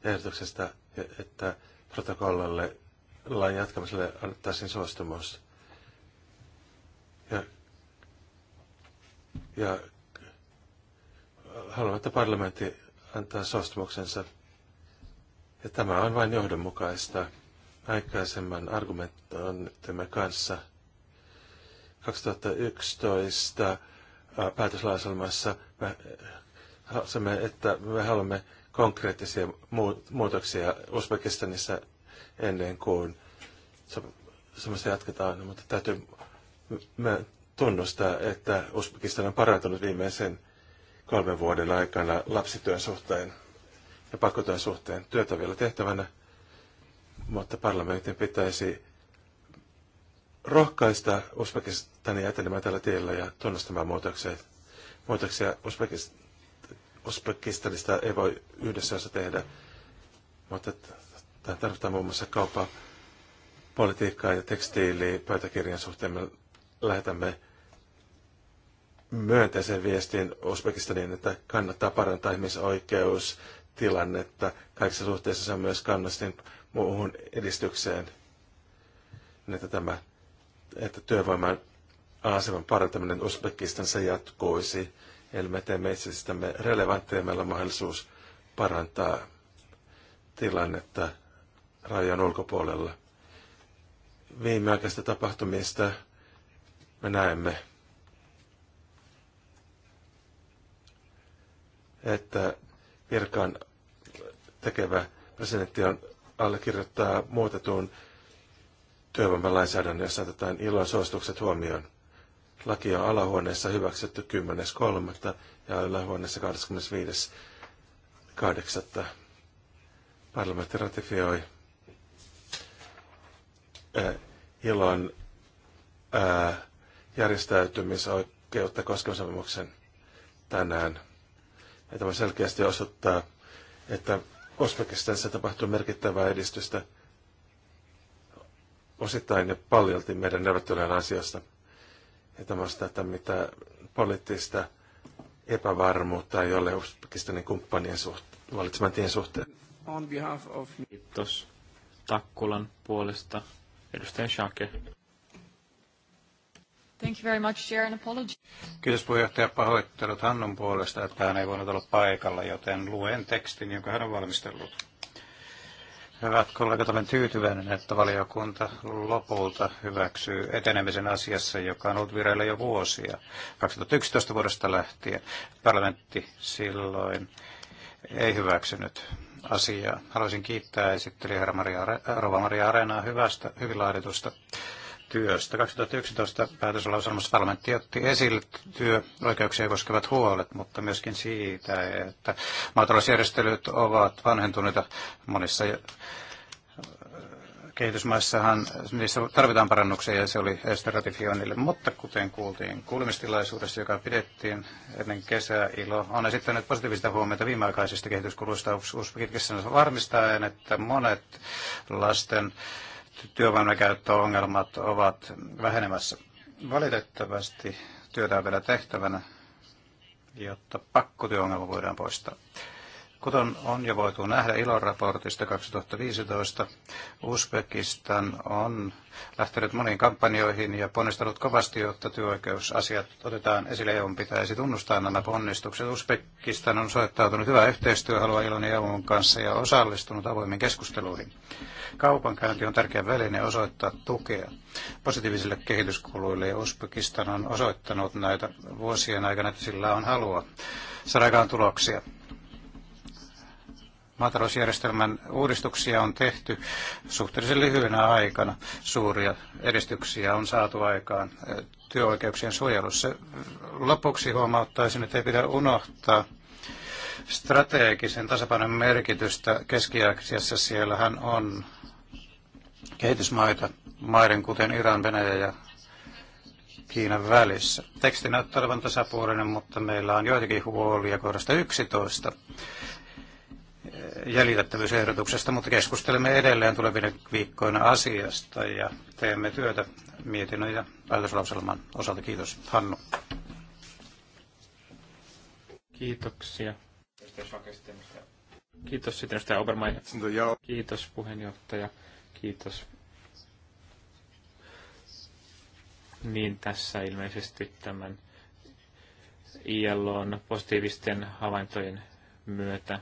Speaker 2: ja ehdotuksesta, että protokollalle lain jatkamiselle annettaisiin suostumus. Ja, ja haluan, että parlamentti antaa suostumuksensa. Ja tämä on vain johdonmukaista aikaisemman argumenttimme kanssa – 2011 päätöslauselmassa me että me haluamme konkreettisia muutoksia Uzbekistanissa ennen kuin semmoista jatketaan, mutta täytyy me tunnustaa, että Uzbekistan on parantunut viimeisen kolmen vuoden aikana lapsityön suhteen ja pakkotyön suhteen työtä vielä tehtävänä, mutta parlamentin pitäisi rohkaista Uzbekistania etenemään tällä tiellä ja tunnustamaan muutoksia. Muutoksia Uzbekistanista ei voi yhdessä osa tehdä, mutta tämä tarvitaan muun muassa kauppaa, politiikkaa ja tekstiiliä pöytäkirjan suhteen. Me lähetämme myönteisen viestin Uzbekistaniin, että kannattaa parantaa tilannetta. Kaikissa suhteissa se on myös kannustin muuhun edistykseen, niin että tämä että työvoiman aseman parantaminen Uzbekistanissa jatkuisi. Eli me teemme itsestämme relevantteja, meillä on mahdollisuus parantaa tilannetta rajan ulkopuolella. Viimeaikaisista tapahtumista me näemme, että virkaan tekevä presidentti on allekirjoittaa muutetun jossa otetaan ilon suositukset huomioon. Laki on alahuoneessa hyväksytty 10.3. ja ylähuoneessa 25.8. Parlamentti ratifioi äh, ilon äh, järjestäytymisoikeutta koskevan sopimuksen tänään. Ja tämä selkeästi osoittaa, että Uzbekistanissa tapahtuu merkittävää edistystä – osittain ja paljolti meidän neuvottelujen asiasta. Ja tämmöistä, mitä poliittista epävarmuutta
Speaker 1: ei ole Uzbekistanin kumppanien suhteen, valitseman tien suhteen.
Speaker 3: On behalf of...
Speaker 1: Kiitos Takkulan puolesta. Edustaja Shake. Thank you very much, Chair, and apology.
Speaker 3: Kiitos puheenjohtaja pahoittelut Hannun puolesta, että hän ei voinut olla paikalla, joten luen tekstin, jonka hän on valmistellut. Hyvät kollegat, olen tyytyväinen, että valiokunta lopulta hyväksyy etenemisen asiassa, joka on ollut vireillä jo vuosia. 2011 vuodesta lähtien parlamentti silloin ei hyväksynyt asiaa. Haluaisin kiittää esittelijä Rova Maria Arenaa hyvästä, hyvin laaditusta työstä. 2011 päätöslauselmassa parlamentti otti esille työoikeuksia koskevat huolet, mutta myöskin siitä, että maatalousjärjestelyt ovat vanhentuneita monissa äh, kehitysmaissahan niissä tarvitaan parannuksia ja se oli este ratifioinnille, mutta kuten kuultiin kuulemistilaisuudessa, joka pidettiin ennen kesää, ILO on esittänyt positiivista huomiota viimeaikaisista kehityskuluista Uzbekistassa varmistaen, että monet lasten työvoimakäyttöongelmat ovat vähenemässä. Valitettavasti työtä on vielä tehtävänä, jotta pakkotyöongelma voidaan poistaa. Kuten on jo voitu nähdä ilon raportista 2015, Uzbekistan on lähtenyt moniin kampanjoihin ja ponnistanut kovasti, jotta työoikeusasiat otetaan esille. EUn pitäisi tunnustaa nämä ponnistukset. Uzbekistan on soittautunut hyvää yhteistyöhalua ilon ja EUn kanssa ja osallistunut avoimiin keskusteluihin. Kaupankäynti on tärkeä väline osoittaa tukea positiivisille kehityskuluille ja Uzbekistan on osoittanut näitä vuosien aikana, että sillä on halua saada tuloksia maatalousjärjestelmän uudistuksia on tehty suhteellisen lyhyenä aikana. Suuria edistyksiä on saatu aikaan eh, työoikeuksien suojelussa. Lopuksi huomauttaisin, että ei pidä unohtaa strategisen tasapainon merkitystä keskiaikaisessa. Siellähän on kehitysmaita, maiden kuten Iran, Venäjä ja Kiinan välissä. Teksti näyttää olevan tasapuolinen, mutta meillä on joitakin huolia kohdasta 11 jäljitettävyysehdotuksesta, mutta keskustelemme edelleen tulevina viikkoina asiasta ja teemme työtä mietinnön ja
Speaker 1: päätöslauselman osalta. Kiitos, Hannu. Kiitoksia. Kiitos sitten edustaja Obermaier. Kiitos puheenjohtaja. Kiitos. Niin tässä ilmeisesti tämän ILOn positiivisten havaintojen myötä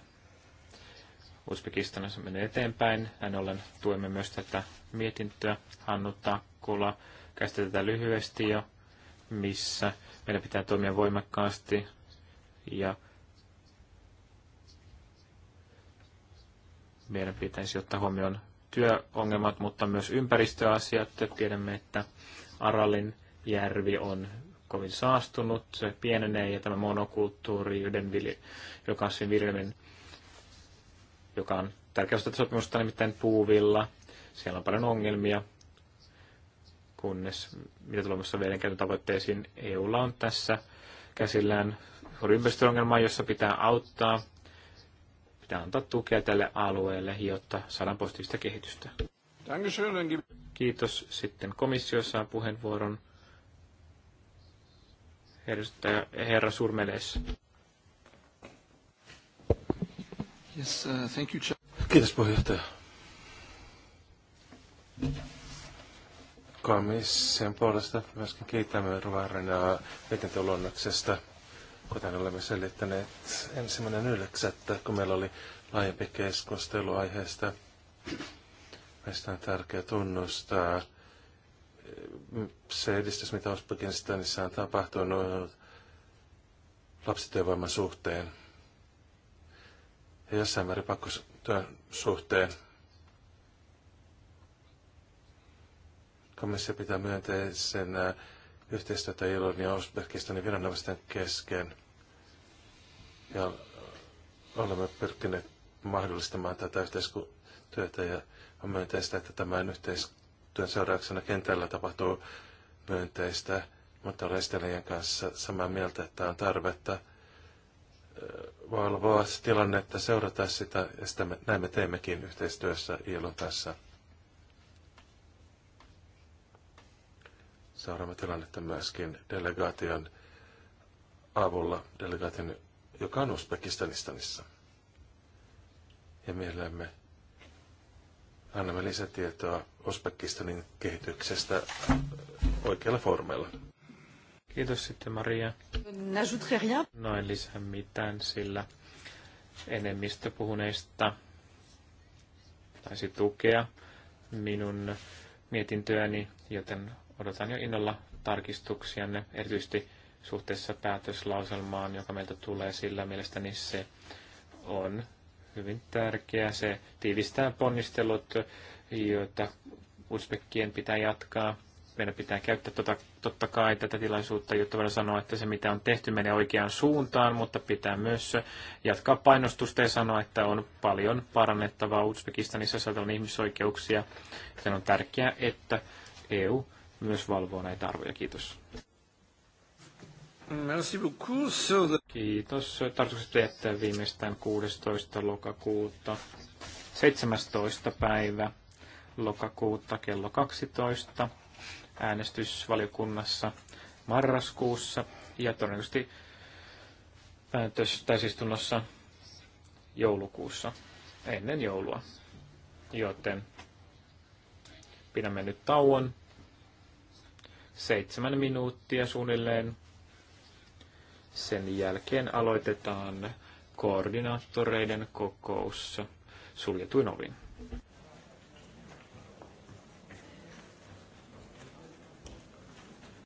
Speaker 1: Uzbekistanissa menee eteenpäin. Näin ollen tuemme myös tätä mietintöä. Hannu Takkula käsittää tätä lyhyesti jo, missä meidän pitää toimia voimakkaasti ja meidän pitäisi ottaa huomioon työongelmat, mutta myös ympäristöasiat. Tiedämme, että Aralin järvi on kovin saastunut, se pienenee ja tämä monokulttuuri, yhden vilje, sen viljelyn joka on tärkeä osa sopimusta, nimittäin puuvilla. Siellä on paljon ongelmia, kunnes mitä tulemassa vedenkäytön tavoitteisiin EUlla on tässä käsillään suuri ympäristöongelma, jossa pitää auttaa, pitää antaa tukea tälle alueelle, jotta saadaan positiivista kehitystä. Kiitos. Sitten komissio saa puheenvuoron. Herra Surmeles.
Speaker 2: Yes, uh, thank you, Kiitos puheenjohtaja. Komission puolesta myöskin kiitämme ja mietintöluonnoksesta, kuten olemme selittäneet ensimmäinen yhdeksättä, kun meillä oli laajempi keskustelu aiheesta. Meistä on tärkeää tunnustaa se edistys, mitä Uzbekistanissa on tapahtunut lapsityövoiman suhteen ja jossain määrin pakkotyön suhteen. Komissio pitää myönteisen äh, yhteistyötä Ilon ja Uzbekistanin viranomaisten kesken. Ja olemme pyrkineet mahdollistamaan tätä yhteistyötä ja on myönteistä, että tämän yhteistyön seurauksena kentällä tapahtuu myönteistä, mutta olen kanssa samaa mieltä, että on tarvetta äh, valvoa tilannetta, seurata sitä, ja sitä me, näin me teemmekin yhteistyössä ILO tässä. Seuraamme tilannetta myöskin delegaation avulla, delegaation, joka on Uzbekistanistanissa. Ja mielemme annamme lisätietoa Uzbekistanin kehityksestä oikeilla formeilla.
Speaker 1: Kiitos sitten Maria. No en lisää mitään, sillä enemmistö puhuneista taisi tukea minun mietintöäni, joten odotan jo innolla tarkistuksianne, erityisesti suhteessa päätöslauselmaan, joka meiltä tulee, sillä mielestäni se on hyvin tärkeä. Se tiivistää ponnistelut, joita Uzbekkien pitää jatkaa meidän pitää käyttää tota, totta kai tätä tilaisuutta, jotta voidaan sanoa, että se mitä on tehty menee oikeaan suuntaan, mutta pitää myös jatkaa painostusta ja sanoa, että on paljon parannettavaa Uzbekistanissa saatavan ihmisoikeuksia. Sen on tärkeää, että EU myös valvoo näitä arvoja. Kiitos. Merci beaucoup. Kiitos. Tarkoitus jättää viimeistään 16. lokakuuta. 17. päivä lokakuuta kello 12 äänestysvaliokunnassa marraskuussa ja todennäköisesti päätös täysistunnossa joulukuussa ennen joulua. Joten pidämme nyt tauon. Seitsemän minuuttia suunnilleen. Sen jälkeen aloitetaan koordinaattoreiden kokous suljetuin ovin.